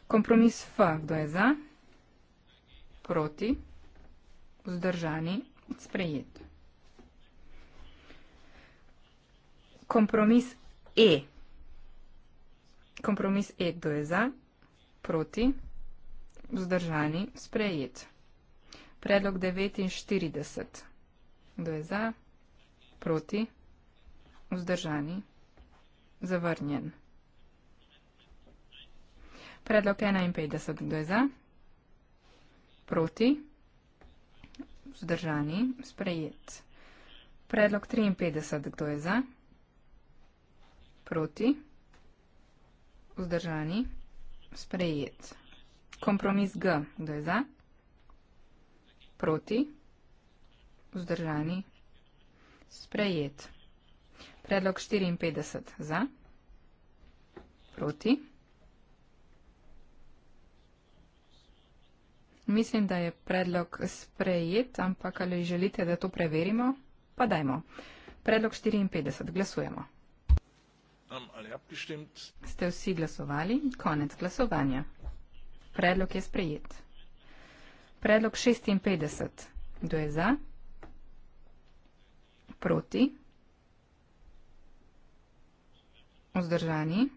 Kompromis F, kdo je za, proti, vzdržani, sprejet. Kompromis E, kompromis E, kdo je za, proti, vzdržani, sprejet vzdržani, sprejet. Predlog 49. Kdo je za? Proti? Vzdržani? Zavrnjen. Predlog 51. Kdo je za? Proti? Vzdržani? Sprejet. Predlog 53. Kdo je za? Proti? Vzdržani? Sprejet. Kompromis G. Kdo je za? Proti? Vzdržani? Sprejet. Predlog 54. Za? Proti? Mislim, da je predlog sprejet, ampak ali želite, da to preverimo, pa dajmo. Predlog 54. Glasujemo. Ste vsi glasovali? Konec glasovanja. Predlog je sprejet. Predlog 56. Kdo je za? Proti? Vzdržani?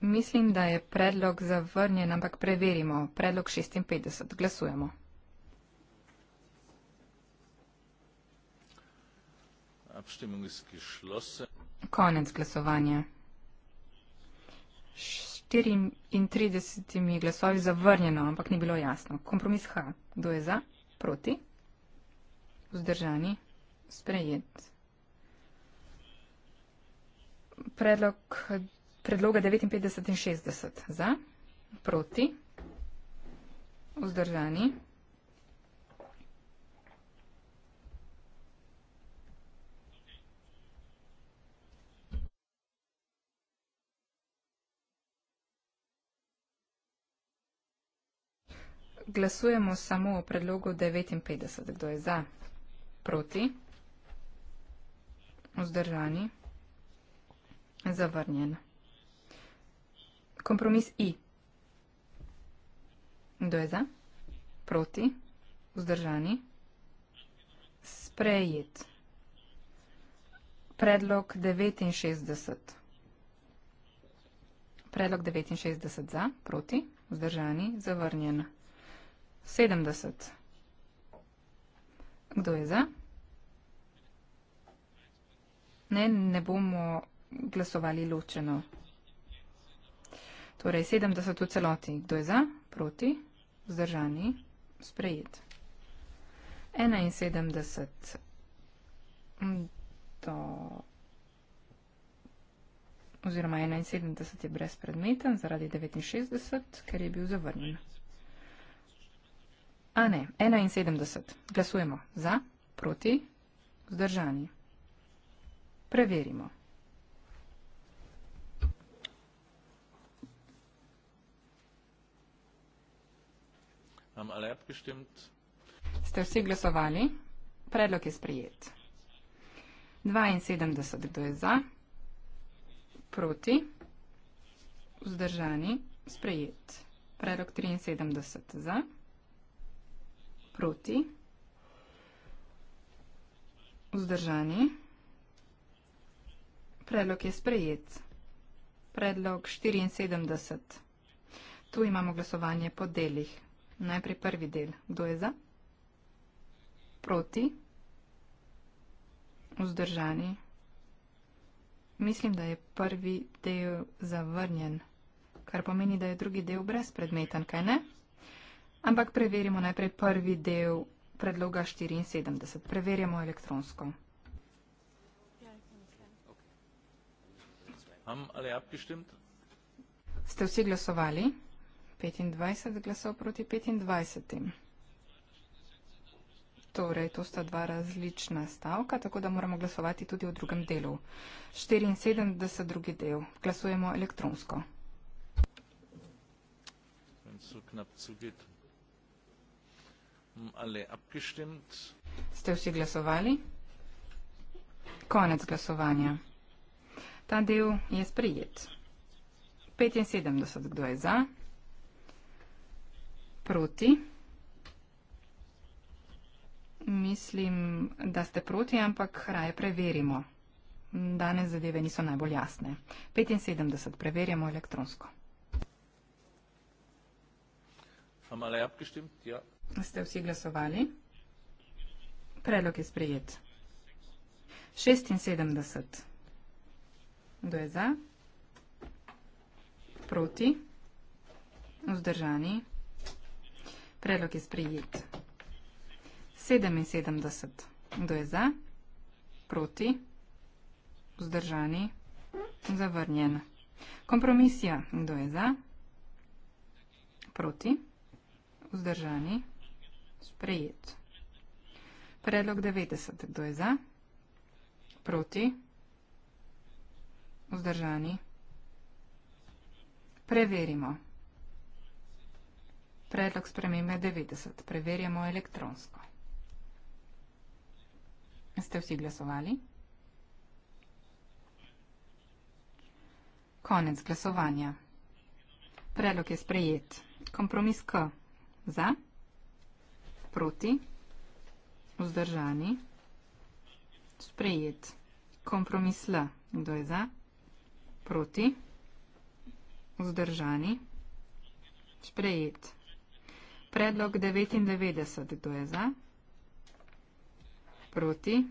Mislim, da je predlog zavrnjen, ampak preverimo. Predlog 56. Glasujemo. Konec glasovanja. 34 glasovi zavrnjeno, ampak ni bilo jasno. Kompromis H. Kdo je za? Proti? Vzdržani? Sprejet. Predlog, predloga 59 in 60 za, proti, vzdržani. glasujemo samo o predlogu 59. Kdo je za? Proti? Vzdržani? Zavrnjen? Kompromis I. Kdo je za? Proti? Vzdržani? Sprejet? Predlog 69. Predlog 69 za, proti, vzdržani, zavrnjen sedemdeset. Kdo je za? Ne, ne bomo glasovali ločeno. Torej, sedemdeset v celoti. Kdo je za? Proti? Zdržani? Sprejet. Enainsedemdeset do oziroma 71 je brezpredmeten zaradi 69, ker je bil zavrnjen. A ne, 71. Glasujemo za, proti, zdržani. Preverimo. Ste vsi glasovali? Predlog je sprejet. 72, kdo je za, proti, vzdržani, sprejet. Predlog 73 za proti, vzdržani. Predlog je sprejet. Predlog 74. Tu imamo glasovanje po delih. Najprej prvi del. Kdo je za? Proti, vzdržani. Mislim, da je prvi del zavrnjen, kar pomeni, da je drugi del brezpredmeten, kaj ne? Ampak preverimo najprej prvi del predloga 74. Preverjamo elektronsko. Ste vsi glasovali? 25 glasov proti 25. Torej, to sta dva različna stavka, tako da moramo glasovati tudi v drugem delu. 74. drugi del. Glasujemo elektronsko. Wenn es so knapp zugeht, Ste vsi glasovali? Konec glasovanja. Ta del je sprijet. 75, kdo je za? Proti? Mislim, da ste proti, ampak raje preverimo. Danes zadeve niso najbolj jasne. 75, preverjamo elektronsko. Haben alle abgestimmt? Ja ste vsi glasovali. Predlog je sprejet. 76. Kdo je za? Proti? Vzdržani? Predlog je sprejet. 77. Kdo je za? Proti? Vzdržani? Zavrnjen. Kompromisija. Kdo je za? Proti? Vzdržani? sprejet. Predlog 90. Kdo je za? Proti? Vzdržani? Preverimo. Predlog spremembe 90. Preverjamo elektronsko. Ste vsi glasovali? Konec glasovanja. Predlog je sprejet. Kompromis K. Za? Za? proti, vzdržani, sprejet, kompromis L, kdo je za, proti, vzdržani, sprejet, predlog 99, kdo je za, proti,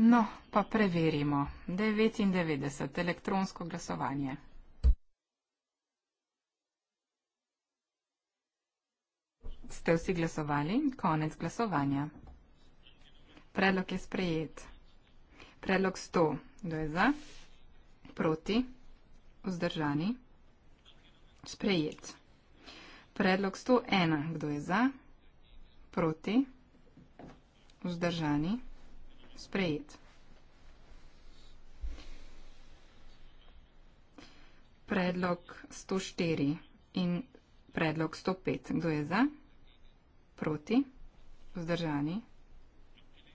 No, pa preverimo. 99. Elektronsko glasovanje. ste vsi glasovali. Konec glasovanja. Predlog je sprejet. Predlog 100. Kdo je za? Proti? Vzdržani? Sprejet. Predlog 101. Kdo je za? Proti? Vzdržani? Sprejet. Predlog 104 in predlog 105. Kdo je za? Proti? Proti. Vzdržani.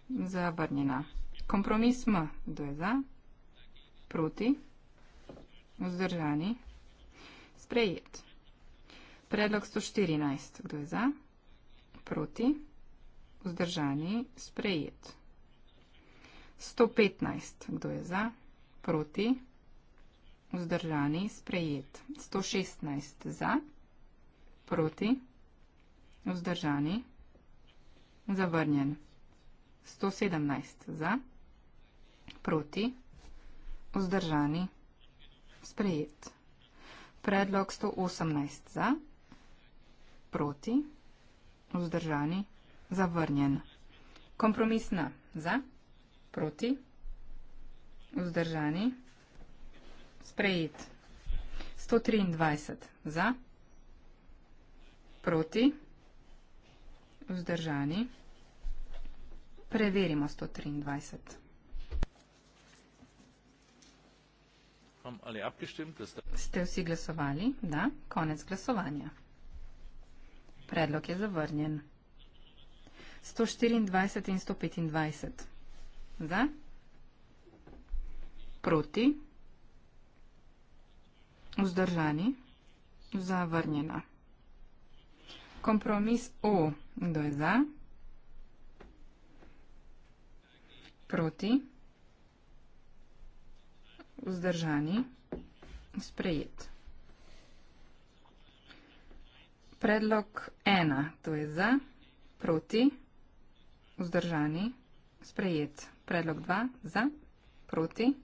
Zavrnjena. Kompromis M. Kdo je za? Proti. Vzdržani. Sprejet. Predlog 114. Kdo je za? Proti. Vzdržani. Sprejet. 115. Kdo je za? Proti. Vzdržani. Sprejet. 116. Za. Proti. Vzdržani. Vzdržani. Zavrnjen. 117 za. Proti. Vzdržani. Sprejet. Predlog 118 za. Proti. Vzdržani. Zavrnjen. Kompromisna. Za. Proti. Vzdržani. Sprejet. 123 za. Proti. Proti vzdržani. Preverimo 123. Ste vsi glasovali? Da. Konec glasovanja. Predlog je zavrnjen. 124 in 125. Za? Proti? Vzdržani? Zavrnjena. Kompromis O. Kdo je za? Proti? Vzdržani? Sprejet. Predlog ena, to je za, proti, vzdržani, sprejet. Predlog dva, za, proti,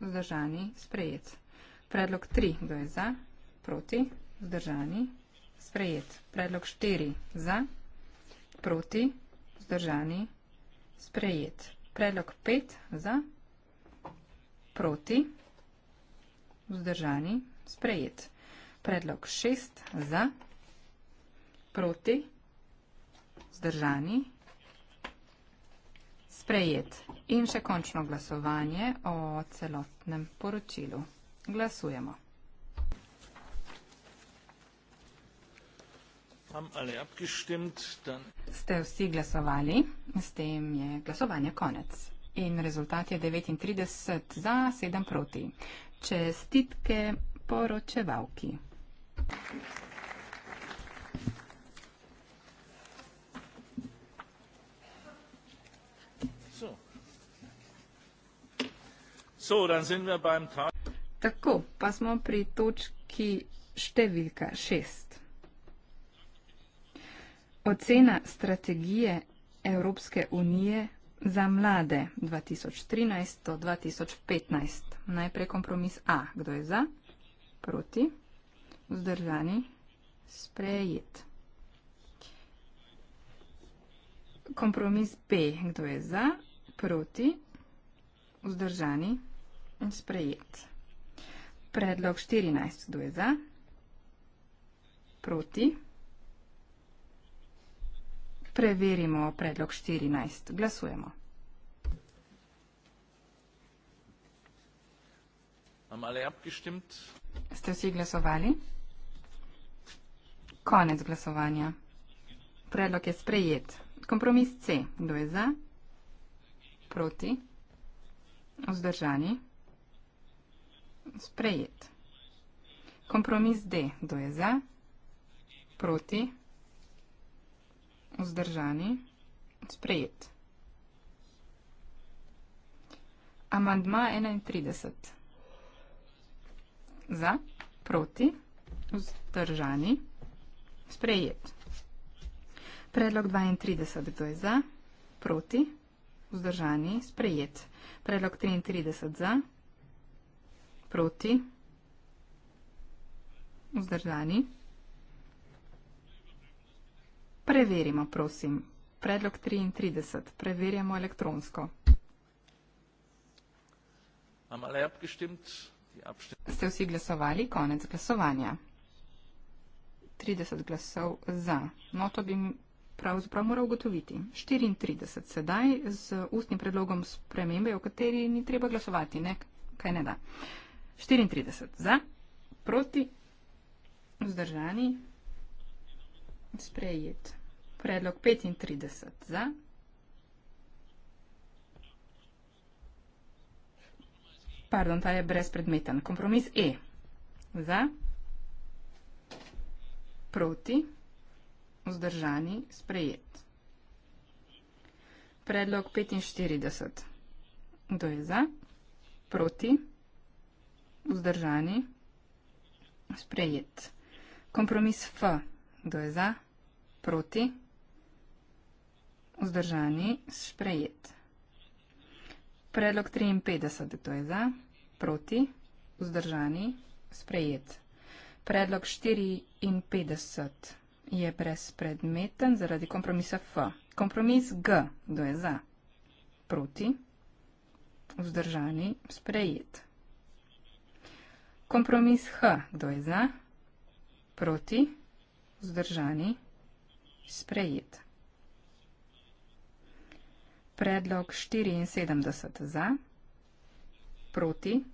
vzdržani, sprejet. Predlog tri, to je za, proti, vzdržani, sprejet. Predlog štiri, za, proti proti, vzdržani, sprejet. Predlog 5 za, proti, vzdržani, sprejet. Predlog 6 za, proti, vzdržani, sprejet. In še končno glasovanje o celotnem poročilu. Glasujemo. Ste vsi glasovali, s tem je glasovanje konec. In rezultat je 39 za, 7 proti. Čestitke poročevalki. So. So, Tako, pa smo pri točki številka 6. Ocena strategije Evropske unije za mlade 2013-2015. Najprej kompromis A. Kdo je za? Proti? Vzdržani? Sprejet. Kompromis B. Kdo je za? Proti? Vzdržani? Sprejet. Predlog 14. Kdo je za? Proti? Proti? preverimo predlog 14. Glasujemo. Ste vsi glasovali? Konec glasovanja. Predlog je sprejet. Kompromis C. Kdo je za? Proti? Vzdržani? Sprejet. Kompromis D. Kdo je za? Proti? Vzdržani? Vzdržani. Sprejet. Amandma 31. Za. Proti. Vzdržani. Sprejet. Predlog 32. To je za. Proti. Vzdržani. Sprejet. Predlog 33. Za. Proti. Vzdržani. Sprejet. Preverimo, prosim. Predlog 33. Preverjamo elektronsko. Ste vsi glasovali? Konec glasovanja. 30 glasov za. No, to bi pravzaprav moral ugotoviti. 34 sedaj z ustnim predlogom spremembe, o kateri ni treba glasovati. Ne? Kaj ne da? 34 za, proti, vzdržani. Sprejet. Predlog 35 za. Pardon, ta je brezpredmeten. Kompromis E. Za. Proti. Vzdržani. Sprejet. Predlog 45. Kdo je za? Proti. Vzdržani. Sprejet. Kompromis F. Kdo je za? Proti proti, vzdržani, sprejet. Predlog 53, to je za, proti, vzdržani, sprejet. Predlog 54 je brezpredmeten zaradi kompromisa F. Kompromis G, to je za, proti, vzdržani, sprejet. Kompromis H, kdo je za, proti, vzdržani, sprejet sprejet. Predlog 74 za, proti.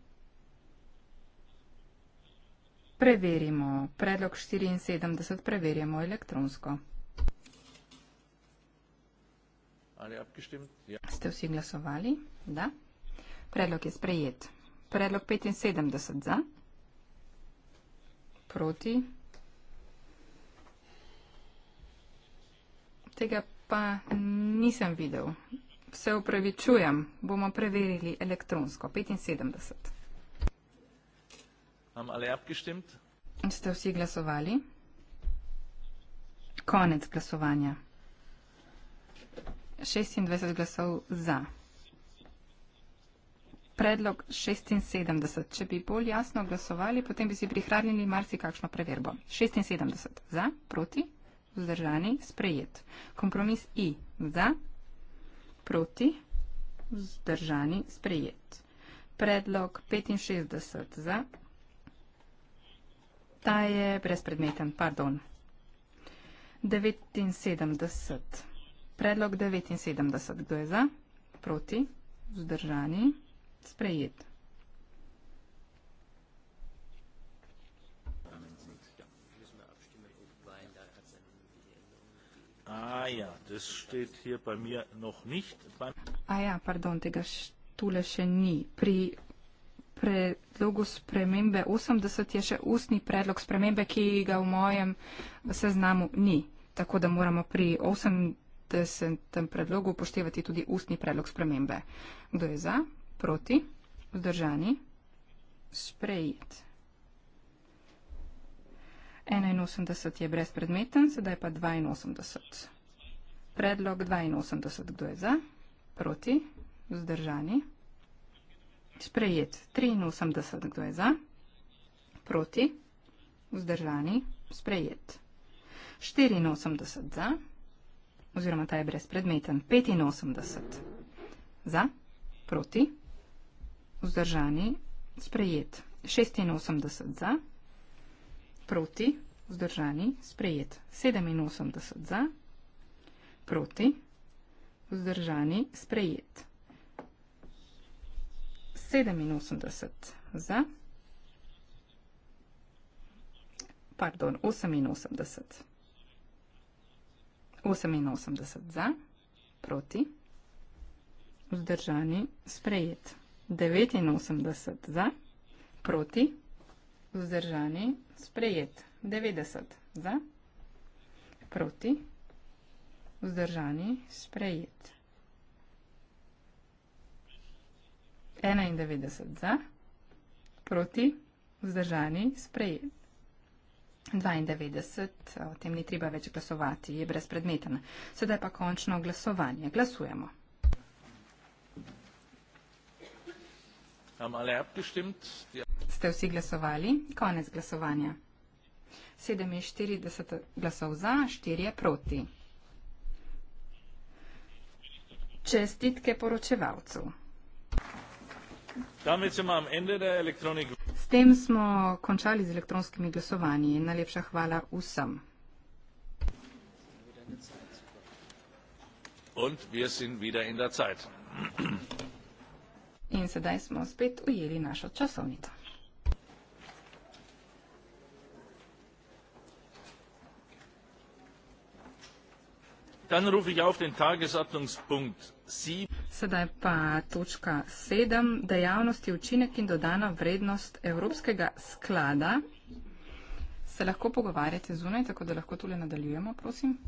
Preverimo. Predlog 74 preverjamo elektronsko. Ja. Ste vsi glasovali? Da. Predlog je sprejet. Predlog 75 za, proti. Proti. tega pa nisem videl. Se upravičujem, bomo preverili elektronsko. 75. Am ali abgestimmt? Ste vsi glasovali? Konec glasovanja. 26 glasov za. Predlog 76. Če bi bolj jasno glasovali, potem bi si prihranili marsikakšno preverbo. 76 za, proti vzdržani, sprejet. Kompromis I, za, proti, vzdržani, sprejet. Predlog 65 za, ta je brezpredmeten, pardon. 79, predlog 79, kdo je za, proti, vzdržani, sprejet. Ah ja, das steht hier bei mir noch nicht. Bei... Ah ja, pardon, tega tule še ni. Pri predlogu spremembe 80 je še ustni predlog spremembe, ki ga v mojem seznamu ni. Tako da moramo pri 80. predlogu upoštevati tudi ustni predlog spremembe. Kdo je za? Proti? Vzdržani? Sprejeti. 81 je brezpredmeten, sedaj pa 82. Predlog 82, kdo je za? Proti? Zdržani? Sprejet. 83, kdo je za? Proti? Vzdržani, sprejet. 84 za, oziroma ta je brezpredmeten. 85 za, proti, vzdržani, sprejet. 86 za, proti, vzdržani, sprejet. 87 za, proti, vzdržani, sprejet. 87 za, pardon, 88. 88 za, proti, vzdržani, sprejet. 89 za, proti, vzdržani, sprejet sprejet. 90 za, proti, vzdržani, sprejet. 91 za, proti, vzdržani, sprejet. 92, o tem ni treba več glasovati, je brezpredmeten. Sedaj pa končno glasovanje. Glasujemo. Haben alle abgestimmt? Die ja ste vsi glasovali. Konec glasovanja. 47 glasov za, 4 proti. Čestitke poročevalcu. S tem smo končali z elektronskimi glasovanji. Najlepša hvala vsem. In sedaj smo spet ujeli našo časovnico. Dann rufe ich auf den Tagesordnungspunkt 7. Sedaj pa točka 7, dejavnosti učinek in dodana vrednost Evropskega sklada. Se lahko pogovarjate zunaj, tako da lahko tule nadaljujemo, prosim.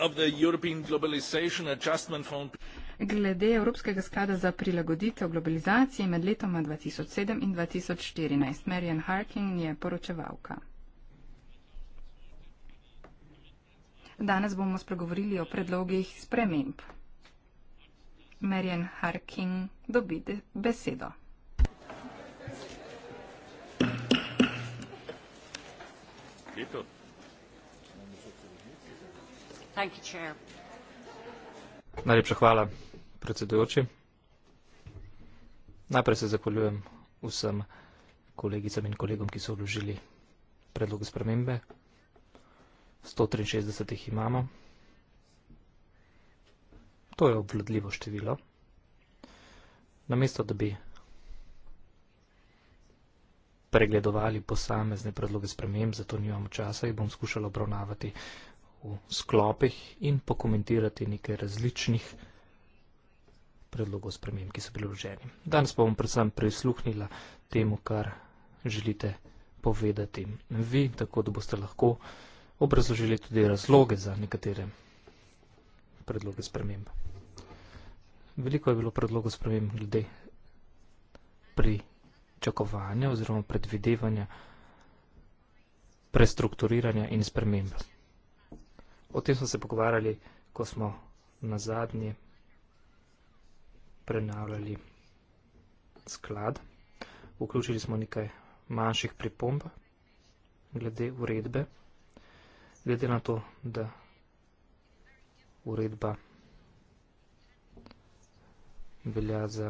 Of the European Globalization Adjustment Fund. Glede Evropskega sklada za prilagoditev globalizacije med letoma 2007 in 2014, Marian Harkin je poročevalka. Danes bomo spregovorili o predlogih sprememb. Merjen Harking dobi besedo. Najlepša hvala, predsedujoči. Najprej se zahvaljujem vsem kolegicam in kolegom, ki so vložili predloge spremembe, 163 jih imamo. To je obvladljivo število. Namesto, da bi pregledovali posamezne predloge sprememb, zato nimamo časa, jih bom skušal obravnavati v sklopih in pokomentirati nekaj različnih predlogov sprememb, ki so bili vloženi. Danes pa bom predvsem prisluhnila temu, kar želite povedati vi, tako da boste lahko vsega, obrazložili tudi razloge za nekatere predloge sprememb. Veliko je bilo predlogov sprememb glede pričakovanja oziroma predvidevanja prestrukturiranja in sprememb. O tem smo se pogovarjali, ko smo na zadnje prenavljali sklad. Vključili smo nekaj manjših pripomb glede uredbe glede na to, da uredba velja za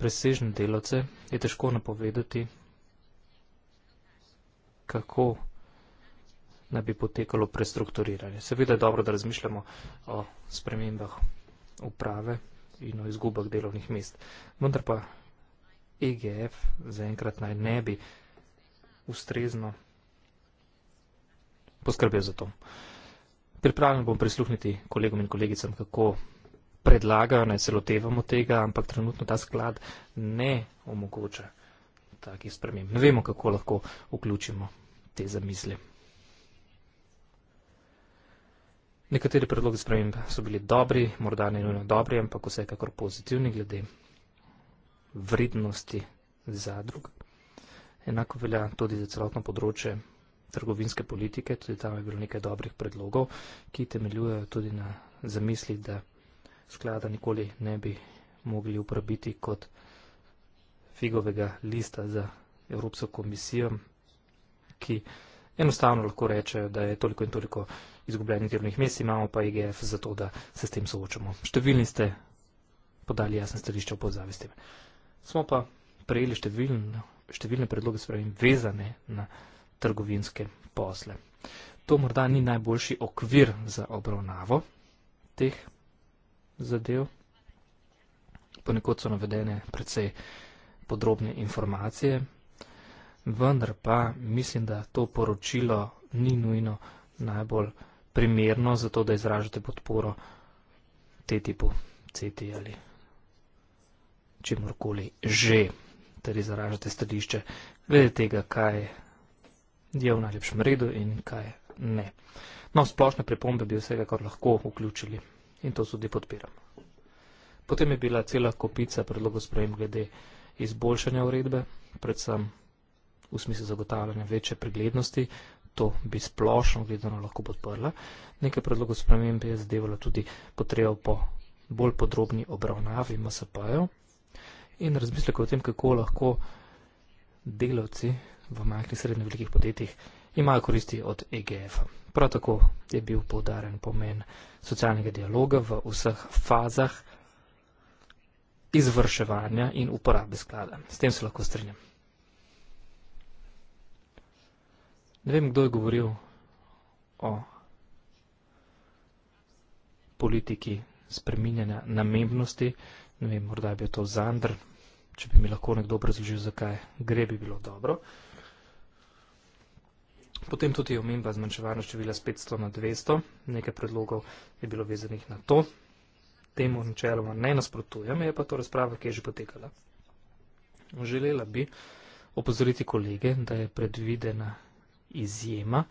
presežne delavce, je težko napovedati, kako naj bi potekalo prestrukturiranje. Seveda je dobro, da razmišljamo o spremembah uprave in o izgubah delovnih mest. Vendar pa EGF zaenkrat naj ne bi ustrezno poskrbijo za to. Pripravljen bom prisluhniti kolegom in kolegicam, kako predlagajo, naj se lotevamo tega, ampak trenutno ta sklad ne omogoča takih sprememb. Ne vemo, kako lahko vključimo te zamisli. Nekateri predlogi sprememb so bili dobri, morda ne nujno dobri, ampak vsekakor pozitivni glede vrednosti zadruga. Enako velja tudi za celotno področje trgovinske politike, tudi tam je bilo nekaj dobrih predlogov, ki temeljujejo tudi na zamisli, da sklada nikoli ne bi mogli uporabiti kot figovega lista za Evropsko komisijo, ki enostavno lahko rečejo, da je toliko in toliko izgubljenih delovnih mest, imamo pa IGF e za to, da se s tem soočamo. Številni ste podali jasne stališče o pozavesti. Smo pa prejeli številno številne predloge spremem vezane na trgovinske posle. To morda ni najboljši okvir za obravnavo teh zadev. Ponekod so navedene precej podrobne informacije, vendar pa mislim, da to poročilo ni nujno najbolj primerno za to, da izražate podporo te tipu CT ali čemorkoli že ter izražate stališče glede tega, kaj je v najlepšem redu in kaj ne. No, splošne pripombe bi vsega, kar lahko vključili in to tudi podpiram. Potem je bila cela kopica predlogov sprejem glede izboljšanja uredbe, predvsem v smislu zagotavljanja večje preglednosti, to bi splošno gledano lahko podprla. Nekaj predlogov sprememb je zadevalo tudi potrebo po bolj podrobni obravnavi MSP-jev in razmislek o tem, kako lahko delavci v majhnih in srednjih velikih podjetjih imajo koristi od EGF-a. Prav tako je bil povdaren pomen socialnega dialoga v vseh fazah izvrševanja in uporabe sklada. S tem se lahko strinjam. Ne vem, kdo je govoril o politiki spreminjanja namembnosti, Ne vem, morda je bil to Zandr, če bi mi lahko nekdo razložil, zakaj gre, bi bilo dobro. Potem tudi omemba zmanjševanja števila s 500 na 200, nekaj predlogov je bilo vezanih na to. Temu načeloma ne nasprotujem, je pa to razprava, ki je že potekala. Želela bi opozoriti kolege, da je predvidena izjema,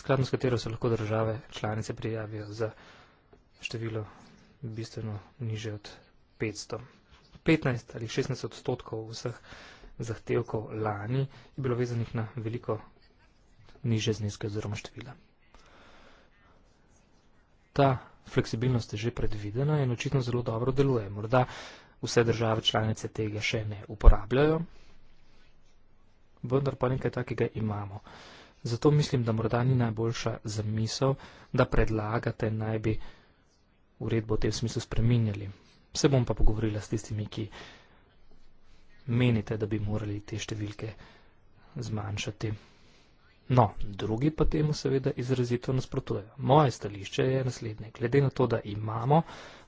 skladno s katero se lahko države članice prijavijo za število bistveno niže od 500. 15 ali 16 odstotkov vseh zahtevkov lani je bilo vezanih na veliko niže zneske oziroma števila. Ta fleksibilnost je že predvidena in očitno zelo dobro deluje. Morda vse države članice tega še ne uporabljajo, vendar pa nekaj takega imamo. Zato mislim, da morda ni najboljša zamisel, da predlagate naj bi uredbo v tem smislu spreminjali. Se bom pa pogovorila s tistimi, ki menite, da bi morali te številke zmanjšati. No, drugi pa temu seveda izrazito nasprotujejo. Moje stališče je naslednje. Glede na to, da imamo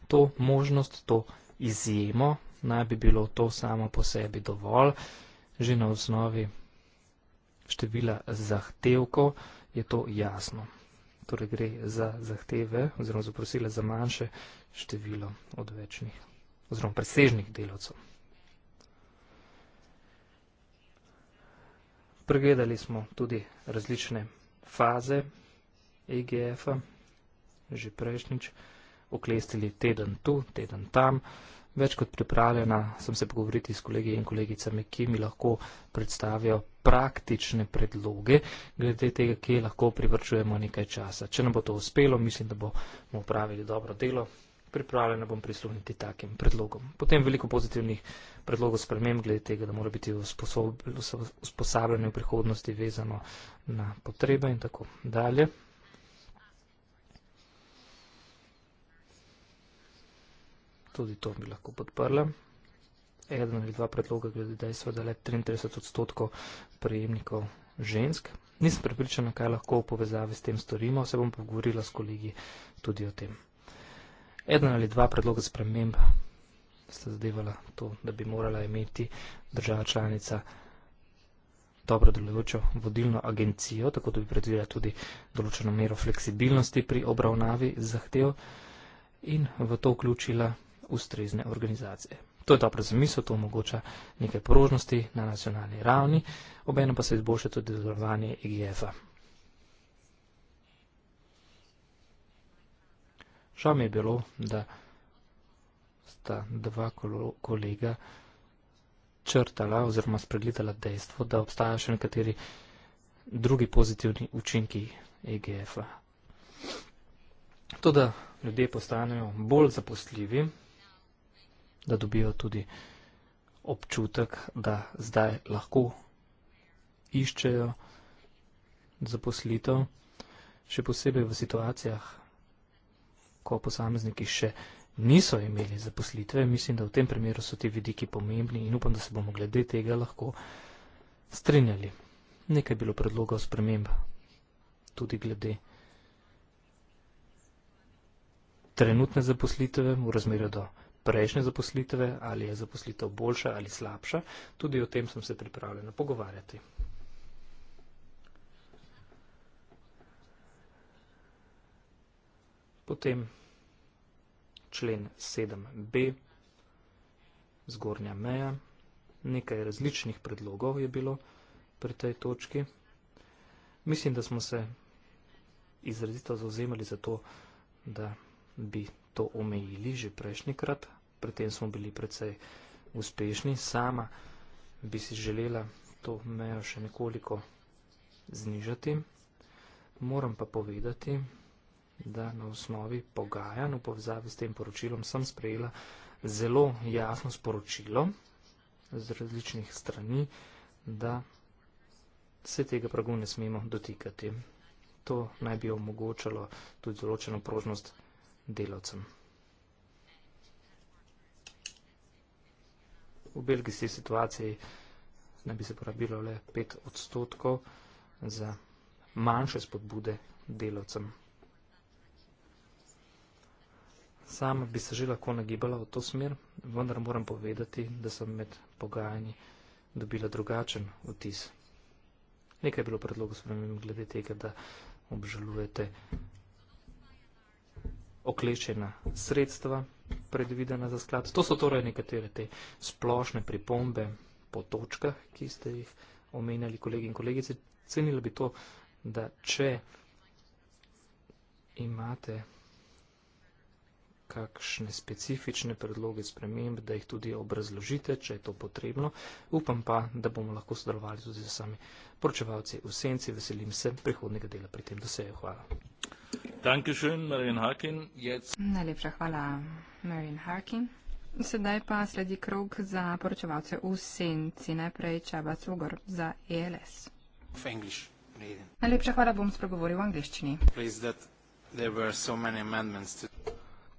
to možnost, to izjemo, naj bi bilo to samo po sebi dovolj, že na osnovi števila zahtevkov je to jasno. Torej gre za zahteve oziroma zaprosile za manjše število odvečnih oziroma presežnih delavcev. Pregledali smo tudi različne faze EGF-a, že prejšnjič, oklestili teden tu, teden tam. Več kot pripravljena sem se pogovoriti s kolegi in kolegicami, ki mi lahko predstavijo praktične predloge, glede tega, kje lahko privrčujemo nekaj časa. Če nam bo to uspelo, mislim, da bomo upravili dobro delo pripravljena bom prisluhniti takim predlogom. Potem veliko pozitivnih predlogov sprememb glede tega, da mora biti usposabljanje v prihodnosti vezano na potrebe in tako dalje. Tudi to bi lahko podprla. Eden ali dva predloga glede dejstva, da le 33 odstotkov prejemnikov žensk. Nisem pripričana, kaj lahko v povezavi s tem storimo, se bom pogovorila s kolegi tudi o tem eden ali dva predloga sprememb sta zadevala to, da bi morala imeti država članica dobro delujočo vodilno agencijo, tako da bi predvidela tudi določeno mero fleksibilnosti pri obravnavi zahtev in v to vključila ustrezne organizacije. To je dobro zamisel, to omogoča nekaj porožnosti na nacionalni ravni, obenem pa se izboljša tudi delovanje IGF-a. E Žal mi je bilo, da sta dva kolega črtala oziroma spregledala dejstvo, da obstajajo še nekateri drugi pozitivni učinki EGF-a. To, da ljudje postanejo bolj zaposljivi, da dobijo tudi občutek, da zdaj lahko iščejo zaposlitev, še posebej v situacijah, ko posamezniki še niso imeli zaposlitve. Mislim, da v tem primeru so ti vidiki pomembni in upam, da se bomo glede tega lahko strinjali. Nekaj je bilo predlogov sprememb tudi glede trenutne zaposlitve v razmerju do prejšnje zaposlitve, ali je zaposlitev boljša ali slabša. Tudi o tem sem se pripravljena pogovarjati. Potem člen 7b, zgornja meja, nekaj različnih predlogov je bilo pri tej točki. Mislim, da smo se izrazito zauzemali za to, da bi to omejili že prejšnjikrat, pri tem smo bili precej uspešni, sama bi si želela to mejo še nekoliko znižati. Moram pa povedati, da na osnovi pogajanj v povezavi s tem poročilom sem sprejela zelo jasno sporočilo z različnih strani, da se tega pragu ne smemo dotikati. To naj bi omogočalo tudi določeno prožnost delavcem. V belgijski situaciji naj bi se porabilo le 5 odstotkov za manjše spodbude delavcem. Sama bi se že lahko nagibala v to smer, vendar moram povedati, da sem med pogajanji dobila drugačen vtis. Nekaj je bilo predlogo spremem glede tega, da obžalujete okleščena sredstva, predvidena za sklad. To so torej nekatere te splošne pripombe po točkah, ki ste jih omenjali, kolegi in kolegice. Cenila bi to, da če imate kakšne specifične predloge sprememb, da jih tudi obrazložite, če je to potrebno. Upam pa, da bomo lahko sodelovali tudi z sami poročevalci v senci. Veselim se prihodnega dela pri tem, da se je. Hvala. Najlepša hvala, Marin Harkin. Sedaj pa sledi krog za poročevalce v senci. Najprej Čaba Cugor za ELS. Najlepša hvala, bom spregovoril v angliščini.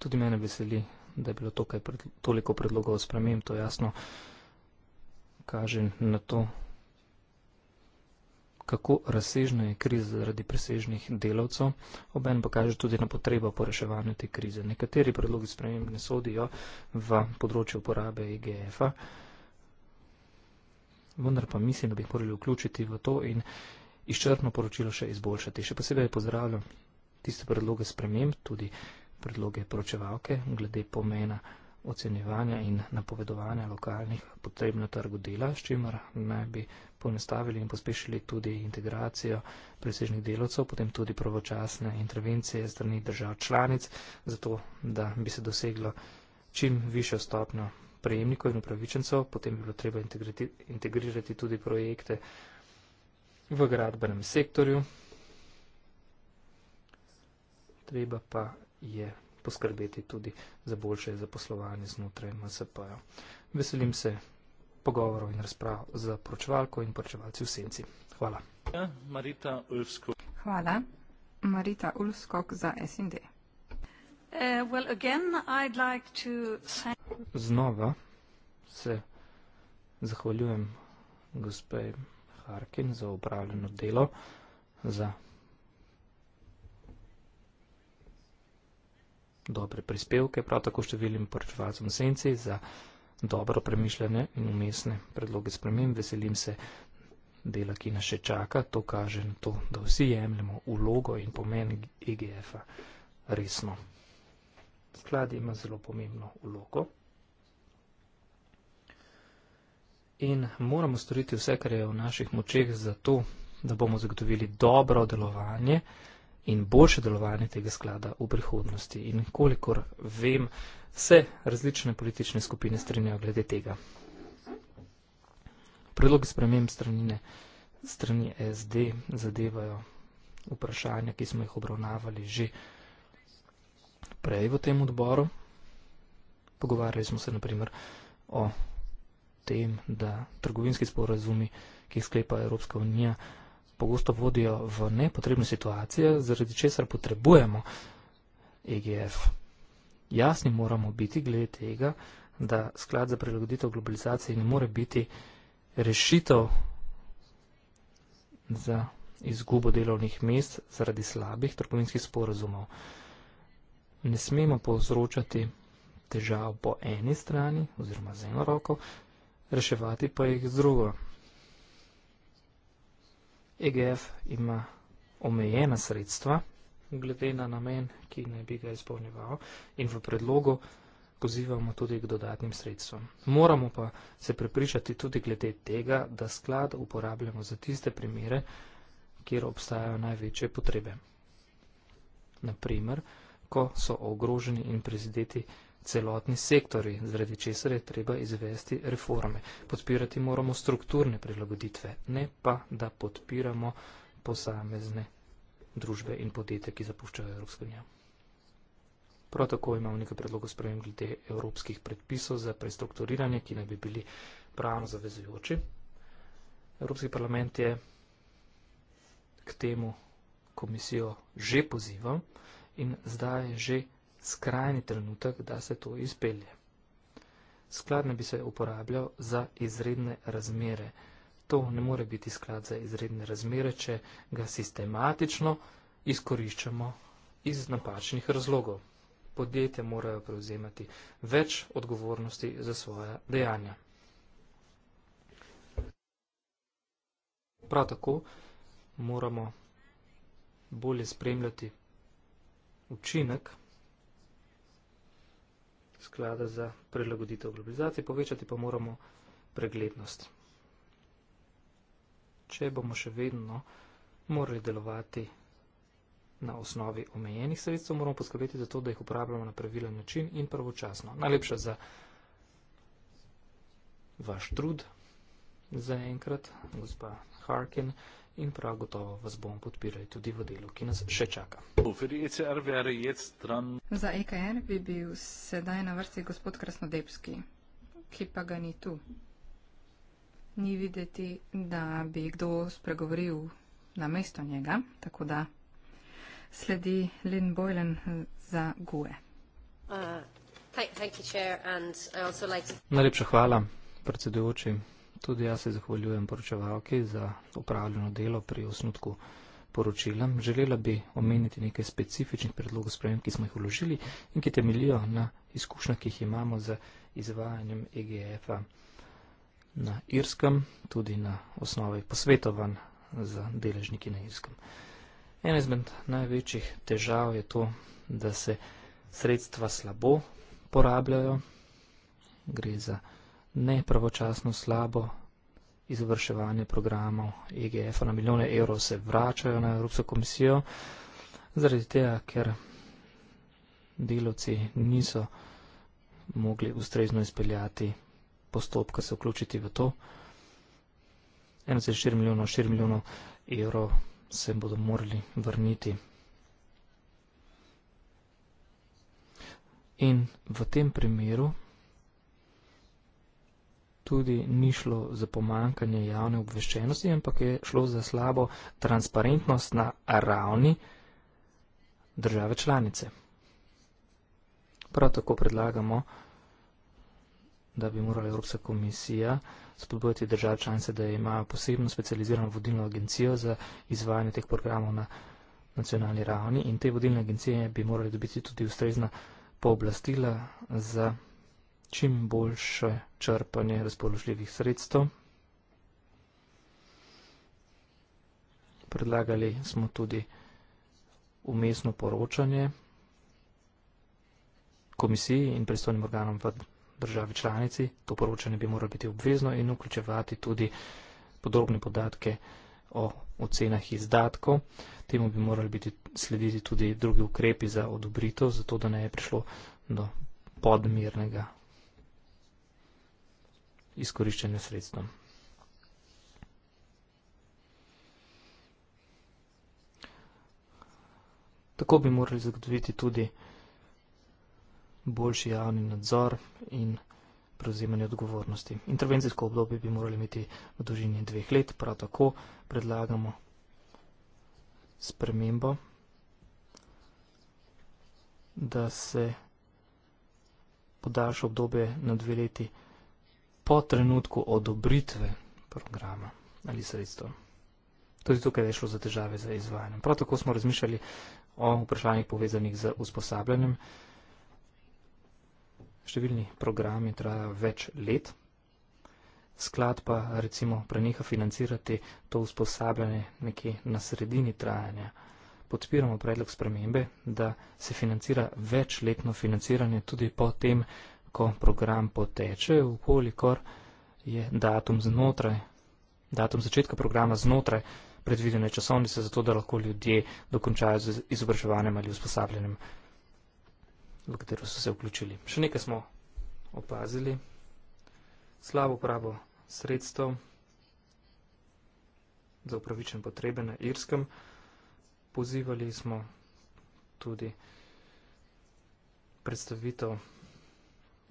Tudi mene veseli, da je bilo tukaj pred, toliko predlogov sprememb, to jasno kaže na to, kako razsežna je kriza zaradi presežnih delavcev, oben pa kaže tudi na potrebo po reševanju te krize. Nekateri predlogi sprememb ne sodijo v področju uporabe IGF-a, e vendar pa mislim, da bi jih morali vključiti v to in izčrpno poročilo še izboljšati. Še posebej pozdravljam tiste predloge sprememb, tudi predloge pročevalke glede pomena ocenjevanja in napovedovanja lokalnih potreb na trgu dela, s čimer naj bi poenostavili in pospešili tudi integracijo presežnih delavcev, potem tudi pravočasne intervencije strani držav članic, zato da bi se doseglo čim višjo stopnjo prejemnikov in upravičencev, potem bi bilo treba integrirati tudi projekte v gradbenem sektorju. Treba pa je poskrbeti tudi za boljše zaposlovanje znotraj MSP-ja. Veselim se pogovorov in razprav z poročevalko in poročevalci v senci. Hvala. Ja, Marita Ulfskog. Hvala. Marita Ulfskog za SND. Uh, eh, well, again, I'd like to... Znova se zahvaljujem gospe Harkin za upravljeno delo, za dobre prispevke, prav tako številnim poročevalcem senci za dobro premišljene in umestne predloge spremem. Veselim se dela, ki nas še čaka. To kaže na to, da vsi jemljemo ulogo in pomen IGF-a e resno. Sklad ima zelo pomembno ulogo. In moramo storiti vse, kar je v naših močeh, zato, da bomo zagotovili dobro delovanje in boljše delovanje tega sklada v prihodnosti. In kolikor vem, se različne politične skupine strinjajo glede tega. Predlogi sprememb stranine, strani SD zadevajo vprašanja, ki smo jih obravnavali že prej v tem odboru. Pogovarjali smo se naprimer o tem, da trgovinski sporazumi, ki jih sklepa Evropska unija, pogosto vodijo v nepotrebne situacije, zaradi česar potrebujemo EGF. Jasni moramo biti glede tega, da sklad za prilagoditev globalizacije ne more biti rešitev za izgubo delovnih mest zaradi slabih trgovinskih sporozumov. Ne smemo povzročati težav po eni strani oziroma z eno roko, reševati pa jih z drugo. EGF ima omejena sredstva, glede na namen, ki naj bi ga izpolnjeval, in v predlogu pozivamo tudi k dodatnim sredstvom. Moramo pa se prepričati tudi glede tega, da sklad uporabljamo za tiste primere, kjer obstajajo največje potrebe. Naprimer, ko so ogroženi in prizadeti celotni sektori, zaradi česar je treba izvesti reforme. Podpirati moramo strukturne prilagoditve, ne pa, da podpiramo posamezne družbe in podjetja, ki zapuščajo Evropsko unijo. Prav tako imamo nekaj predlogov sprejem glede evropskih predpisov za prestrukturiranje, ki naj bi bili pravno zavezujoči. Evropski parlament je k temu komisijo že pozival in zdaj je že skrajni trenutek, da se to izpelje. Sklad ne bi se uporabljal za izredne razmere. To ne more biti sklad za izredne razmere, če ga sistematično izkoriščamo iz napačnih razlogov. Podjetja morajo prevzemati več odgovornosti za svoja dejanja. Prav tako moramo bolje spremljati učinek sklada za prilagoditev globalizacije, povečati pa moramo preglednost. Če bomo še vedno morali delovati na osnovi omejenih sredstev, moramo poskrbeti za to, da jih uporabljamo na pravilen način in pravočasno. Najlepša za vaš trud za enkrat, gospa Harkin in prav gotovo vas bomo podpirali tudi v delu, ki nas še čaka. Za EKR bi bil sedaj na vrsti gospod Krasnodebski, ki pa ga ni tu. Ni videti, da bi kdo spregovoril na mesto njega, tako da sledi Lynn Boylan za GUE. Uh, thank you, chair, and I also like to... Najlepša hvala, predsedujoči. Tudi jaz se zahvaljujem poročevalki za upravljeno delo pri osnutku poročila. Želela bi omeniti nekaj specifičnih predlogov sprejem, ki smo jih vložili in ki temelijo na izkušnjah, ki jih imamo z izvajanjem EGF-a na Irskem, tudi na osnovi posvetovanj z deležniki na Irskem. Ena izmed največjih težav je to, da se sredstva slabo porabljajo. Gre za nepravočasno slabo izvrševanje programov EGF na milijone evrov se vračajo na Evropsko komisijo, zaradi tega, ker delovci niso mogli ustrezno izpeljati postopka, se vključiti v to. 1,4 milijona, 4 milijona evrov se bodo morali vrniti. In v tem primeru tudi ni šlo za pomankanje javne obveščenosti, ampak je šlo za slabo transparentnost na ravni države članice. Prav tako predlagamo, da bi morala Evropska komisija spodbojati države članice, da ima posebno specializirano vodilno agencijo za izvajanje teh programov na nacionalni ravni in te vodilne agencije bi morali dobiti tudi ustrezna pooblastila za čim boljše črpanje razpoložljivih sredstev. Predlagali smo tudi umestno poročanje komisiji in pristojnim organom v državi članici. To poročanje bi moralo biti obvezno in vključevati tudi podrobne podatke o ocenah izdatkov. Temu bi morali biti slediti tudi drugi ukrepi za odobritev, zato da ne je prišlo do podmirnega iskoriščene sredstva. Tako bi morali zagotoviti tudi boljši javni nadzor in prevzemanje odgovornosti. Intervencijsko obdobje bi morali imeti v dolžini dveh let, prav tako predlagamo spremembo, da se podaljša obdobje na dve leti po trenutku odobritve programa ali sredstva. Tudi tukaj je šlo za težave za izvajanje. Prav tako smo razmišljali o vprašanjih povezanih z usposabljanjem. Številni programi trajajo več let, sklad pa recimo preneha financirati to usposabljanje nekje na sredini trajanja. Podpiramo predlog spremembe, da se financira večletno financiranje tudi po tem, ko program poteče, ukolikor je datum znotraj, datum začetka programa znotraj predvidene časovnice, zato da lahko ljudje dokončajo z izobraževanjem ali usposabljanjem, v katero so se vključili. Še nekaj smo opazili. Slabo uporabo sredstev za upravičen potrebe na Irskem. Pozivali smo tudi predstavitev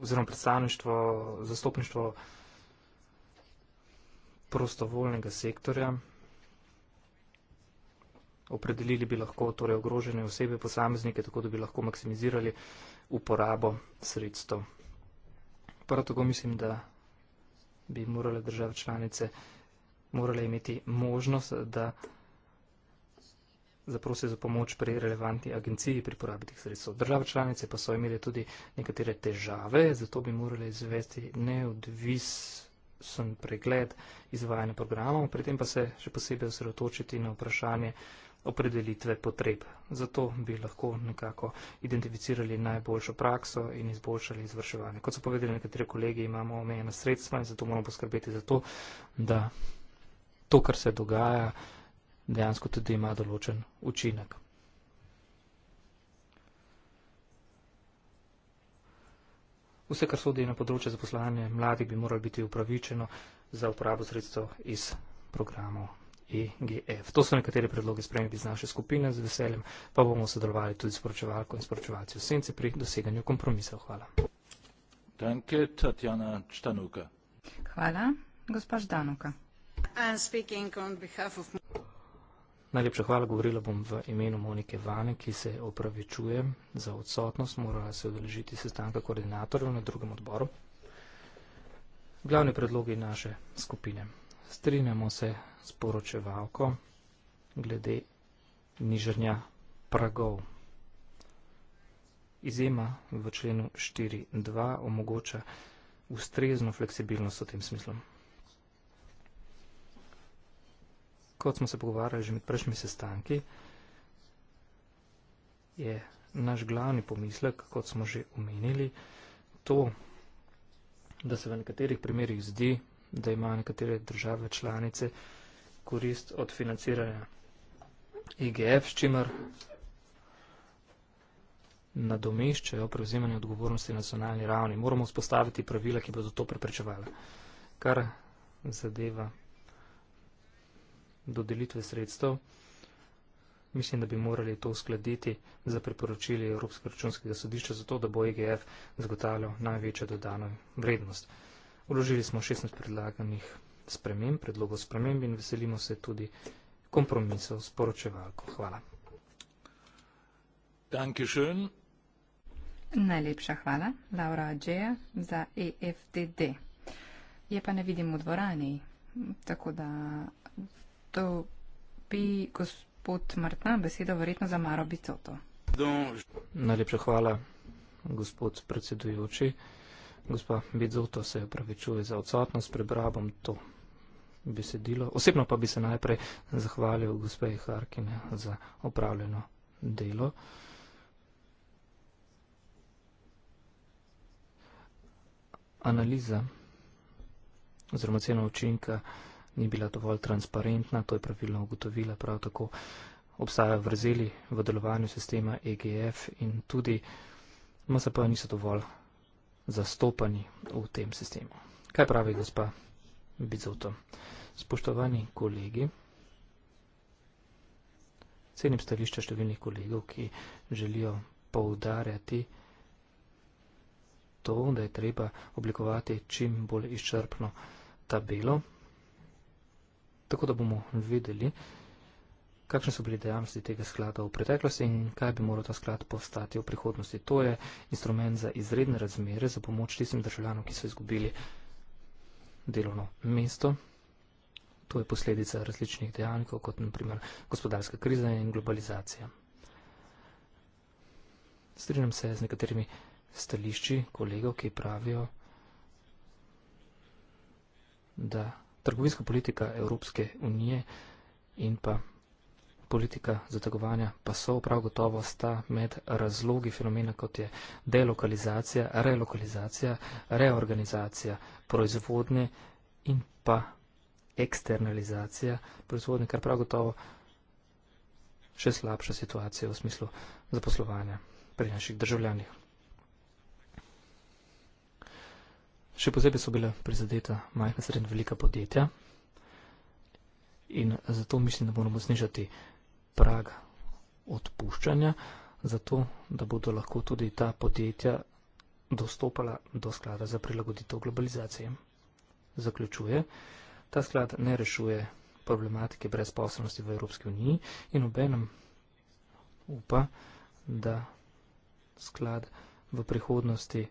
oziroma predstavništvo, zastopništvo prostovoljnega sektorja. Opredelili bi lahko torej ogrožene osebe, posameznike, tako da bi lahko maksimizirali uporabo sredstev. Prav tako mislim, da bi morale države članice morale imeti možnost, da zaprosil za pomoč pri relevantni agenciji pri porabi teh sredstev. Države članice pa so imeli tudi nekatere težave, zato bi morali izvesti neodvisen pregled izvajanja programov, pri tem pa se še posebej osredotočiti na vprašanje opredelitve potreb. Zato bi lahko nekako identificirali najboljšo prakso in izboljšali izvrševanje. Kot so povedali nekateri kolegi, imamo omejena sredstva in zato moramo poskrbeti za to, da to, kar se dogaja, dejansko tudi ima določen učinek. Vse, kar sodi na področje zaposlovanja mladih, bi moralo biti upravičeno za uporabo sredstev iz programov EGF. To so nekatere predloge spremembe iz naše skupine. Z veseljem pa bomo sodelovali tudi s poročevalko in sporočevalci v Sence pri doseganju kompromisov. Hvala. Danke, Tatjana Čtanuka. Hvala, gospod Danuka. Najlepša hvala, govorila bom v imenu Monike Vane, ki se opravičuje za odsotnost, morala se odeležiti sestanka koordinatorjev na drugem odboru. Glavni predlogi naše skupine. Strinjamo se s poročevalko glede nižanja pragov. Izjema v členu 4.2 omogoča ustrezno fleksibilnost v tem smislu. kot smo se pogovarjali že med prejšnjimi sestanki, je naš glavni pomislek, kot smo že omenili, to, da se v nekaterih primerjih zdi, da ima nekatere države članice korist od financiranja IGF, e s čimer nadomeščajo prevzemanje odgovornosti na nacionalni ravni. Moramo vzpostaviti pravila, ki bodo to preprečevala. Kar zadeva dodelitve sredstev. Mislim, da bi morali to uskladiti za priporočili Evropskega računskega sodišča, zato da bo EGF zagotavljal največjo dodano vrednost. Uložili smo 16 predlaganih sprememb, predlogov sprememb in veselimo se tudi kompromisov s poročevalko. Hvala. Dankeschön. Najlepša hvala, Laura Adžeja, za EFDD. Je pa ne vidim v dvorani, tako da To bi gospod Martna besedo verjetno za Maro Bicoto. Najlepša hvala, gospod predsedujoči. Gospa Bicoto se upravičuje za odsotnost, prebrabom to besedilo. Osebno pa bi se najprej zahvalil gospe Harkine za opravljeno delo. Analiza oziroma cena učinka ni bila dovolj transparentna, to je pravilno ugotovila, prav tako obstajajo vrzeli v delovanju sistema EGF in tudi MSP niso dovolj zastopani v tem sistemu. Kaj pravi gospa Bizoto? Spoštovani kolegi, cenim stališča številnih kolegov, ki želijo poudarjati to, da je treba oblikovati čim bolj izčrpno tabelo, tako da bomo videli, kakšne so bile dejavnosti tega sklada v preteklosti in kaj bi moral ta sklad postati v prihodnosti. To je instrument za izredne razmere, za pomoč tistim državljanom, ki so izgubili delovno mesto. To je posledica različnih dejavnikov, kot naprimer gospodarska kriza in globalizacija. Strinjam se z nekaterimi stališči kolegov, ki pravijo, da trgovinska politika Evropske unije in pa politika zategovanja pasov prav gotovo sta med razlogi fenomena, kot je delokalizacija, relokalizacija, reorganizacija proizvodnje in pa eksternalizacija proizvodnje, kar prav gotovo še slabša situacija v smislu zaposlovanja pri naših državljanih. Še posebej so bile prizadeta majhna srednja velika podjetja in zato mislim, da moramo znižati prag odpuščanja, zato da bodo lahko tudi ta podjetja dostopala do sklada za prilagoditev globalizacije. Zaključuje, ta sklad ne rešuje problematike brezposobnosti v Evropski uniji in obenem upa, da sklad v prihodnosti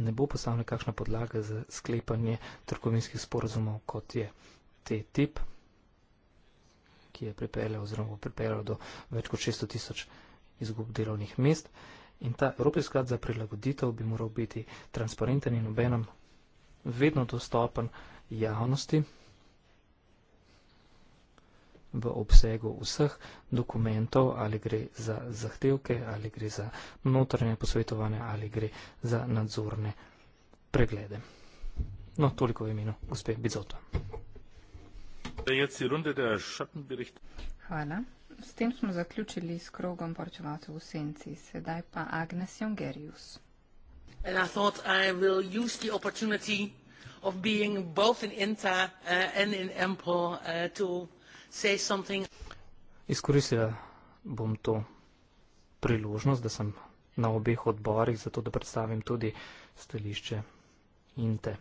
ne bo postavljena kakšna podlaga za sklepanje trgovinskih sporozumov, kot je TTIP, ki je pripeljal oziroma bo pripeljal do več kot 600 tisoč izgub delovnih mest. In ta Evropski sklad za prilagoditev bi moral biti transparenten in obenem vedno dostopen javnosti v obsegu vseh dokumentov, ali gre za zahtevke, ali gre za notranje posvetovanje, ali gre za nadzorne preglede. No, toliko v imenu, gospe Bizoto. Hvala. S tem smo zaključili s krogom porčevalcev v senci. Sedaj pa Agnes Jongerius. In Izkoristila bom to priložnost, da sem na obeh odborih, zato da predstavim tudi stališče INTE.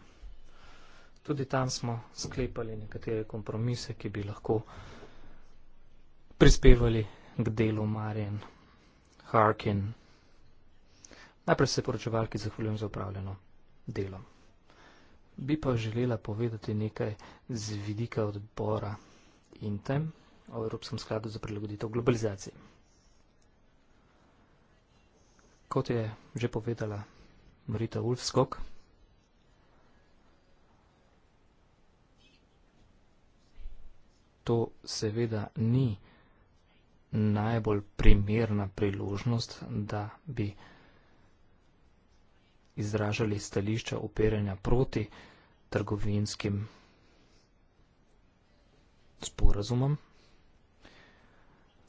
Tudi tam smo sklepali nekatere kompromise, ki bi lahko prispevali k delu Marjen Harkin. Najprej se poročevalki zahvaljujem za upravljeno delo. Bi pa želela povedati nekaj z vidika odbora. INTE o Evropskem skladu za prilagoditev globalizaciji. Kot je že povedala Marita Ulfskog, to seveda ni najbolj primerna priložnost, da bi izražali stališča operenja proti trgovinskim vsega sporazumom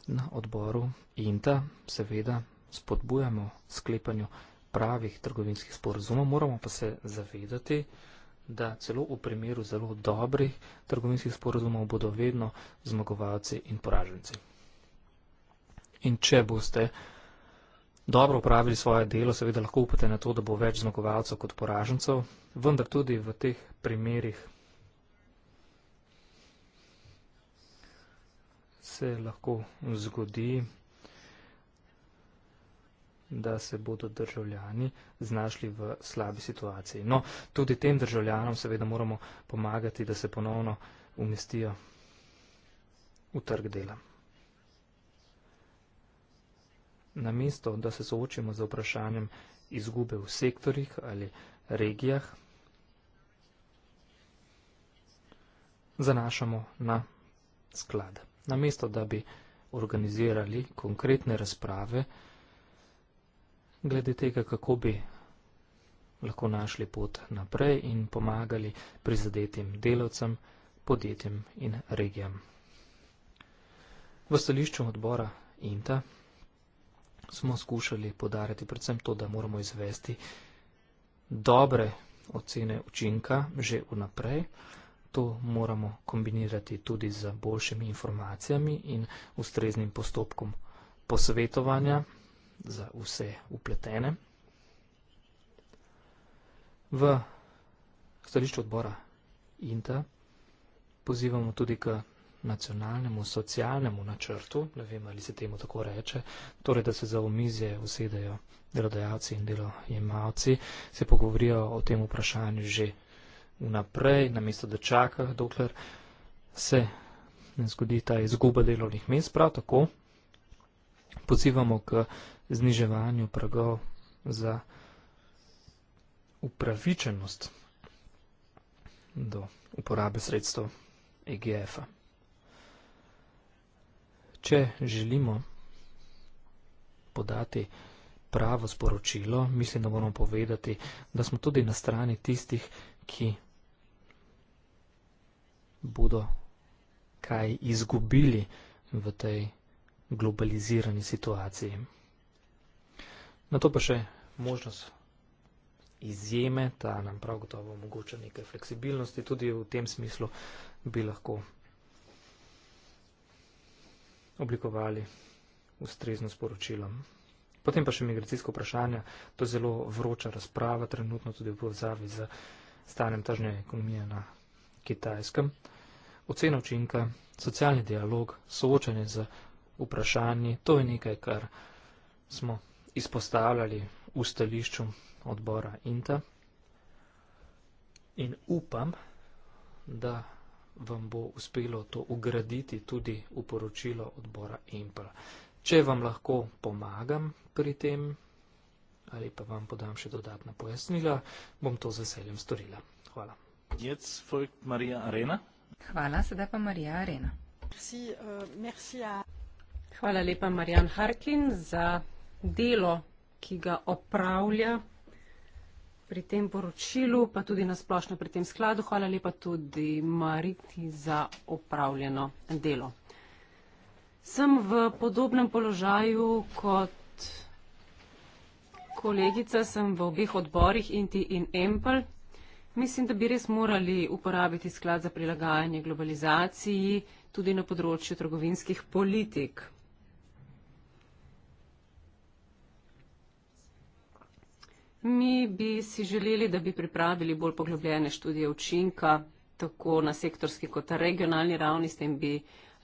na odboru in da seveda spodbujamo sklepanju pravih trgovinskih sporazumov, moramo pa se zavedati, da celo v primeru zelo dobrih trgovinskih sporazumov bodo vedno zmagovalci in poraženci. In če boste dobro upravili svoje delo, seveda lahko upate na to, da bo več zmagovalcev kot poražencev, vendar tudi v teh primerih se lahko zgodi, da se bodo državljani znašli v slabi situaciji. No, tudi tem državljanom seveda moramo pomagati, da se ponovno umestijo v trg dela. Namesto, da se soočimo z vprašanjem izgube v sektorjih ali regijah, zanašamo na sklade namesto da bi organizirali konkretne razprave glede tega, kako bi lahko našli pot naprej in pomagali prizadetim delavcem, podjetjem in regijam. V stališču odbora INTA smo skušali podarjati predvsem to, da moramo izvesti dobre ocene učinka že vnaprej to moramo kombinirati tudi z boljšimi informacijami in ustreznim postopkom posvetovanja za vse upletene. V stališču odbora INTA pozivamo tudi k nacionalnemu socialnemu načrtu, ne vem ali se temu tako reče, torej da se za omizje usedejo delodajalci in delojemalci, se pogovorijo o tem vprašanju že vnaprej, namesto da čaka, dokler se ne zgodi ta izguba delovnih mest. Prav tako pozivamo k zniževanju pragov za upravičenost do uporabe sredstev EGF-a. Če želimo podati pravo sporočilo, mislim, da moramo povedati, da smo tudi na strani tistih, ki bodo kaj izgubili v tej globalizirani situaciji. Na to pa še možnost izjeme, ta nam prav gotovo omogoča nekaj fleksibilnosti, tudi v tem smislu bi lahko oblikovali ustrezno sporočilo. Potem pa še migracijsko vprašanje, to je zelo vroča razprava, trenutno tudi v povzavi z stanjem tržne ekonomije na kitajskem, ocena učinka, socialni dialog, soočanje z vprašanji, to je nekaj, kar smo izpostavljali v stališču odbora INTA. In upam, da vam bo uspelo to ugraditi tudi v poročilo odbora EMPL. Če vam lahko pomagam pri tem ali pa vam podam še dodatna pojasnila, bom to z veseljem storila. Hvala. Jetzt folgt Maria Arena. Hvala, sedaj pa Marija Arena. Merci, uh, merci a... Hvala lepa, Marjan Harklin, za delo, ki ga opravlja pri tem poročilu, pa tudi nasplošno pri tem skladu. Hvala lepa tudi Mariti za opravljeno delo. Sem v podobnem položaju kot kolegica, sem v obeh odborih Inti in Empel, Mislim, da bi res morali uporabiti sklad za prilagajanje globalizaciji tudi na področju trgovinskih politik. Mi bi si želeli, da bi pripravili bolj poglobljene študije učinka, tako na sektorski kot na regionalni ravni, s tem bi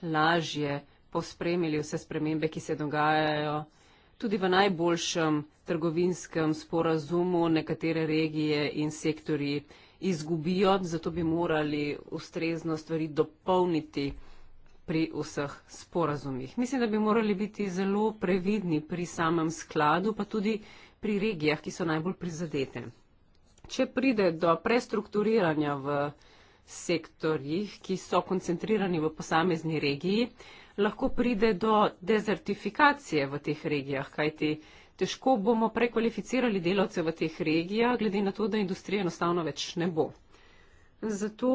lažje pospremili vse spremembe, ki se dogajajo tudi v najboljšem trgovinskem sporazumu nekatere regije in sektori izgubijo, zato bi morali ustrezno stvari dopolniti pri vseh sporazumih. Mislim, da bi morali biti zelo previdni pri samem skladu, pa tudi pri regijah, ki so najbolj prizadete. Če pride do prestrukturiranja v sektorjih, ki so koncentrirani v posamezni regiji, lahko pride do dezertifikacije v teh regijah, kajti težko bomo prekvalificirali delavce v teh regijah, glede na to, da industrije enostavno več ne bo. Zato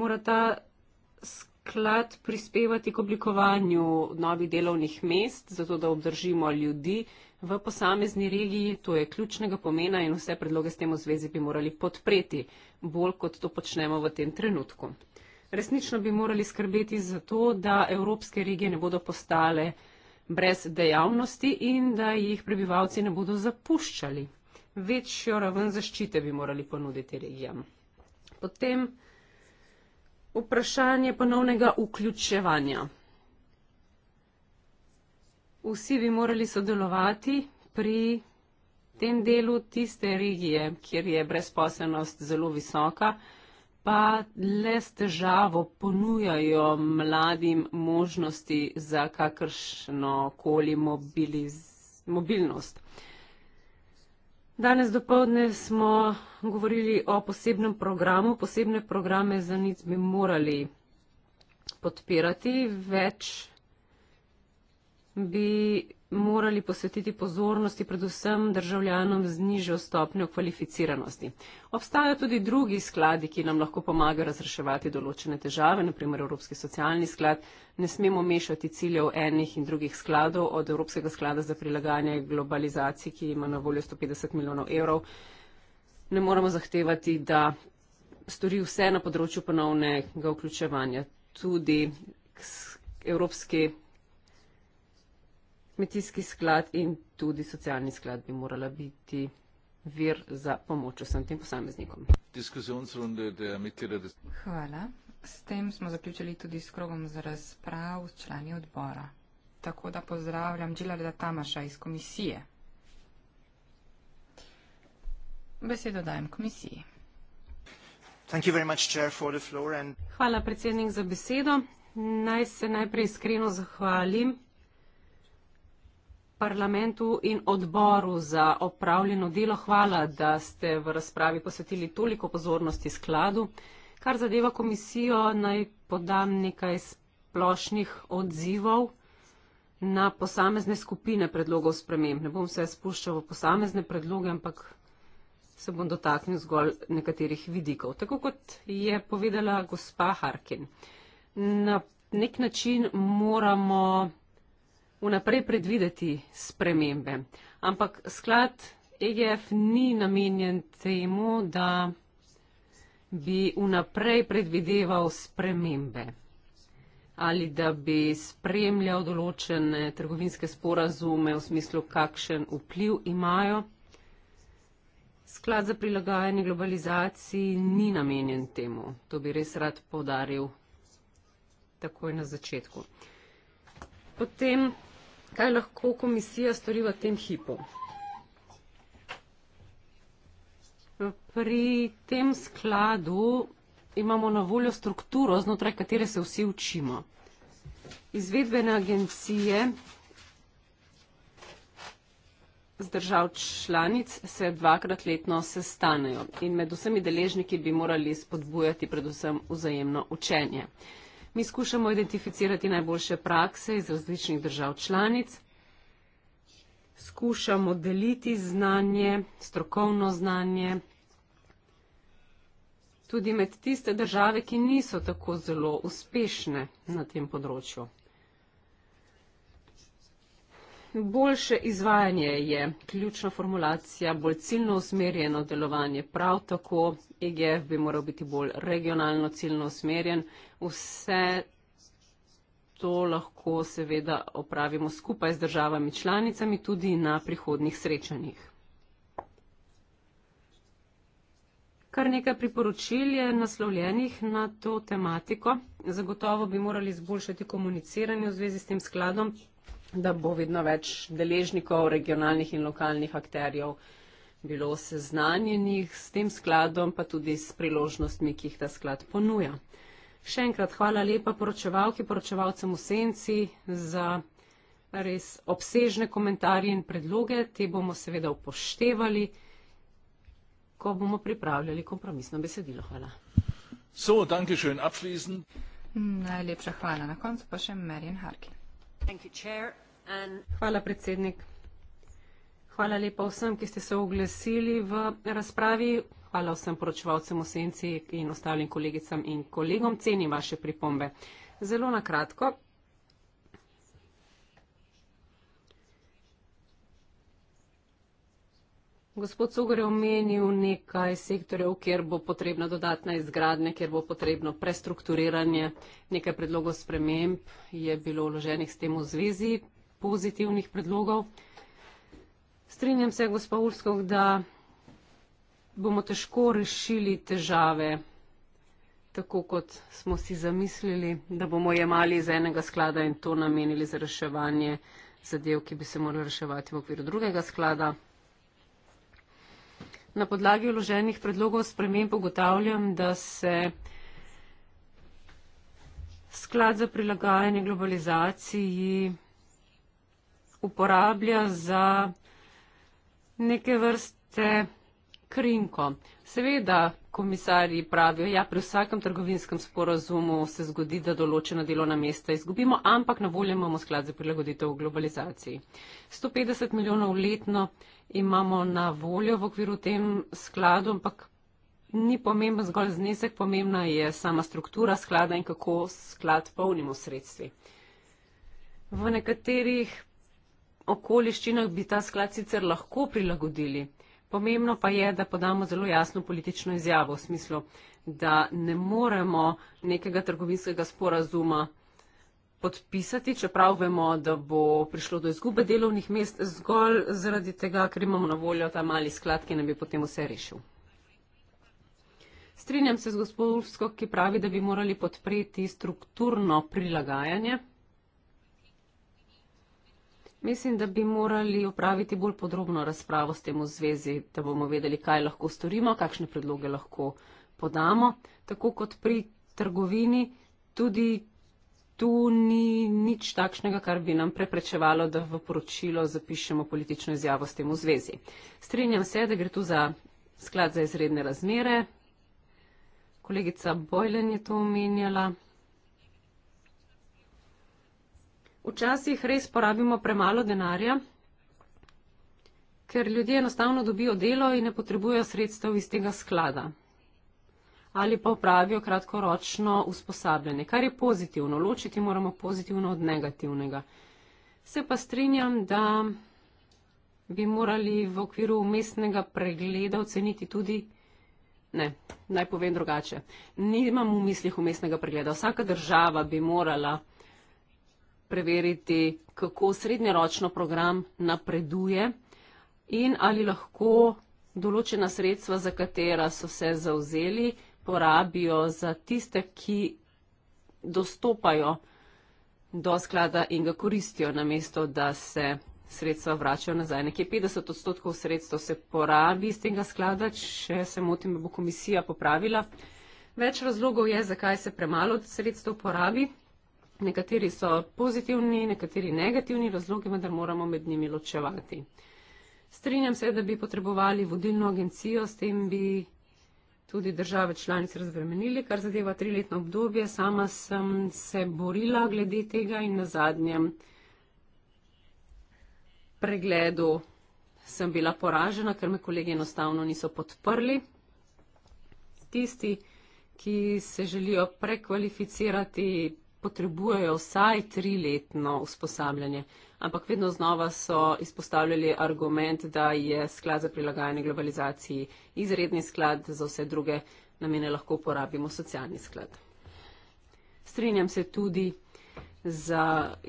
mora ta sklad prispevati k oblikovanju novih delovnih mest, zato da obdržimo ljudi v posamezni regiji. To je ključnega pomena in vse predloge s tem v zvezi bi morali podpreti, bolj kot to počnemo v tem trenutku resnično bi morali skrbeti za to, da evropske regije ne bodo postale brez dejavnosti in da jih prebivalci ne bodo zapuščali. Večjo raven zaščite bi morali ponuditi regijam. Potem vprašanje ponovnega vključevanja. Vsi bi morali sodelovati pri tem delu tiste regije, kjer je brezposelnost zelo visoka pa le s težavo ponujajo mladim možnosti za kakršno koli mobilnost. Danes dopovdne smo govorili o posebnem programu. Posebne programe za nic bi morali podpirati. Več bi morali posvetiti pozornosti predvsem državljanom z nižjo stopnjo kvalificiranosti. Obstajajo tudi drugi skladi, ki nam lahko pomagajo razreševati določene težave, naprimer Evropski socialni sklad. Ne smemo mešati ciljev enih in drugih skladov od Evropskega sklada za prilagajanje globalizaciji, ki ima na voljo 150 milijonov evrov. Ne moramo zahtevati, da stori vse na področju ponovnega vključevanja. Tudi Evropski kmetijski sklad in tudi socialni sklad bi morala biti vir za pomoč vsem tem posameznikom. Hvala. S tem smo zaključili tudi s krogom za razprav s člani odbora. Tako da pozdravljam Džilarda Tamaša iz komisije. Besedo dajem komisiji. Hvala predsednik za besedo. Naj se najprej iskreno zahvalim parlamentu in odboru za opravljeno delo. Hvala, da ste v razpravi posvetili toliko pozornosti skladu. Kar zadeva komisijo, naj podam nekaj splošnih odzivov na posamezne skupine predlogov sprememb. Ne bom se spuščal v posamezne predloge, ampak se bom dotaknil zgolj nekaterih vidikov. Tako kot je povedala gospa Harkin, na nek način moramo vnaprej predvideti spremembe. Ampak sklad EGF ni namenjen temu, da bi vnaprej predvideval spremembe ali da bi spremljal določene trgovinske sporazume v smislu, kakšen vpliv imajo. Sklad za prilagajanje globalizaciji ni namenjen temu. To bi res rad podaril takoj na začetku. Potem kaj lahko komisija stori v tem hipu. Pri tem skladu imamo na voljo strukturo, znotraj katere se vsi učimo. Izvedbene agencije z držav članic se dvakrat letno sestanejo in med vsemi deležniki bi morali spodbujati predvsem vzajemno učenje. Mi skušamo identificirati najboljše prakse iz različnih držav članic, skušamo deliti znanje, strokovno znanje, tudi med tiste države, ki niso tako zelo uspešne na tem področju boljše izvajanje je ključna formulacija, bolj ciljno usmerjeno delovanje. Prav tako IGF e bi moral biti bolj regionalno ciljno usmerjen. Vse to lahko seveda opravimo skupaj z državami članicami tudi na prihodnih srečanjih. Kar nekaj priporočil je naslovljenih na to tematiko. Zagotovo bi morali izboljšati komuniciranje v zvezi s tem skladom, da bo vedno več deležnikov, regionalnih in lokalnih akterjev bilo seznanjenih s tem skladom, pa tudi s priložnostmi, ki jih ta sklad ponuja. Še enkrat hvala lepa poročevalki, poročevalcem v senci za res obsežne komentarje in predloge. Te bomo seveda upoštevali, ko bomo pripravljali kompromisno besedilo. Hvala. So, danke schön, abschließen. Najlepša hvala. Na koncu pa še Merjen Harkin. Hvala, predsednik. Hvala lepa vsem, ki ste se oglasili v razpravi. Hvala vsem poročevalcem v senci in ostalim kolegicam in kolegom. Cenim vaše pripombe. Zelo nakratko. Gospod Sogor je omenil nekaj sektorjev, kjer bo potrebna dodatna izgradnja, kjer bo potrebno prestrukturiranje. Nekaj predlogov sprememb je bilo vloženih s tem v zvezi pozitivnih predlogov. Strinjam se, gospod Urskog, da bomo težko rešili težave, tako kot smo si zamislili, da bomo jemali iz enega sklada in to namenili za reševanje zadev, ki bi se morali reševati v okviru drugega sklada. Na podlagi vloženih predlogov sprememb ugotavljam, da se sklad za prilagajanje globalizaciji uporablja za neke vrste krinko. Seveda komisarji pravijo, ja, pri vsakem trgovinskem sporazumu se zgodi, da določena delovna mesta izgubimo, ampak na voljo imamo sklad za prilagoditev v globalizaciji. 150 milijonov letno imamo na voljo v okviru tem skladu, ampak ni pomemben zgolj znesek, pomembna je sama struktura sklada in kako sklad polnimo sredstvi. V nekaterih okoliščinah bi ta sklad sicer lahko prilagodili. Pomembno pa je, da podamo zelo jasno politično izjavo v smislu, da ne moremo nekega trgovinskega sporazuma podpisati, čeprav vemo, da bo prišlo do izgube delovnih mest zgolj zaradi tega, ker imamo na voljo ta mali sklad, ki nam bi potem vse rešil. Strinjam se z gospodovsko, ki pravi, da bi morali podpreti strukturno prilagajanje. Mislim, da bi morali opraviti bolj podrobno razpravo s tem v zvezi, da bomo vedeli, kaj lahko storimo, kakšne predloge lahko podamo. Tako kot pri trgovini, tudi tu ni nič takšnega, kar bi nam preprečevalo, da v poročilo zapišemo politično izjavo s tem v zvezi. Strenjam se, da gre tu za sklad za izredne razmere. Kolegica Bojlen je to omenjala. včasih res porabimo premalo denarja, ker ljudje enostavno dobijo delo in ne potrebujejo sredstev iz tega sklada. Ali pa upravijo kratkoročno usposabljanje, kar je pozitivno. Ločiti moramo pozitivno od negativnega. Se pa strinjam, da bi morali v okviru mestnega pregleda oceniti tudi. Ne, naj povem drugače. Nimam v mislih umestnega pregleda. Vsaka država bi morala preveriti, kako srednjeročno program napreduje in ali lahko določena sredstva, za katera so se zauzeli, porabijo za tiste, ki dostopajo do sklada in ga koristijo, namesto da se sredstva vračajo nazaj. Nekje 50 odstotkov sredstev se porabi iz tega sklada, če se motim, bo komisija popravila. Več razlogov je, zakaj se premalo sredstev porabi nekateri so pozitivni, nekateri negativni razlogi, vendar moramo med njimi ločevati. Strinjam se, da bi potrebovali vodilno agencijo, s tem bi tudi države članice razbremenili, kar zadeva triletno obdobje. Sama sem se borila glede tega in na zadnjem pregledu sem bila poražena, ker me kolegi enostavno niso podprli. Tisti, ki se želijo prekvalificirati, potrebujejo vsaj tri letno usposabljanje, ampak vedno znova so izpostavljali argument, da je sklad za prilagajanje globalizaciji izredni sklad, za vse druge namene lahko uporabimo socialni sklad. Strinjam se tudi z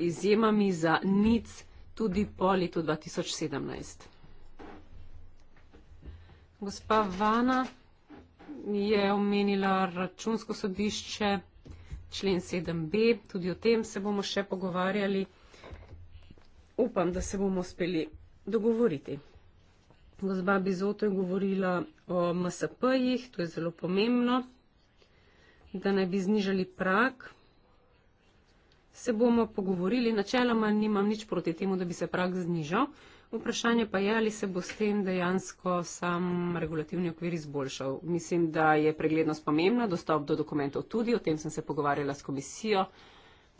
izjemami za nic tudi po letu 2017. Gospa Vana je omenila računsko sodišče člen 7b, tudi o tem se bomo še pogovarjali. Upam, da se bomo speli dogovoriti. Gospa Bizoto je govorila o MSP-jih, to je zelo pomembno, da naj bi znižali prak. Se bomo pogovorili, načeloma nimam nič proti temu, da bi se prak znižal. Vprašanje pa je, ali se bo s tem dejansko sam regulativni okvir izboljšal. Mislim, da je preglednost pomembna, dostop do dokumentov tudi, o tem sem se pogovarjala s komisijo.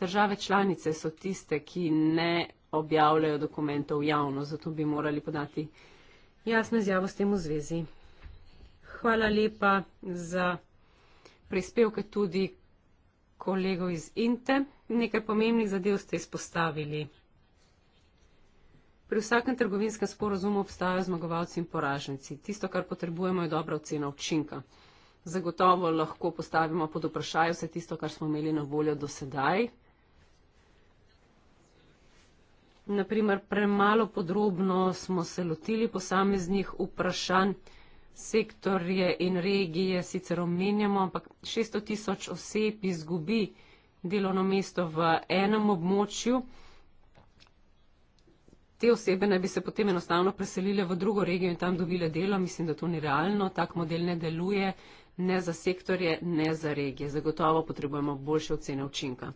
Države članice so tiste, ki ne objavljajo dokumentov javno, zato bi morali podati jasno izjavo s tem v zvezi. Hvala lepa za prispevke tudi kolegov iz Inte. Nekaj pomembnih zadev ste izpostavili. Pri vsakem trgovinskem sporozumu obstajajo zmagovalci in poraženci. Tisto, kar potrebujemo, je dobra ocena učinka. Zagotovo lahko postavimo pod vprašaj vse tisto, kar smo imeli na voljo do sedaj. Naprimer, premalo podrobno smo se lotili posameznih vprašanj, sektorje in regije sicer omenjamo, ampak 600 tisoč oseb izgubi delovno mesto v enem območju te osebe naj bi se potem enostavno preselile v drugo regijo in tam dobile delo. Mislim, da to ni realno, tak model ne deluje ne za sektorje, ne za regije. Zagotovo potrebujemo boljše ocene učinka.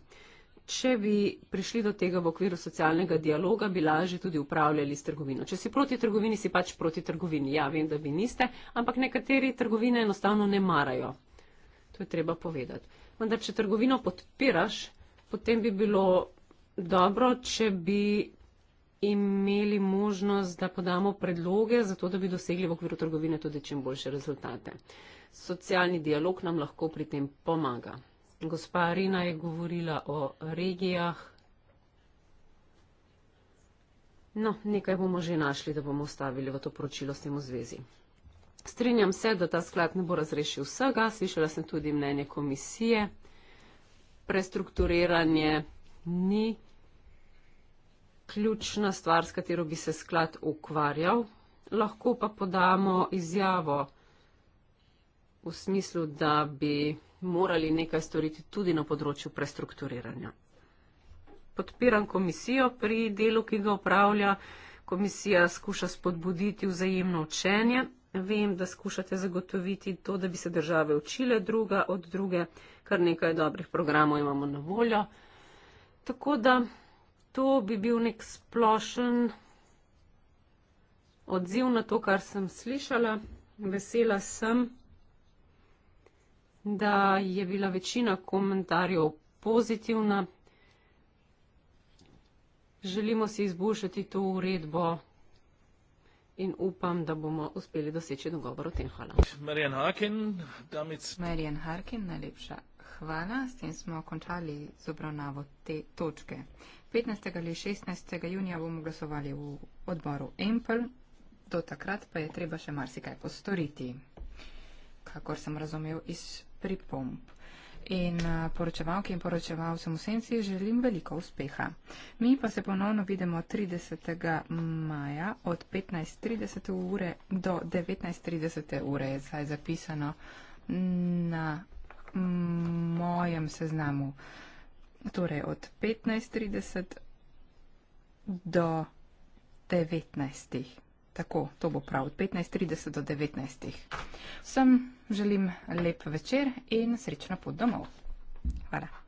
Če bi prišli do tega v okviru socialnega dialoga, bi lažje tudi upravljali s trgovino. Če si proti trgovini, si pač proti trgovini. Ja, vem, da vi niste, ampak nekateri trgovine enostavno ne marajo. To je treba povedati. Vendar, če trgovino podpiraš, potem bi bilo dobro, če bi imeli možnost, da podamo predloge za to, da bi dosegli v okviru trgovine tudi čim boljše rezultate. Socialni dialog nam lahko pri tem pomaga. Gospa Rina je govorila o regijah. No, nekaj bomo že našli, da bomo ustavili v to poročilo s tem v zvezi. Strinjam se, da ta sklad ne bo razrešil vsega. Slišala sem tudi mnenje komisije. Prestrukturiranje ni ključna stvar, s katero bi se sklad ukvarjal. Lahko pa podamo izjavo v smislu, da bi morali nekaj storiti tudi na področju prestrukturiranja. Podpiram komisijo pri delu, ki ga upravlja. Komisija skuša spodbuditi vzajemno učenje. Vem, da skušate zagotoviti to, da bi se države učile druga od druge, kar nekaj dobrih programov imamo na voljo. Tako da to bi bil nek splošen odziv na to, kar sem slišala. Vesela sem, da je bila večina komentarjev pozitivna. Želimo si izboljšati to uredbo in upam, da bomo uspeli doseči dogovor o tem. Hvala. Marjan Harkin, damic. Marjan Harkin, najlepša hvala. S tem smo končali z obravnavo te točke. 15. ali 16. junija bomo glasovali v odboru Empel, do takrat pa je treba še marsikaj postoriti, kakor sem razumel iz pripomp. In eh, poročevalki in poročevalcem v senci želim veliko uspeha. Mi pa se ponovno vidimo 30. maja od 15.30 ure do 19.30 ure, je zdaj zapisano na mojem seznamu torej od 15.30 do 19. Tako, to bo prav, od 15.30 do 19. Vsem želim lep večer in srečno pot domov. Hvala.